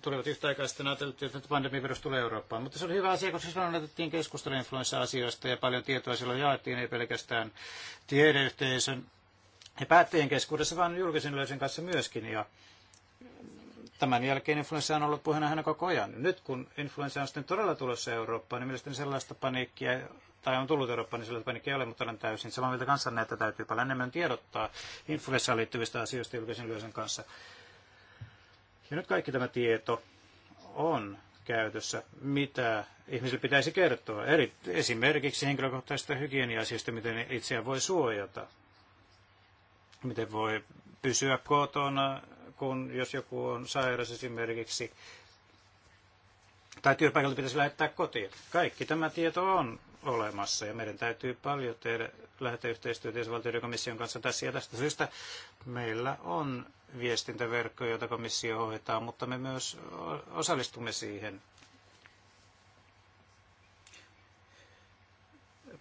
B: tulivat yhtä aikaa sitten ajateltiin, että pandemiavirus tulee Eurooppaan. Mutta se oli hyvä asia, koska silloin otettiin keskustelu influenssa-asioista ja paljon tietoa silloin jaettiin, ei pelkästään tiedeyhteisön ja päättäjien keskuudessa, vaan julkisen yleisön kanssa myöskin. Ja tämän jälkeen influenssa on ollut puheenaiheena koko ajan. Nyt kun influenssa on sitten todella tulossa Eurooppaan, niin mielestäni sellaista paniikkia, tai on tullut Eurooppaan, niin sellaista paniikkia ei ole, mutta olen täysin samaa mieltä kanssa, että täytyy paljon enemmän tiedottaa influenssaan liittyvistä asioista julkisen yleisön kanssa. Ja nyt kaikki tämä tieto on käytössä, mitä ihmisille pitäisi kertoa. Eri, esimerkiksi henkilökohtaisista hygienia-asioista, miten itseään voi suojata, miten voi pysyä kotona, kun jos joku on sairas esimerkiksi, tai työpaikalta pitäisi lähettää kotiin. Kaikki tämä tieto on olemassa ja meidän täytyy paljon tehdä lähetä yhteistyötä jäsenvaltioiden komission kanssa tässä ja tästä syystä. Meillä on viestintäverkko, jota komissio hoitaa, mutta me myös osallistumme siihen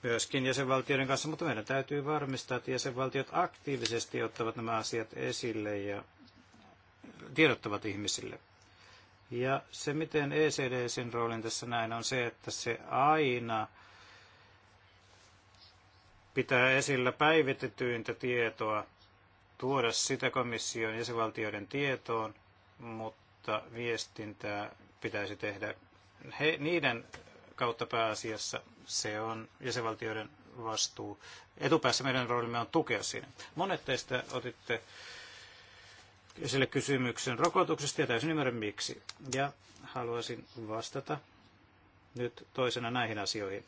B: myöskin jäsenvaltioiden kanssa, mutta meidän täytyy varmistaa, että jäsenvaltiot aktiivisesti ottavat nämä asiat esille ja tiedottavat ihmisille. Ja se, miten ECDCn roolin tässä näin on se, että se aina pitää esillä päivitetyintä tietoa, tuoda sitä komission jäsenvaltioiden tietoon, mutta viestintää pitäisi tehdä he, niiden kautta pääasiassa, se on jäsenvaltioiden vastuu. Etupäässä meidän roolimme on tukea siinä. Monet teistä otitte esille kysymyksen rokotuksesta ja täysin ymmärrän miksi. Ja haluaisin vastata nyt toisena näihin asioihin.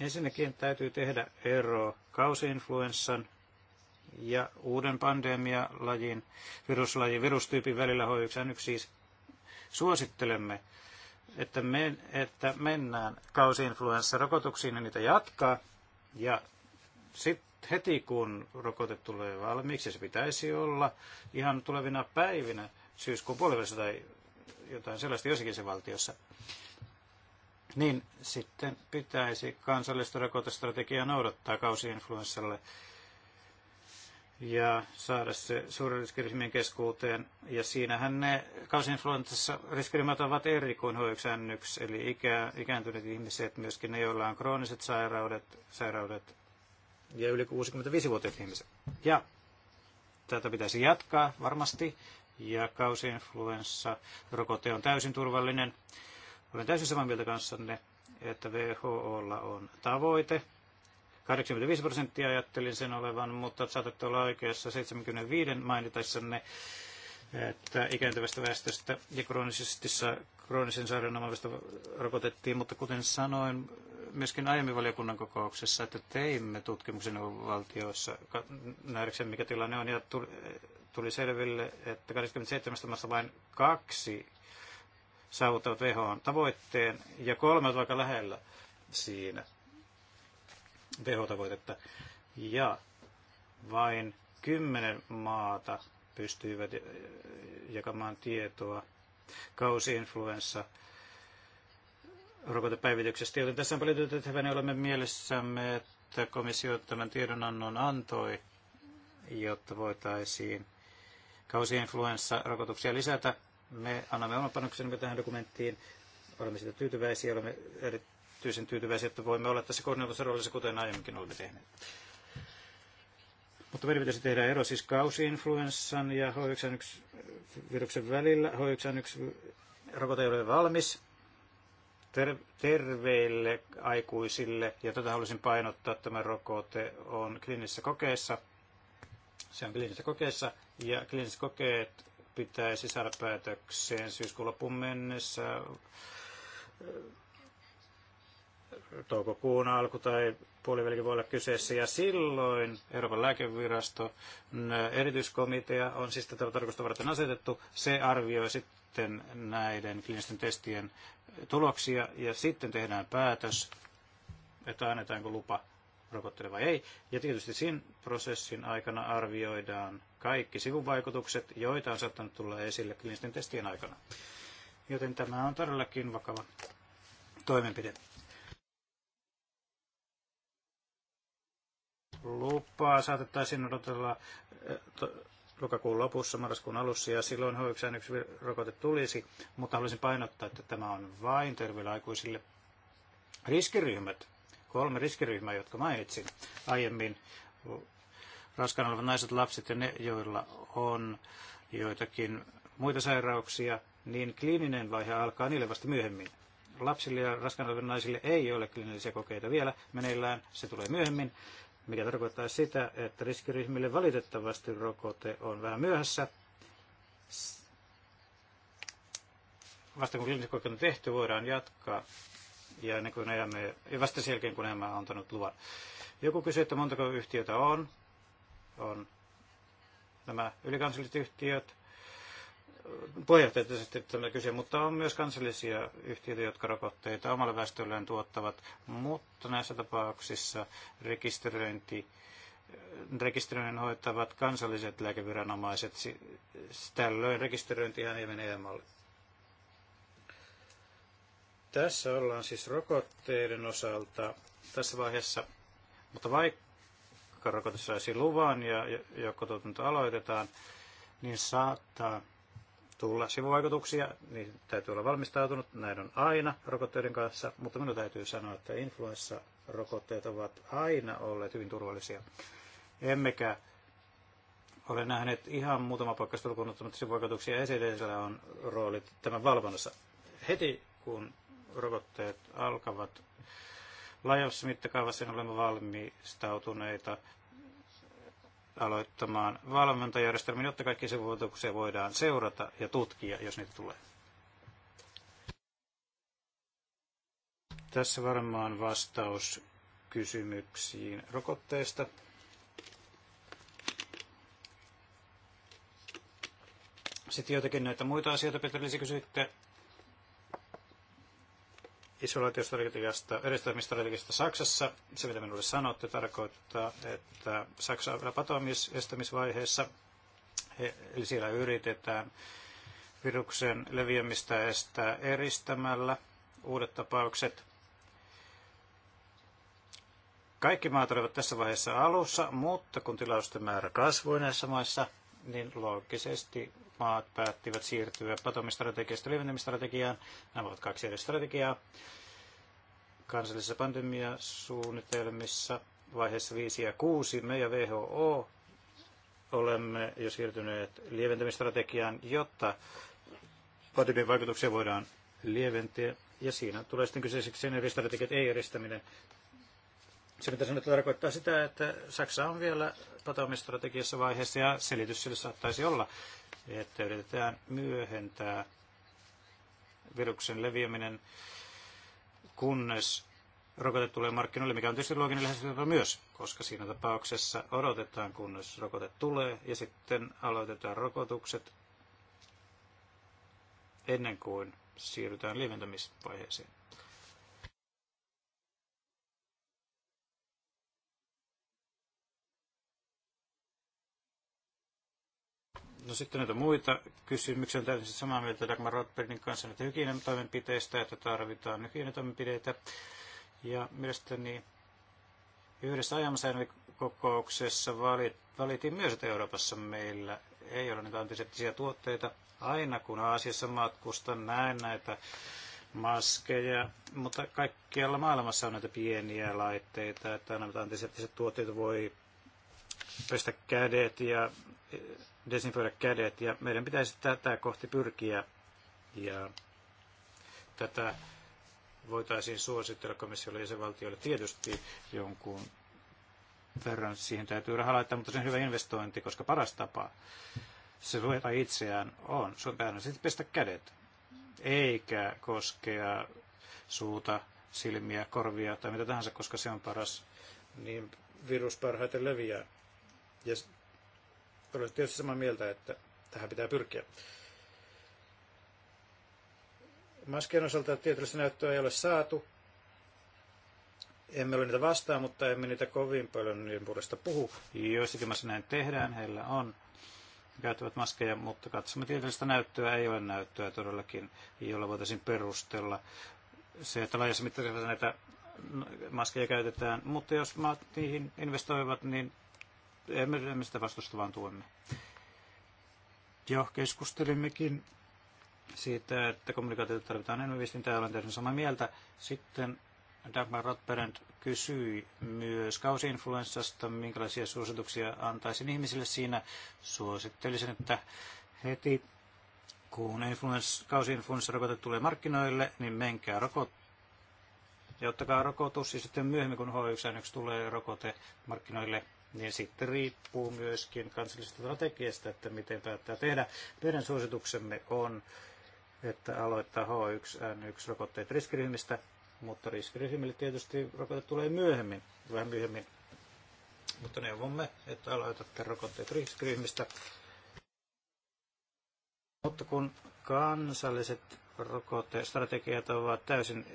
B: Ensinnäkin täytyy tehdä ero kausiinfluenssan ja uuden pandemialajin, viruslajin, virustyypin välillä H1N1 siis suosittelemme että, men, että mennään kausiinfluenssarokotuksiin ja niitä jatkaa. Ja sitten heti kun rokote tulee valmiiksi, se pitäisi olla ihan tulevina päivinä, syyskuun puolivälissä tai jotain sellaista jossakin se valtiossa, niin sitten pitäisi kansallista rokotestrategiaa noudattaa kausiinfluenssalle ja saada se suuren riskiryhmien keskuuteen. Ja siinähän ne kausinfluenssassa riskiryhmät ovat eri kuin H1N1, eli ikä, ikääntyneet ihmiset, myöskin ne, joilla on krooniset sairaudet, sairaudet ja yli 65-vuotiaat ihmiset. Ja tätä pitäisi jatkaa varmasti, ja kausinfluenssa rokote on täysin turvallinen. Olen täysin samaa mieltä kanssanne, että WHOlla on tavoite 85 prosenttia ajattelin sen olevan, mutta saatatte olla oikeassa 75 mainitessanne että ikääntyvästä väestöstä ja kroonisesti, kroonisen sairauden omaavista rokotettiin, mutta kuten sanoin myöskin aiemmin valiokunnan kokouksessa, että teimme tutkimuksen valtioissa nähdäkseen mikä tilanne on ja tuli selville, että 27 maassa vain kaksi saavuttavat who tavoitteen ja kolme ovat aika lähellä siinä tehotavoitetta. Ja vain kymmenen maata pystyivät eh, jakamaan tietoa kausiinfluenssa rokotepäivityksestä, joten tässä on paljon työtä niin Olemme mielessämme, että komissio tämän tiedonannon antoi, jotta voitaisiin kausiinfluenssarokotuksia lisätä. Me annamme oman panoksemme tähän dokumenttiin. Olemme siitä tyytyväisiä, olemme erityisen tyytyväisiä, että voimme olla tässä koordinoidussa roolissa, kuten aiemminkin olemme tehneet. Mutta meidän pitäisi tehdä ero siis kausiinfluenssan ja h 1 viruksen välillä. h 1 rokote ei ole valmis terveille aikuisille, ja tätä haluaisin painottaa, että tämä rokote on kliinisissä kokeissa. Se on kliinisissä kokeissa, ja kliiniset kokeet pitäisi saada päätökseen syyskuun lopun mennessä toukokuun alku tai puolivälikin voi olla kyseessä. Ja silloin Euroopan lääkevirasto erityiskomitea on siis tätä tarkoitusta varten asetettu. Se arvioi sitten näiden klinisten testien tuloksia ja sitten tehdään päätös, että annetaanko lupa rokotteelle vai ei. Ja tietysti siinä prosessin aikana arvioidaan kaikki sivuvaikutukset, joita on saattanut tulla esille klinisten testien aikana. Joten tämä on todellakin vakava toimenpide. lupaa saatettaisiin odotella eh, lokakuun lopussa, marraskuun alussa, ja silloin h 1 1 rokote tulisi, mutta haluaisin painottaa, että tämä on vain terveillä aikuisille. Riskiryhmät, kolme riskiryhmää, jotka mainitsin aiemmin, raskaana olevat naiset, lapset ja ne, joilla on joitakin muita sairauksia, niin kliininen vaihe alkaa niille vasta myöhemmin. Lapsille ja raskaana oleville naisille ei ole kliinisiä kokeita vielä meneillään, se tulee myöhemmin, mikä tarkoittaa sitä, että riskiryhmille valitettavasti rokote on vähän myöhässä. Vasta kun kliiniset kokeet on tehty, voidaan jatkaa ja ennen kuin EME, vasta sen jälkeen, kun EME on antanut luvan. Joku kysyi, että montako yhtiötä on. On nämä ylikansalliset yhtiöt, puheenjohtajat esittivät kyse, mutta on myös kansallisia yhtiöitä, jotka rokotteita omalle väestölleen tuottavat, mutta näissä tapauksissa rekisteröinti rekisteröinnin hoitavat kansalliset lääkeviranomaiset. Tällöin rekisteröintihän ei mene EMAlle. Tässä ollaan siis rokotteiden osalta tässä vaiheessa, mutta vaikka rokote saisi luvan ja joukkotuotanto aloitetaan, niin saattaa tulla sivuvaikutuksia, niin täytyy olla valmistautunut. Näin on aina rokotteiden kanssa, mutta minun täytyy sanoa, että influenssarokotteet ovat aina olleet hyvin turvallisia. Emmekä ole nähneet ihan muutama paikka tulkunnottomat sivuvaikutuksia esille, niin on roolit tämän valvonnassa. Heti kun rokotteet alkavat laajassa mittakaavassa, niin olemme valmistautuneita aloittamaan valvontajärjestelmän, jotta kaikki sivuvaikutuksia voidaan seurata ja tutkia, jos niitä tulee. Tässä varmaan vastaus kysymyksiin rokotteesta. Sitten joitakin näitä muita asioita, Petri, kysyitte isolaatiostrategiasta, eristämistrategiasta Saksassa. Se, mitä minulle sanotte, tarkoittaa, että Saksa on patoamis- estämisvaiheessa, eli siellä yritetään viruksen leviämistä estää eristämällä uudet tapaukset. Kaikki maat olivat tässä vaiheessa alussa, mutta kun tilausten määrä kasvoi näissä maissa – niin loogisesti maat päättivät siirtyä patomistrategiasta lieventämistrategiaan. Nämä ovat kaksi eri strategiaa. Kansallisessa pandemiasuunnitelmissa vaiheessa 5 ja 6 me ja WHO olemme jo siirtyneet lieventämistrategiaan, jotta pandemian vaikutuksia voidaan lieventää. Ja siinä tulee sitten kyseiseksi sen eri strategiat, ei eristäminen. Se, mitä se nyt tarkoittaa sitä, että Saksa on vielä patoamistrategiassa vaiheessa ja selitys sille saattaisi olla, että yritetään myöhentää viruksen leviäminen, kunnes rokote tulee markkinoille, mikä on tietysti looginen lähestymistapa myös, koska siinä tapauksessa odotetaan, kunnes rokote tulee ja sitten aloitetaan rokotukset ennen kuin siirrytään lieventämisvaiheeseen. No sitten näitä muita kysymyksiä. on täysin samaa mieltä Dagmar Rothbergin kanssa näitä hygieniatoimenpiteistä, että tarvitaan hygieniatoimenpiteitä. Ja mielestäni yhdessä ajamassa kokouksessa valittiin myös, että Euroopassa meillä ei ole niitä antiseptisiä tuotteita. Aina kun Aasiassa matkustan, näen näitä maskeja, mutta kaikkialla maailmassa on näitä pieniä laitteita, että nämä antiseptiset tuotteet voi pestä kädet ja desinfioida kädet ja meidän pitäisi tätä kohti pyrkiä ja tätä voitaisiin suositella komissiolle ja valtiolle tietysti jonkun verran siihen täytyy rahaa laittaa, mutta se on hyvä investointi, koska paras tapa se suojata itseään on, se on pääasiallisesti pestä kädet, eikä koskea suuta, silmiä, korvia tai mitä tahansa, koska se on paras, niin virus parhaiten leviää. Ja olen tietysti samaa mieltä, että tähän pitää pyrkiä. Maskien osalta tieteellistä näyttöä ei ole saatu. Emme ole niitä vastaan, mutta emme niitä kovin paljon niiden puolesta puhu. Joissakin maissa näin tehdään, heillä on käyttävät maskeja, mutta katsomme tieteellistä näyttöä, ei ole näyttöä todellakin, jolla voitaisiin perustella se, että laajassa mittakaavassa näitä maskeja käytetään, mutta jos maat niihin investoivat, niin emme sitä vastusta, vaan tuemme. Jo keskustelimmekin siitä, että kommunikaatiota tarvitaan enemmän viestintää, olen täysin samaa mieltä. Sitten Dagmar Rotberend kysyi myös kausiinfluenssasta, minkälaisia suosituksia antaisin ihmisille siinä. Suosittelisin, että heti kun influens, kausiinfluenssarokote tulee markkinoille, niin menkää rokottaa ja ottakaa rokotus ja sitten myöhemmin, kun H1N1 tulee rokote markkinoille, niin sitten riippuu myöskin kansallisesta strategiasta, että miten päättää tehdä. Meidän suosituksemme on, että aloittaa H1N1-rokotteet riskiryhmistä, mutta riskiryhmille tietysti rokote tulee myöhemmin, vähän myöhemmin. Mutta neuvomme, että aloitatte rokotteet riskiryhmistä. Mutta kun kansalliset rokotestrategiat ovat täysin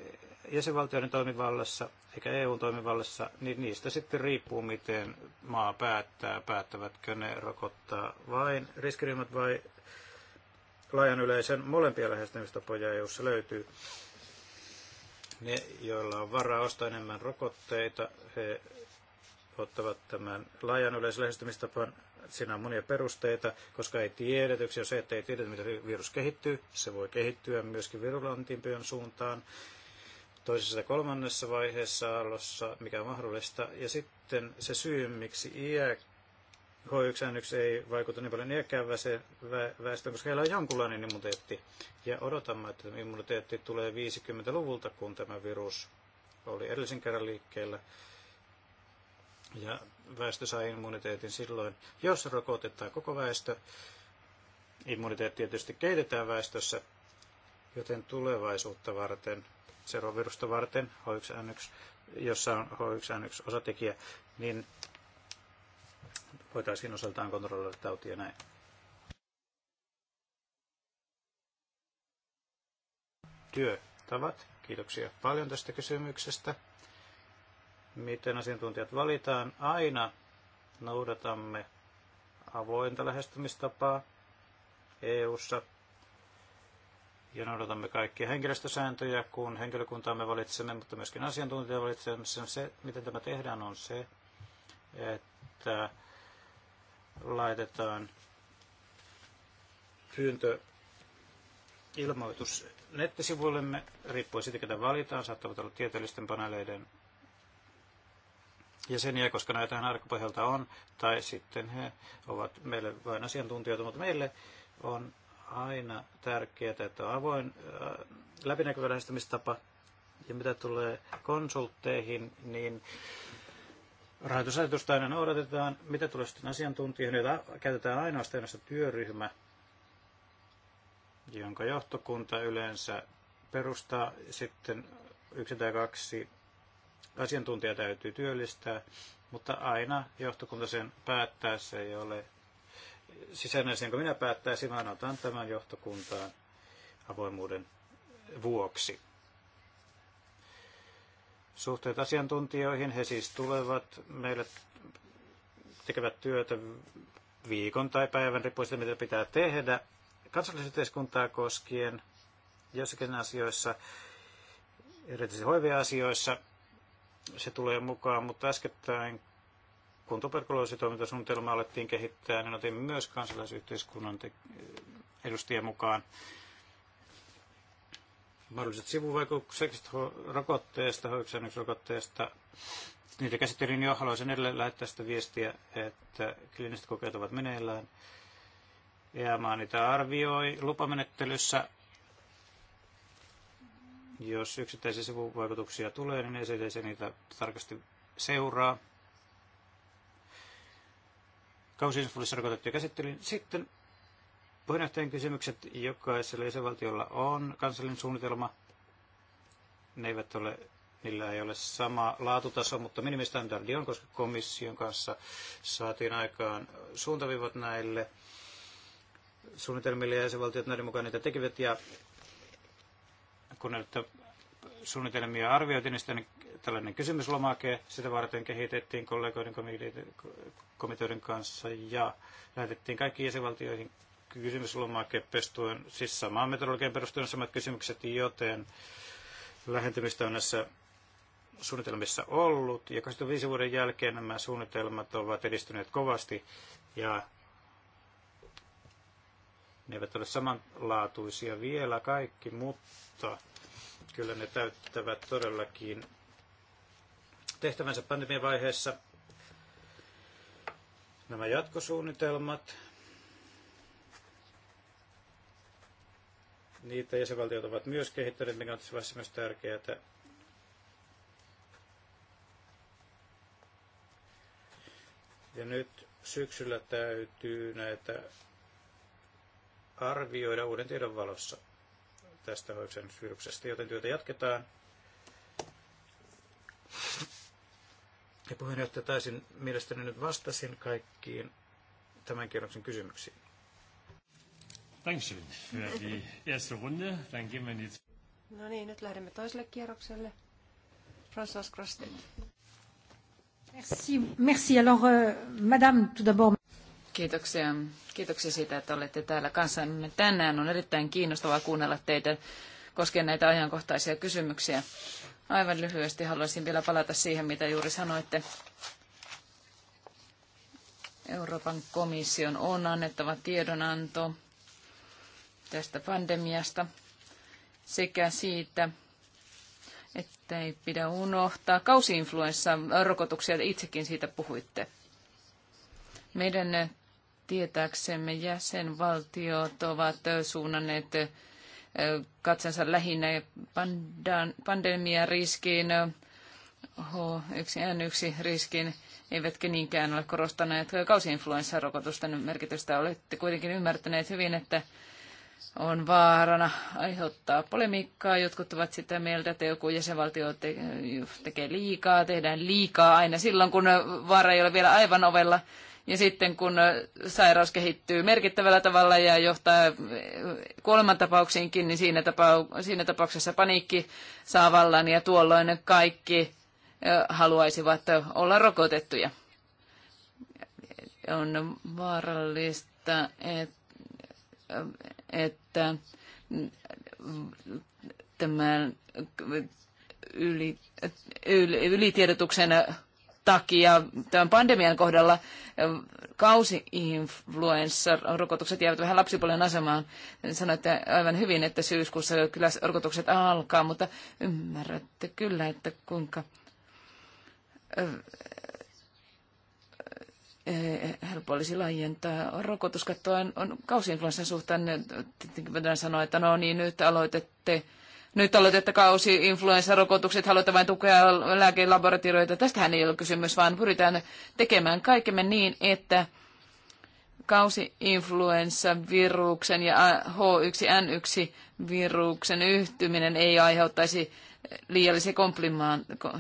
B: jäsenvaltioiden toimivallassa eikä EUn toimivallassa, niin niistä sitten riippuu, miten maa päättää, päättävätkö ne rokottaa vain riskiryhmät vai laajan yleisen molempia lähestymistapoja EUssa löytyy. Ne, joilla on varaa ostaa enemmän rokotteita, he ottavat tämän laajan yleisen lähestymistapan. Siinä on monia perusteita, koska ei tiedetä, jos se, että ei tiedetä, miten virus kehittyy, se voi kehittyä myöskin virulantimpien suuntaan toisessa ja kolmannessa vaiheessa aallossa, mikä on mahdollista. Ja sitten se syy, miksi h 1 n ei vaikuta niin paljon iäkkään väestöön, koska heillä on jonkunlainen immuniteetti. Ja odotamme, että immuniteetti tulee 50-luvulta, kun tämä virus oli edellisen kerran liikkeellä. Ja väestö sai immuniteetin silloin, jos rokotetaan koko väestö. Immuniteetti tietysti keitetään väestössä, joten tulevaisuutta varten zero virusta varten, H1N1, jossa on H1N1 osatekijä, niin voitaisiin osaltaan kontrolloida tautia näin. Työtavat. Kiitoksia paljon tästä kysymyksestä. Miten asiantuntijat valitaan? Aina noudatamme avointa lähestymistapaa EU-ssa ja noudatamme kaikkia henkilöstösääntöjä, kun henkilökuntaamme valitsemme, mutta myöskin asiantuntijoita valitsemme. Se, miten tämä tehdään, on se, että laitetaan pyyntö ilmoitus nettisivuillemme, riippuen siitä, ketä valitaan, saattavat olla tieteellisten paneeleiden jäseniä, koska näitä arkopohjalta on, tai sitten he ovat meille vain asiantuntijoita, mutta meille on aina tärkeää, että on avoin äh, läpinäkyvä lähestymistapa. Ja mitä tulee konsultteihin, niin rahoitusasetusta aina noudatetaan. Mitä tulee sitten asiantuntijoihin, joita käytetään ainoastaan työryhmä, jonka johtokunta yleensä perustaa sitten yksi tai kaksi asiantuntijaa täytyy työllistää, mutta aina johtokunta sen päättää, se ei ole sisäinen jonka minä päättäisin, vaan otan tämän johtokuntaan avoimuuden vuoksi. Suhteet asiantuntijoihin, he siis tulevat meille tekevät työtä viikon tai päivän riippuen siitä, mitä pitää tehdä kansallisyhteiskuntaa koskien jossakin asioissa, erityisesti hoiveasioissa, se tulee mukaan, mutta äskettäin kun tuberkuloositoimintasuunnitelmaa alettiin kehittää, niin otimme myös kansalaisyhteiskunnan edustajia mukaan mahdolliset sivuvaikutukset rokotteesta, hoiksennusrokotteesta. Niitä käsittelin jo, haluaisin edelleen lähettää sitä viestiä, että kliiniset kokeet ovat meneillään. EMA niitä arvioi lupamenettelyssä. Jos yksittäisiä sivuvaikutuksia tulee, niin se niitä tarkasti seuraa kausiinfluenssa rokotettuja käsittelyyn. Sitten puheenjohtajan kysymykset. Jokaisella jäsenvaltiolla on kansallinen suunnitelma. Ne eivät ole, niillä ei ole sama laatutaso, mutta minimistandardi on, koska komission kanssa saatiin aikaan suuntavivat näille suunnitelmille ja jäsenvaltiot näiden mukaan niitä tekivät. Ja kun näyttää suunnitelmia arvioitiin, niin sitten tällainen kysymyslomake, sitä varten kehitettiin kollegoiden komiteoiden kanssa ja lähetettiin kaikki jäsenvaltioihin kysymyslomake pestuen, siis samaan metodologian perustuen samat kysymykset, joten lähentymistä on näissä suunnitelmissa ollut. Ja 25 vuoden jälkeen nämä suunnitelmat ovat edistyneet kovasti ja ne eivät ole samanlaatuisia vielä kaikki, mutta Kyllä ne täyttävät todellakin tehtävänsä pandemian vaiheessa nämä jatkosuunnitelmat. Niitä jäsenvaltiot ovat myös kehittäneet, mikä on tässä vaiheessa myös tärkeää. Ja nyt syksyllä täytyy näitä arvioida uuden tiedon valossa tästä Hoiksen syyksistä, joten työtä jatketaan. Ja puheenjohtaja taisin mielestäni nyt vastasin kaikkiin tämän kierroksen kysymyksiin.
A: Dankeschön für die erste Runde. Dann gehen wir jetzt.
C: No niin, nyt lähdemme toiselle kierrokselle. François Crostet. Merci. Merci. Alors, euh, Madame, tout d'abord,
D: Kiitoksia. Kiitoksia siitä, että olette täällä kanssamme. Tänään on erittäin kiinnostavaa kuunnella teitä koskien näitä ajankohtaisia kysymyksiä. Aivan lyhyesti haluaisin vielä palata siihen, mitä juuri sanoitte. Euroopan komission on annettava tiedonanto tästä pandemiasta sekä siitä, että ei pidä unohtaa kausiinfluenssa rokotuksia, itsekin siitä puhuitte. Meidän tietääksemme jäsenvaltiot ovat suunnanneet katsensa lähinnä pandemian riskiin, H1N1 riskiin, eivätkä niinkään ole korostaneet kausiinfluenssarokotusten merkitystä. Olette kuitenkin ymmärtäneet hyvin, että on vaarana aiheuttaa polemiikkaa. Jotkut ovat sitä mieltä, että joku jäsenvaltio te- tekee liikaa, tehdään liikaa aina silloin, kun vaara ei ole vielä aivan ovella. Ja sitten kun sairaus kehittyy merkittävällä tavalla ja johtaa kuolemantapauksiinkin, niin siinä, tapau- siinä tapauksessa paniikki saa vallan ja tuolloin kaikki haluaisivat olla rokotettuja. On vaarallista, että tämän yli, yli, ylitiedotuksen takia tämän pandemian kohdalla eh, kausi-influenssarokotukset jäävät vähän lapsipuolen asemaan. Sanoitte aivan hyvin, että syyskuussa kyllä rokotukset alkaa, mutta ymmärrätte kyllä, että kuinka eh, eh, helppo olisi laajentaa rokotuskattoa on, on suhteen. Tietenkin voidaan sanoa, että no niin, nyt aloitette nyt aloitetta kausi influenssarokotukset, haluatte vain tukea lääkelaboratorioita. Tästähän ei ole kysymys, vaan pyritään tekemään kaikemme niin, että kausi-influenssaviruksen ja H1N1-viruksen yhtyminen ei aiheuttaisi liiallisia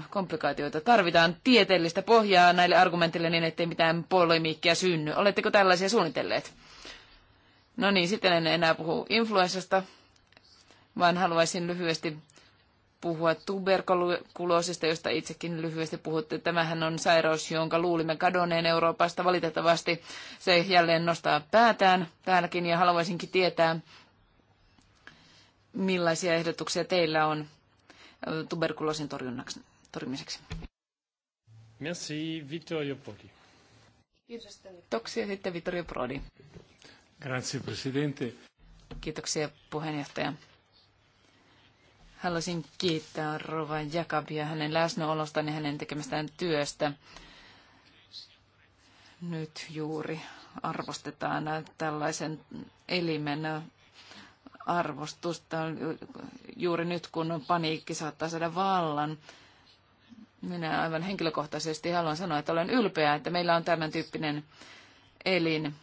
D: komplikaatioita. Tarvitaan tieteellistä pohjaa näille argumentille niin, ettei mitään polemiikkia synny. Oletteko tällaisia suunnitelleet? No niin, sitten en enää puhu influenssasta vaan haluaisin lyhyesti puhua tuberkuloosista, josta itsekin lyhyesti puhutte. Tämähän on sairaus, jonka luulimme kadonneen Euroopasta. Valitettavasti se jälleen nostaa päätään täälläkin ja haluaisinkin tietää, millaisia ehdotuksia teillä on tuberkuloosin torjunnaksi, torjumiseksi.
A: Merci, Vittorio Prodi.
D: Kiitoksia sitten Vittorio Prodi.
A: Grazie, Presidente.
D: Kiitoksia puheenjohtaja. Haluaisin kiittää Rova Jakabia hänen läsnäolostaan ja hänen tekemästään työstä. Nyt juuri arvostetaan tällaisen elimen arvostusta juuri nyt, kun paniikki saattaa saada vallan. Minä aivan henkilökohtaisesti haluan sanoa, että olen ylpeä, että meillä on tämän tyyppinen elin,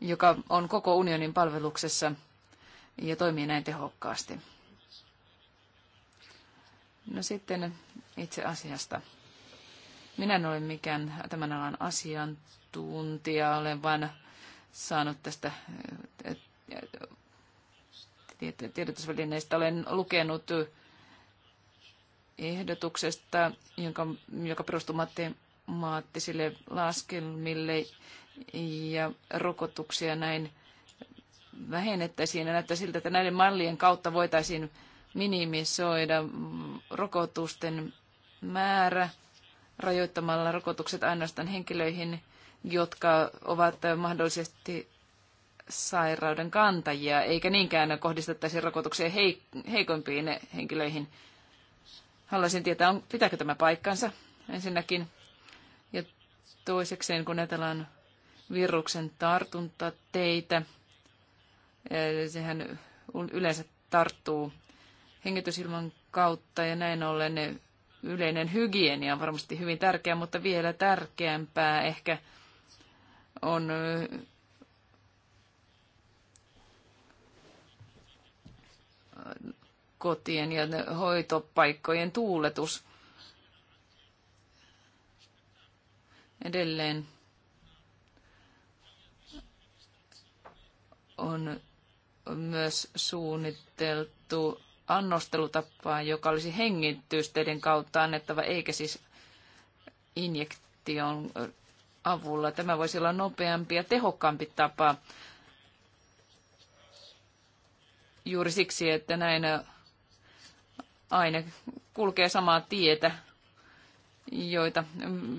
D: joka on koko unionin palveluksessa ja toimii näin tehokkaasti. No sitten itse asiasta. Minä en ole mikään tämän alan asiantuntija, olen vain saanut tästä tiedotusvälineistä. Olen lukenut ehdotuksesta, jonka, joka perustuu matemaattisille laskelmille ja rokotuksia näin vähennettäisiin. Ja näyttää siltä, että näiden mallien kautta voitaisiin minimisoida rokotusten määrä rajoittamalla rokotukset ainoastaan henkilöihin, jotka ovat mahdollisesti sairauden kantajia, eikä niinkään kohdistettaisi rokotuksia heik- heikoimpiin henkilöihin. Haluaisin tietää, on, pitääkö tämä paikkansa ensinnäkin. Ja toisekseen, kun ajatellaan viruksen tartuntateitä, eh, sehän yleensä tarttuu hengitysilman kautta ja näin ollen yleinen hygienia on varmasti hyvin tärkeä, mutta vielä tärkeämpää ehkä on äh, kotien ja hoitopaikkojen tuuletus. Edelleen on myös suunniteltu annostelutapaa, joka olisi hengitysteiden kautta annettava, eikä siis injektion avulla. Tämä voisi olla nopeampi ja tehokkaampi tapa juuri siksi, että näin aine kulkee samaa tietä, joita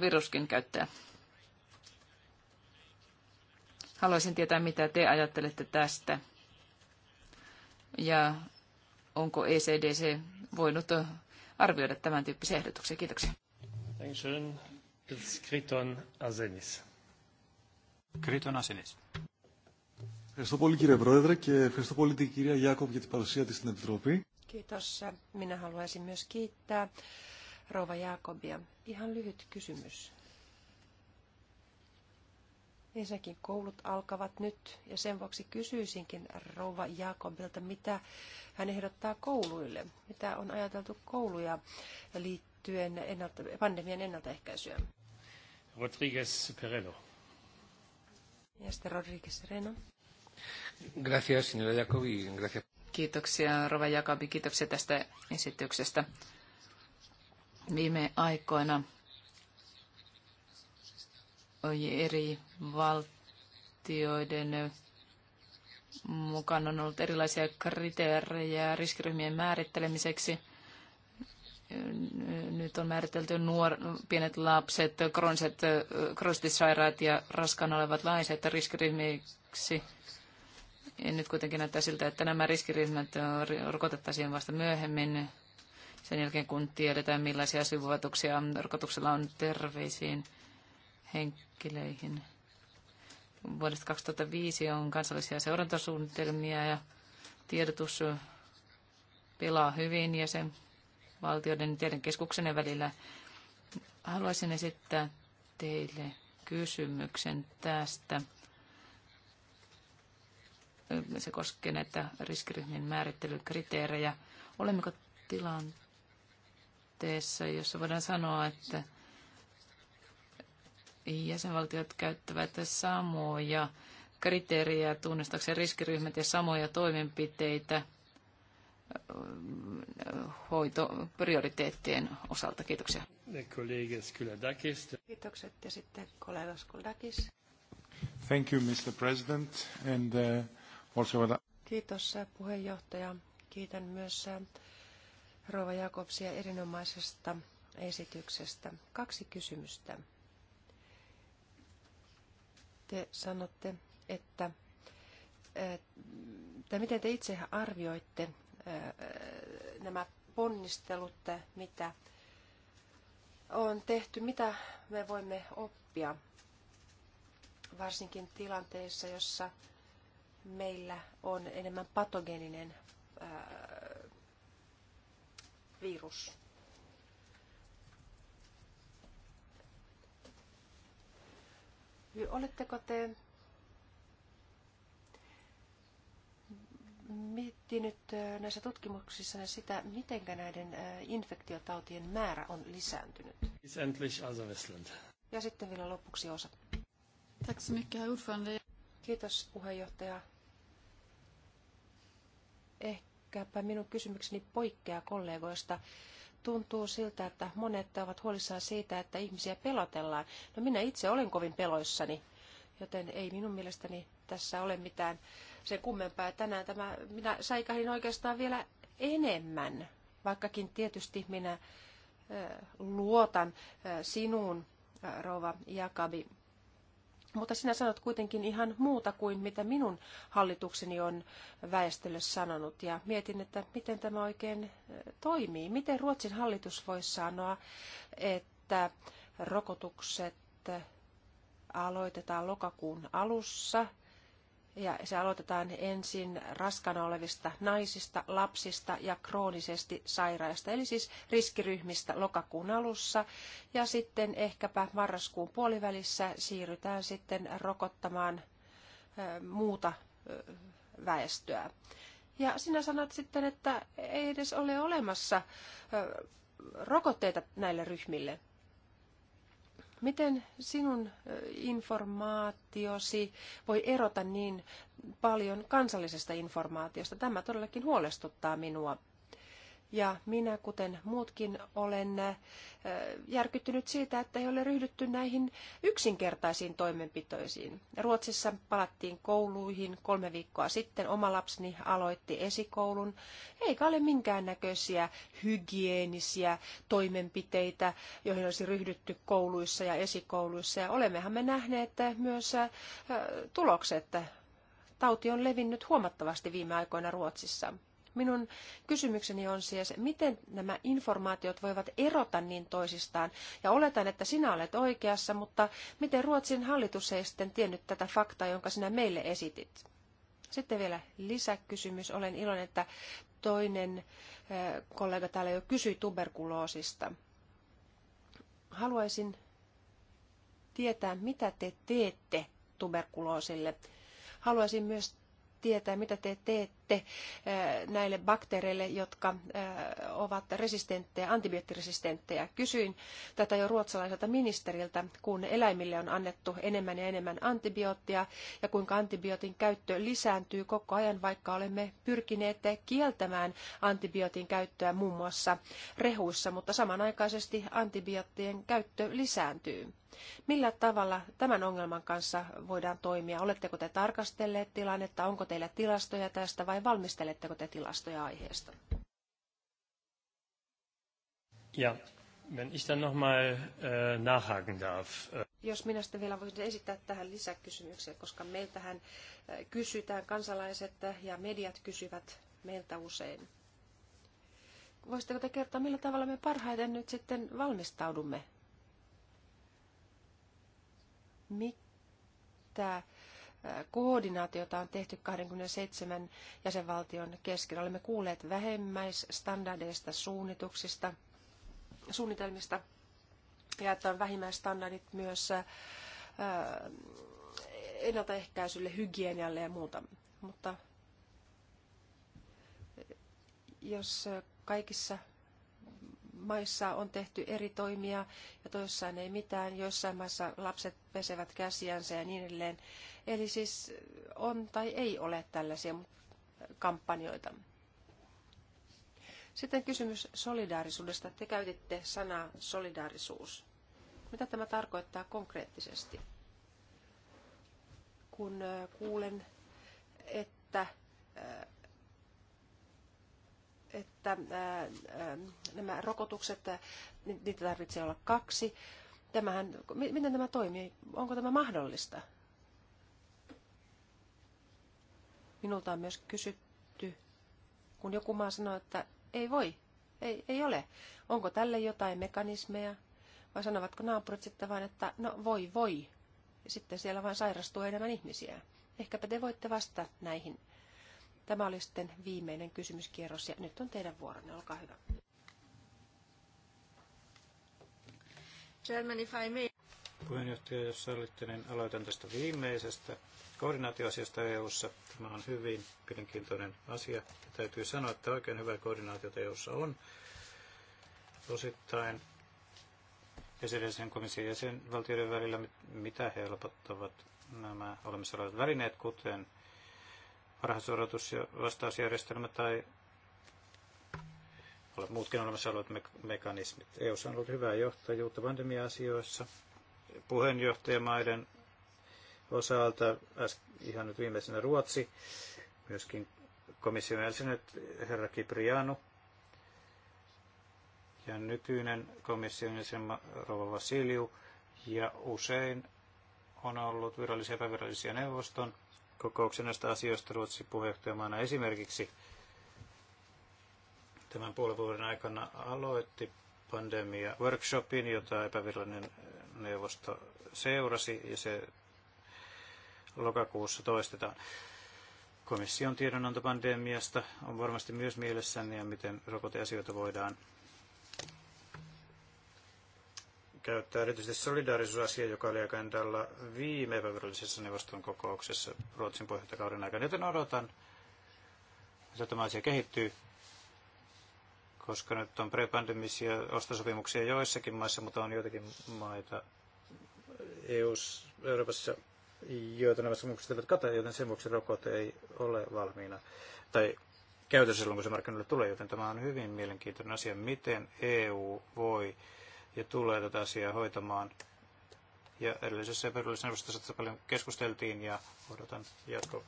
D: viruskin käyttää. Haluaisin tietää, mitä te ajattelette tästä. Ja onko ECDC voinut arvioida tämän tyyppisiä ehdotuksia. Kiitoksia.
A: Kriton Asenis. Kriton Asenis. Ευχαριστώ πολύ κύριε Πρόεδρε και ευχαριστώ πολύ την κυρία Γιάκοβ για την παρουσία της στην Επιτροπή.
B: Kiitos.
C: Minä haluaisin myös kiittää Rova Jaakobia. Ihan lyhyt kysymys. Ensinnäkin koulut alkavat nyt ja sen vuoksi kysyisinkin rouva Jaakobilta, mitä hän ehdottaa kouluille, mitä on ajateltu kouluja liittyen ennalta, pandemian ennaltaehkäisyyn.
A: Rodriguez Pereno.
C: Ja sitten Rodriguez Pereno.
A: Gracias, señora Jacobi. Gracias.
D: Kiitoksia, Rova Jakobi. Kiitoksia tästä esityksestä. Viime aikoina eri valtioiden mukaan on ollut erilaisia kriteerejä riskiryhmien määrittelemiseksi. Nyt on määritelty nuor, pienet lapset, kroniset, krooniset sairaat ja raskaana olevat laiset riskiryhmiksi. Ja nyt kuitenkin näyttää siltä, että nämä riskiryhmät rokotettaisiin vasta myöhemmin, sen jälkeen kun tiedetään millaisia sivuvaikutuksia rokotuksella on terveisiin henkilöihin. Vuodesta 2005 on kansallisia seurantasuunnitelmia ja tiedotus pelaa hyvin ja sen valtioiden tiedon keskuksen välillä. Haluaisin esittää teille kysymyksen tästä. Se koskee näitä riskiryhmien määrittelykriteerejä. Olemmeko tilanteessa, jossa voidaan sanoa, että jäsenvaltiot käyttävät samoja kriteerejä tunnistakseen riskiryhmät ja samoja toimenpiteitä hoitoprioriteettien osalta. Kiitoksia.
C: Kiitokset ja sitten kollega Skuldakis.
A: Thank you, Mr. President, and uh, also...
C: Kiitos äh, puheenjohtaja. Kiitän myös äh, Rova Jakobsia erinomaisesta esityksestä. Kaksi kysymystä te sanotte, että tai miten te itse arvioitte nämä ponnistelut, mitä on tehty, mitä me voimme oppia, varsinkin tilanteissa, jossa meillä on enemmän patogeninen virus. Oletteko te miettinyt äh, näissä tutkimuksissa sitä, miten näiden äh, infektiotautien määrä on lisääntynyt? Ja sitten vielä lopuksi osa. Kiitos puheenjohtaja. Ehkäpä minun kysymykseni poikkeaa kollegoista tuntuu siltä, että monet ovat huolissaan siitä, että ihmisiä pelotellaan. No minä itse olen kovin peloissani, joten ei minun mielestäni tässä ole mitään sen kummempaa. Tänään tämä, minä säikähdin oikeastaan vielä enemmän, vaikkakin tietysti minä luotan sinuun, Rova Jakabi, mutta sinä sanot kuitenkin ihan muuta kuin mitä minun hallitukseni on väestölle sanonut. Ja mietin, että miten tämä oikein eh, toimii. Miten Ruotsin hallitus voi sanoa, että rokotukset eh, aloitetaan lokakuun alussa – ja se aloitetaan ensin raskana olevista naisista, lapsista ja kroonisesti sairaista, eli siis riskiryhmistä lokakuun alussa. Ja sitten ehkäpä marraskuun puolivälissä siirrytään sitten rokottamaan muuta väestöä. Ja sinä sanot sitten, että ei edes ole olemassa rokotteita näille ryhmille. Miten sinun informaatiosi voi erota niin paljon kansallisesta informaatiosta? Tämä todellakin huolestuttaa minua. Ja minä, kuten muutkin, olen äh, järkyttynyt siitä, että ei ole ryhdytty näihin yksinkertaisiin toimenpitoisiin. Ruotsissa palattiin kouluihin kolme viikkoa sitten. Oma lapseni aloitti esikoulun. Eikä ole minkäännäköisiä hygienisiä toimenpiteitä, joihin olisi ryhdytty kouluissa ja esikouluissa. Ja olemmehan me nähneet äh, myös äh, tulokset. Tauti on levinnyt huomattavasti viime aikoina Ruotsissa. Minun kysymykseni on siis, miten nämä informaatiot voivat erota niin toisistaan? Ja oletan, että sinä olet oikeassa, mutta miten Ruotsin hallitus ei sitten tiennyt tätä faktaa, jonka sinä meille esitit? Sitten vielä lisäkysymys. Olen iloinen, että toinen kollega täällä jo kysyi tuberkuloosista. Haluaisin tietää, mitä te teette tuberkuloosille. Haluaisin myös tietää, mitä te teette sitten eh, näille bakteereille, jotka eh, ovat resistenttejä, antibioottiresistenttejä. Kysyin tätä jo ruotsalaiselta ministeriltä, kun eläimille on annettu enemmän ja enemmän antibioottia ja kuinka antibiootin käyttö lisääntyy koko ajan, vaikka olemme pyrkineet kieltämään antibiootin käyttöä muun muassa rehuissa, mutta samanaikaisesti antibioottien käyttö lisääntyy. Millä tavalla tämän ongelman kanssa voidaan toimia? Oletteko te tarkastelleet tilannetta? Onko teillä tilastoja tästä vai vai valmisteletteko te tilastoja aiheesta?
A: Ja, wenn ich dann mal, äh, nachhaken darf. Äh.
C: Jos minä sitten vielä voisin esittää tähän lisäkysymyksiä, koska meiltähän äh, kysytään kansalaiset ja mediat kysyvät meiltä usein. Voisitteko te kertoa, millä tavalla me parhaiten nyt sitten valmistaudumme? Mitä koordinaatiota on tehty 27 jäsenvaltion kesken. Olemme kuulleet vähimmäisstandardeista, suunnituksista, suunnitelmista ja että on vähimmäisstandardit myös ennaltaehkäisylle, hygienialle ja muuta. Mutta jos kaikissa maissa on tehty eri toimia ja toissain ei mitään. Joissain maissa lapset pesevät käsiänsä ja niin edelleen. Eli siis on tai ei ole tällaisia kampanjoita. Sitten kysymys solidaarisuudesta. Te käytitte sanaa solidaarisuus. Mitä tämä tarkoittaa konkreettisesti? Kun äh, kuulen, että äh, että nämä rokotukset, niitä tarvitsee olla kaksi. Tämähän, miten tämä toimii? Onko tämä mahdollista? Minulta on myös kysytty, kun joku maa sanoo, että ei voi, ei, ei ole. Onko tälle jotain mekanismeja? Vai sanovatko naapurit sitten vain, että no voi voi, ja sitten siellä vain sairastuu enemmän ihmisiä? Ehkäpä te voitte vastata näihin Tämä oli sitten viimeinen kysymyskierros ja nyt on teidän vuoronne. Olkaa hyvä. Chairman, if I may.
A: Puheenjohtaja,
B: jos sallitte, niin aloitan tästä viimeisestä koordinaatioasiasta EU-ssa. Tämä on hyvin mielenkiintoinen asia. Ja täytyy sanoa, että oikein hyvä koordinaatio EU-ssa on. Osittain jäsenisen komission jäsenvaltioiden välillä, mitä helpottavat nämä olemassa olevat välineet, kuten varhaisorotus- ja vastausjärjestelmä tai muutkin olemassa olevat me- mekanismit. EU on ollut hyvää johtajuutta pandemia-asioissa puheenjohtajamaiden osalta, ihan nyt viimeisenä Ruotsi, myöskin komission jäsenet herra Kiprianu ja nykyinen komission jäsen Rova Vasiliu ja usein on ollut virallisia ja epävirallisia neuvoston kokouksen näistä asioista Ruotsi puheenjohtajamaana esimerkiksi tämän puolen vuoden aikana aloitti pandemia workshopin, jota epävirallinen neuvosto seurasi ja se lokakuussa toistetaan. Komission tiedonanto pandemiasta on varmasti myös mielessäni ja miten rokoteasioita voidaan käyttää erityisesti solidaarisuusasia, joka oli agendalla viime päivällisessä neuvoston kokouksessa Ruotsin puheenjohtajakauden aikana. Joten odotan, että tämä asia kehittyy, koska nyt on prepandemisia ostosopimuksia joissakin maissa, mutta on joitakin maita EU, Euroopassa, joita nämä sopimukset eivät kata, joten sen vuoksi rokote ei ole valmiina tai käytössä silloin, kun se markkinoille tulee, joten tämä on hyvin mielenkiintoinen asia, miten EU voi ja tulee tätä asiaa hoitamaan. Ja edellisessä ja perullisessa tästä paljon keskusteltiin ja odotan jatkoa.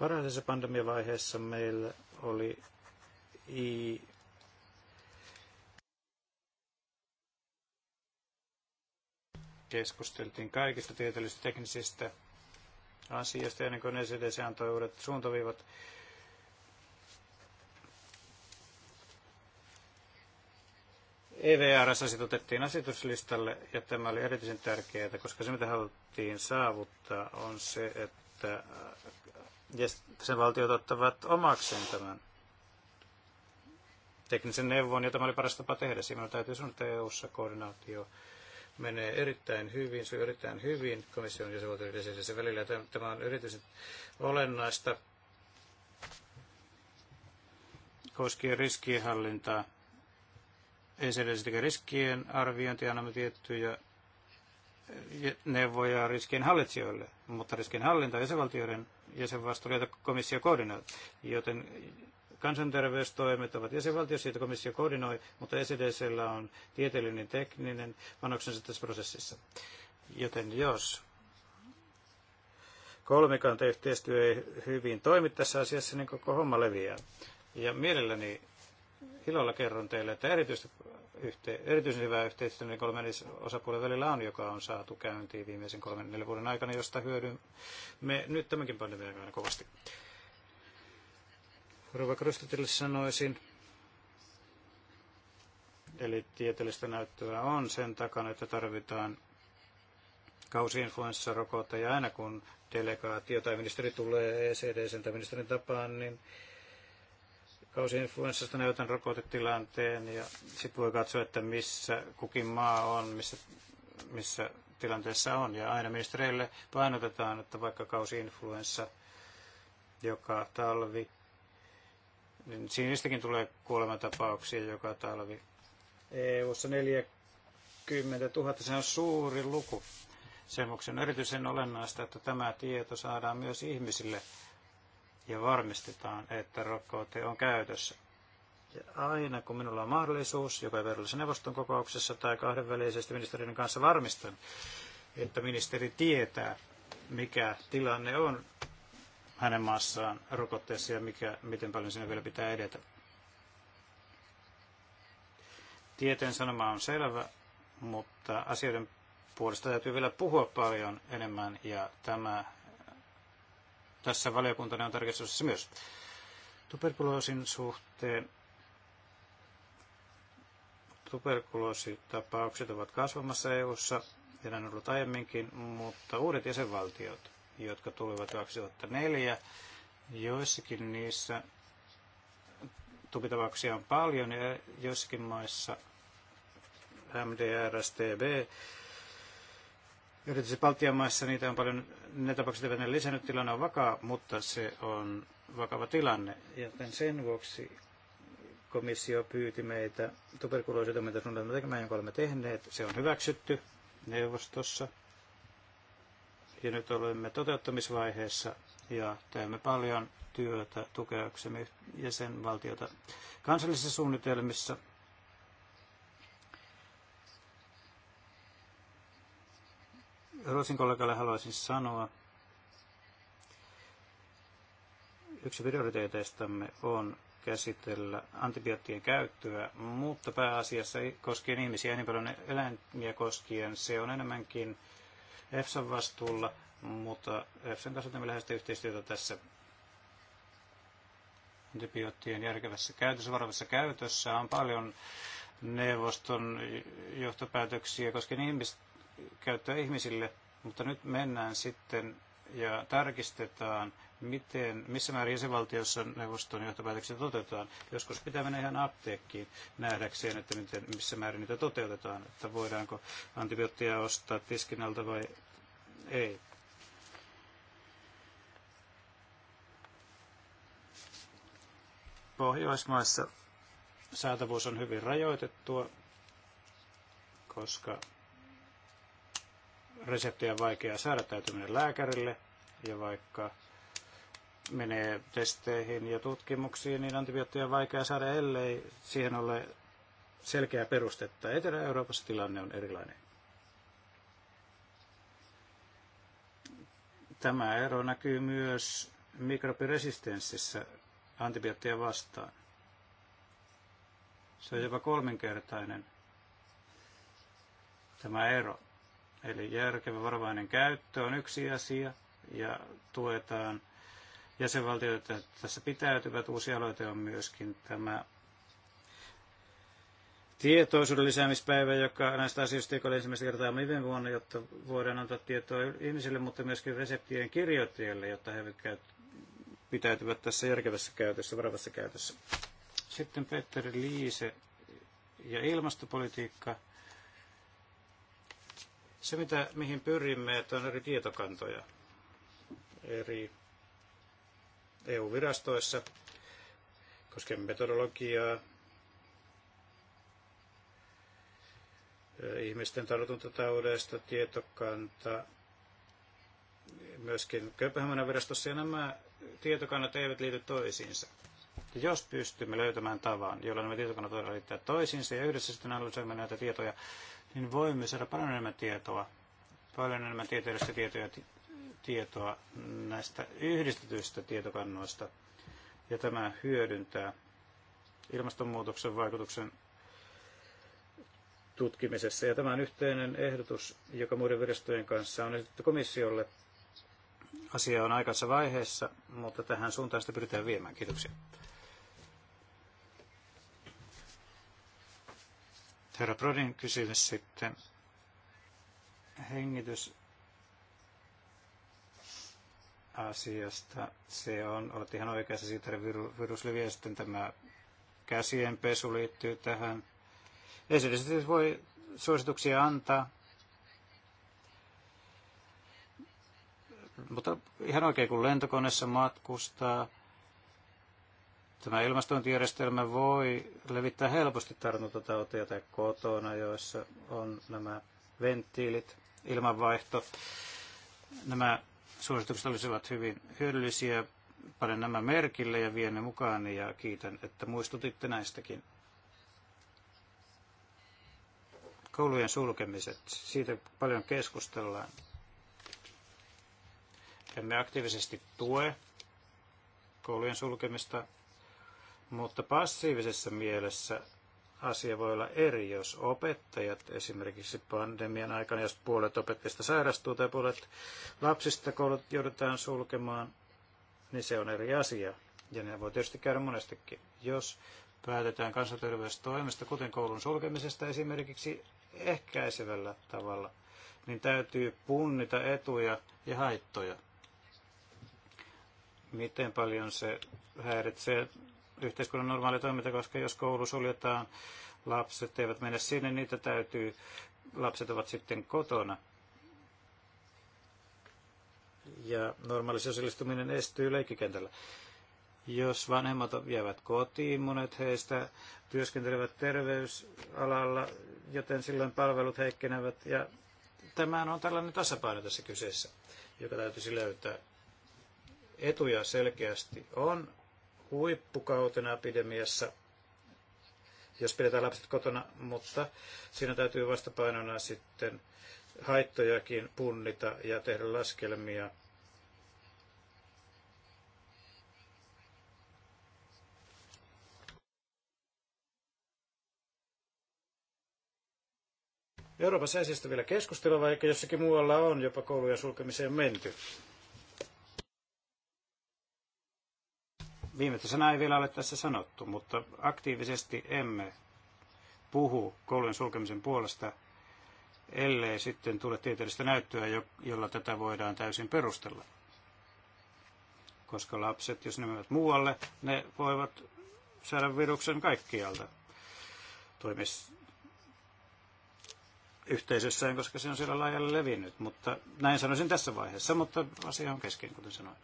B: Varhaisessa pandemiavaiheessa meillä oli I keskusteltiin kaikista tieteellisistä teknisistä asiasta ennen kuin ECDC antoi uudet suuntaviivat. EVRS otettiin asetuslistalle ja tämä oli erityisen tärkeää, koska se mitä haluttiin saavuttaa on se, että äh, jäsenvaltiot ottavat omakseen tämän teknisen neuvon ja tämä oli paras tapa tehdä. Siinä täytyy sanoa, että EU-ssa koordinaatio menee erittäin hyvin, sujuu erittäin hyvin komission ja sen välillä. Tämä on erityisen olennaista koskien riskienhallintaa. Ensinnäkin riskien arviointi annamme tiettyjä neuvoja riskien hallitsijoille, mutta riskien hallinta jäsenvaltioiden jäsenvastuulla, jota komissio koordinoi, joten Kansanterveystoimet ovat jäsenvaltiossa, joita komissio koordinoi, mutta ECDCllä on tieteellinen tekninen panoksensa tässä prosessissa. Joten jos kolmikantayhteistyö ei hyvin toimi tässä asiassa, niin koko homma leviää. Ja mielelläni ilolla kerron teille, että erityisesti yhteen, erityisen hyvää yhteistyötä niin kolmen osapuolen välillä on, joka on saatu käyntiin viimeisen kolmen neljän vuoden aikana, josta hyödymme nyt tämänkin pandemian aikana kovasti. Rova Krystetille sanoisin, eli tieteellistä näyttöä on sen takana, että tarvitaan kausiinfluenssarokote ja aina kun delegaatio tai ministeri tulee ECD tai ministerin tapaan, niin kausiinfluenssasta näytän rokotetilanteen ja sitten voi katsoa, että missä kukin maa on, missä, missä tilanteessa on. Ja aina ministereille painotetaan, että vaikka kausiinfluenssa joka talvi niin Siinistäkin tulee kuolematapauksia joka talvi. EU-ssa 40 000, se on suuri luku. Sen vuoksi on erityisen olennaista, että tämä tieto saadaan myös ihmisille ja varmistetaan, että rokote on käytössä. Ja aina kun minulla on mahdollisuus, joka verollisen neuvoston kokouksessa tai kahdenvälisesti ministerin kanssa varmistan, että ministeri tietää, mikä tilanne on hänen maassaan rokotteessa ja mikä, miten paljon siinä vielä pitää edetä. Tieteen sanoma on selvä, mutta asioiden puolesta täytyy vielä puhua paljon enemmän ja tämä tässä valiokuntana on tarkistuksessa myös. Tuberkuloosin suhteen tuberkuloositapaukset ovat kasvamassa EU-ssa, ja näin on ollut aiemminkin, mutta uudet jäsenvaltiot jotka tulivat 2004. Joissakin niissä tupitapauksia on paljon ja joissakin maissa MDR-STB. Erityisesti Baltian maissa niitä on paljon, ne tapaukset eivät lisännyt, tilanne on vakaa, mutta se on vakava tilanne. Joten sen vuoksi komissio pyyti meitä tuberkuloositoimintasuunnitelmaa tekemään, jonka olemme tehneet. Se on hyväksytty neuvostossa. Ja nyt olemme toteuttamisvaiheessa ja teemme paljon työtä tukeaksemme jäsenvaltiota kansallisissa suunnitelmissa. Ruotsin kollegalle haluaisin sanoa, yksi prioriteeteistamme on käsitellä antibioottien käyttöä, mutta pääasiassa koskien ihmisiä, niin paljon eläimiä koskien, se on enemmänkin EFSAn vastuulla, mutta EFSAn kanssa teemme läheistä yhteistyötä tässä antibioottien järkevässä käytössä, varovassa käytössä on paljon neuvoston johtopäätöksiä koskien ihmis, käyttöä ihmisille, mutta nyt mennään sitten ja tarkistetaan, miten, missä määrin jäsenvaltiossa neuvoston johtopäätöksiä toteutetaan. Joskus pitää mennä ihan apteekkiin nähdäkseen, että miten, missä määrin niitä toteutetaan, että voidaanko antibioottia ostaa tiskin alta vai ei. Pohjoismaissa saatavuus on hyvin rajoitettua, koska reseptiä vaikea saada, täytyy mennä lääkärille ja vaikka menee testeihin ja tutkimuksiin, niin antibiootteja on vaikea saada, ellei siihen ole selkeää perustetta. Etelä-Euroopassa tilanne on erilainen. Tämä ero näkyy myös mikrobiresistenssissä antibioottia vastaan. Se on jopa kolminkertainen tämä ero. Eli järkevä varovainen käyttö on yksi asia ja tuetaan jäsenvaltioita, että tässä pitäytyvät. Uusi aloite on myöskin tämä tietoisuuden lisäämispäivä, joka näistä asioista joka oli ensimmäistä kertaa viime vuonna, jotta voidaan antaa tietoa ihmisille, mutta myöskin reseptien kirjoittajille, jotta he pitäytyvät tässä järkevässä käytössä, varovassa käytössä. Sitten Petteri Liise ja ilmastopolitiikka. Se, mitä, mihin pyrimme, että on eri tietokantoja eri EU-virastoissa koskien metodologiaa, eh, ihmisten tartuntataudeista, tietokanta, myöskin Kööpenhaminan virastossa, ja nämä tietokannat eivät liity toisiinsa. Ja jos pystymme löytämään tavan, jolla nämä tietokannat voidaan liittää toisiinsa ja yhdessä sitten analysoimme näitä tietoja, niin voimme saada paljon enemmän tietoa, paljon enemmän tieteellistä tietoja, tietoa näistä yhdistetyistä tietokannoista. Ja tämä hyödyntää ilmastonmuutoksen vaikutuksen tutkimisessa. Ja tämä on yhteinen ehdotus, joka muiden virastojen kanssa on esitetty komissiolle. Asia on aikaisessa vaiheessa, mutta tähän suuntaan sitä pyritään viemään. Kiitoksia. Herra Prodin kysymys sitten hengitys asiasta. Se on, olet ihan oikeassa siitä, että virus leviää sitten tämä käsienpesu liittyy tähän. Esimerkiksi siis voi suosituksia antaa, mutta ihan oikein kun lentokoneessa matkustaa, Tämä ilmastointijärjestelmä voi levittää helposti tartuntatauteja tai kotona, joissa on nämä venttiilit, ilmanvaihto. Nämä suositukset olisivat hyvin hyödyllisiä. Panen nämä merkille ja vien ne mukaan ja kiitän, että muistutitte näistäkin. Koulujen sulkemiset, siitä paljon keskustellaan. Emme aktiivisesti tue koulujen sulkemista mutta passiivisessa mielessä asia voi olla eri, jos opettajat esimerkiksi pandemian aikana, jos puolet opettajista sairastuu tai puolet lapsista koulut joudutaan sulkemaan, niin se on eri asia. Ja ne voi tietysti käydä monestikin. Jos päätetään kansanterveystoimesta, kuten koulun sulkemisesta esimerkiksi ehkäisevällä tavalla, niin täytyy punnita etuja ja haittoja. Miten paljon se häiritsee yhteiskunnan normaali toiminta, koska jos koulu suljetaan, lapset eivät mene sinne, niin niitä täytyy, lapset ovat sitten kotona. Ja normaali sosiaalistuminen estyy leikkikentällä. Jos vanhemmat jäävät kotiin, monet heistä työskentelevät terveysalalla, joten silloin palvelut heikkenevät ja tämä on tällainen tasapaino tässä kyseessä, joka täytyisi löytää. Etuja selkeästi on, huippukautena epidemiassa, jos pidetään lapset kotona, mutta siinä täytyy vastapainona sitten haittojakin punnita ja tehdä laskelmia. Euroopassa asiasta vielä keskustelua, vaikka jossakin muualla on jopa koulujen sulkemiseen menty. Viimeistä sanaa ei vielä ole tässä sanottu, mutta aktiivisesti emme puhu koulujen sulkemisen puolesta, ellei sitten tule tieteellistä näyttöä, jolla tätä voidaan täysin perustella. Koska lapset, jos ne menevät muualle, ne voivat saada viruksen kaikkialta toimis yhteisössään, koska se on siellä laajalle levinnyt. Mutta näin sanoisin tässä vaiheessa, mutta asia on kesken, kuten sanoin.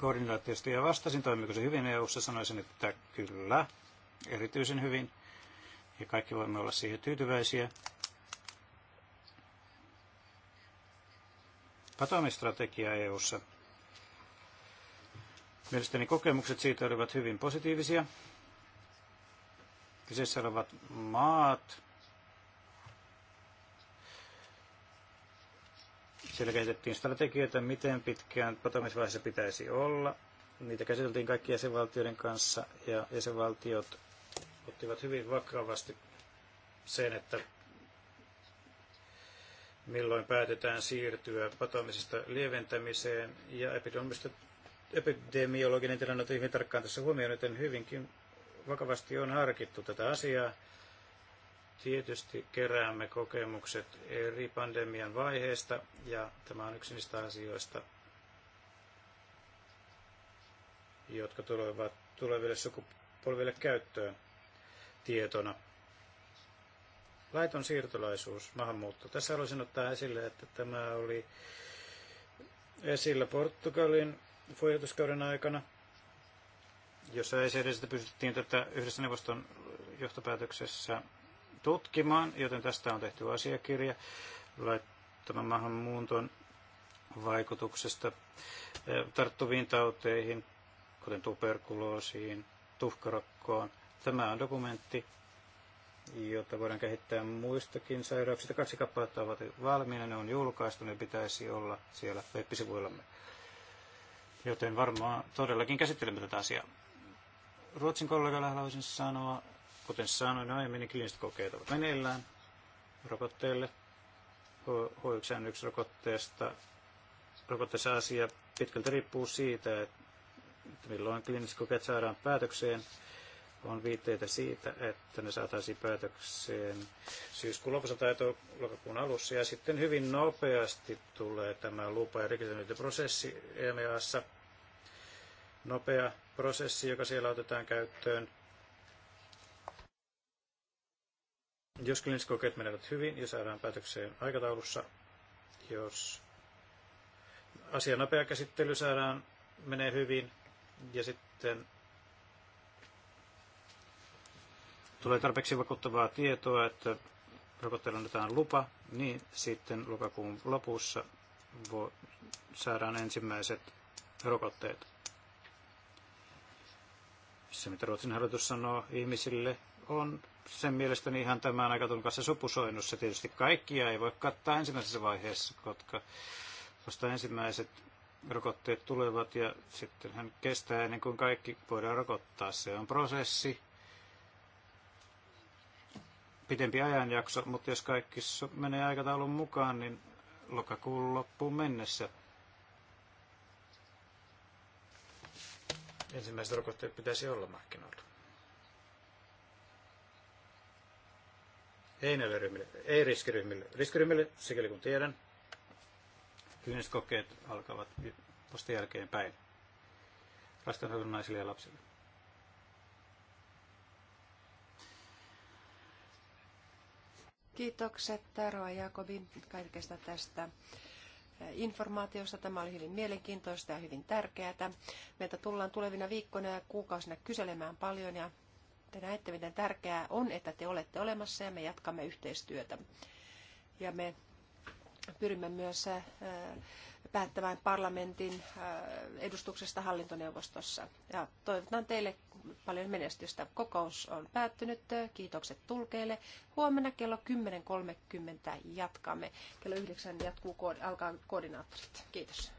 B: koordinaatiosta ja vastasin, toimiko se hyvin EU-ssa, sanoisin, että kyllä, erityisen hyvin. Ja kaikki voimme olla siihen tyytyväisiä. Patoamistrategia EU-ssa. Mielestäni kokemukset siitä olivat hyvin positiivisia. Kyseessä olevat maat Siellä kehitettiin strategioita, miten pitkään patoamisvaiheessa pitäisi olla. Niitä käsiteltiin kaikkien jäsenvaltioiden kanssa ja jäsenvaltiot ottivat hyvin vakavasti sen, että milloin päätetään siirtyä patoamisesta lieventämiseen ja epidemiologinen tilanne on hyvin tarkkaan tässä huomioon, joten hyvinkin vakavasti on harkittu tätä asiaa Tietysti keräämme kokemukset eri pandemian vaiheista ja tämä on yksi niistä asioista, jotka tulevat tuleville sukupolville käyttöön tietona. Laiton siirtolaisuus, maahanmuutto. Tässä haluaisin ottaa esille, että tämä oli esillä Portugalin puheenjohtajuuskauden aikana, jossa että pystyttiin tätä yhdessä neuvoston johtopäätöksessä tutkimaan, joten tästä on tehty asiakirja laittoman maahanmuuton vaikutuksesta eh, tarttuviin tauteihin, kuten tuberkuloosiin, tuhkarokkoon. Tämä on dokumentti, jota voidaan kehittää muistakin sairauksista. Kaksi kappaletta ovat valmiina, ne on julkaistu, ne pitäisi olla siellä web-sivuillamme. Joten varmaan todellakin käsittelemme tätä asiaa. Ruotsin kollegalle haluaisin sanoa, Kuten sanoin aiemmin, niin kliiniset kokeet ovat meneillään rokotteelle. H1N1-rokotteesta rokotteessa asia pitkälti riippuu siitä, että milloin kliiniset kokeet saadaan päätökseen. On viitteitä siitä, että ne saataisiin päätökseen syyskuun lopussa tai lokakuun alussa. Ja sitten hyvin nopeasti tulee tämä lupa- ja rekisteröintiprosessi EMEAssa. Nopea prosessi, joka siellä otetaan käyttöön Jos kliniset kokeet menevät hyvin ja saadaan päätökseen aikataulussa, jos asian nopea käsittely saadaan, menee hyvin ja sitten tulee tarpeeksi vakuuttavaa tietoa, että rokotteella annetaan lupa, niin sitten lokakuun lopussa voi, saadaan ensimmäiset rokotteet. Se, mitä Ruotsin hallitus sanoo ihmisille, on sen mielestäni ihan tämän aikataulun kanssa sopusoinnussa. Tietysti kaikkia ei voi kattaa ensimmäisessä vaiheessa, koska vasta ensimmäiset rokotteet tulevat ja sitten hän kestää ennen kuin kaikki voidaan rokottaa. Se on prosessi, pitempi ajanjakso, mutta jos kaikki menee aikataulun mukaan, niin lokakuun loppuun mennessä ensimmäiset rokotteet pitäisi olla markkinoilla. ei ryhmille, ei riskiryhmille. Riskiryhmille, sikäli kun tiedän, kyyniset alkavat vasta jälkeen päin. Lastenhoidon naisille ja lapsille.
C: Kiitokset Taro ja Jakobin kaikesta tästä eh, informaatiosta. Tämä oli hyvin mielenkiintoista ja hyvin tärkeää. Meiltä tullaan tulevina viikkoina ja kuukausina kyselemään paljon ja te näette, miten tärkeää on, että te olette olemassa ja me jatkamme yhteistyötä. Ja me pyrimme myös äh, päättämään parlamentin äh, edustuksesta hallintoneuvostossa. Ja toivotan teille paljon menestystä. Kokous on päättynyt. Kiitokset tulkeille. Huomenna kello 10.30 jatkamme. Kello 9 jatkuu, alkaa koordinaattorit. Kiitos.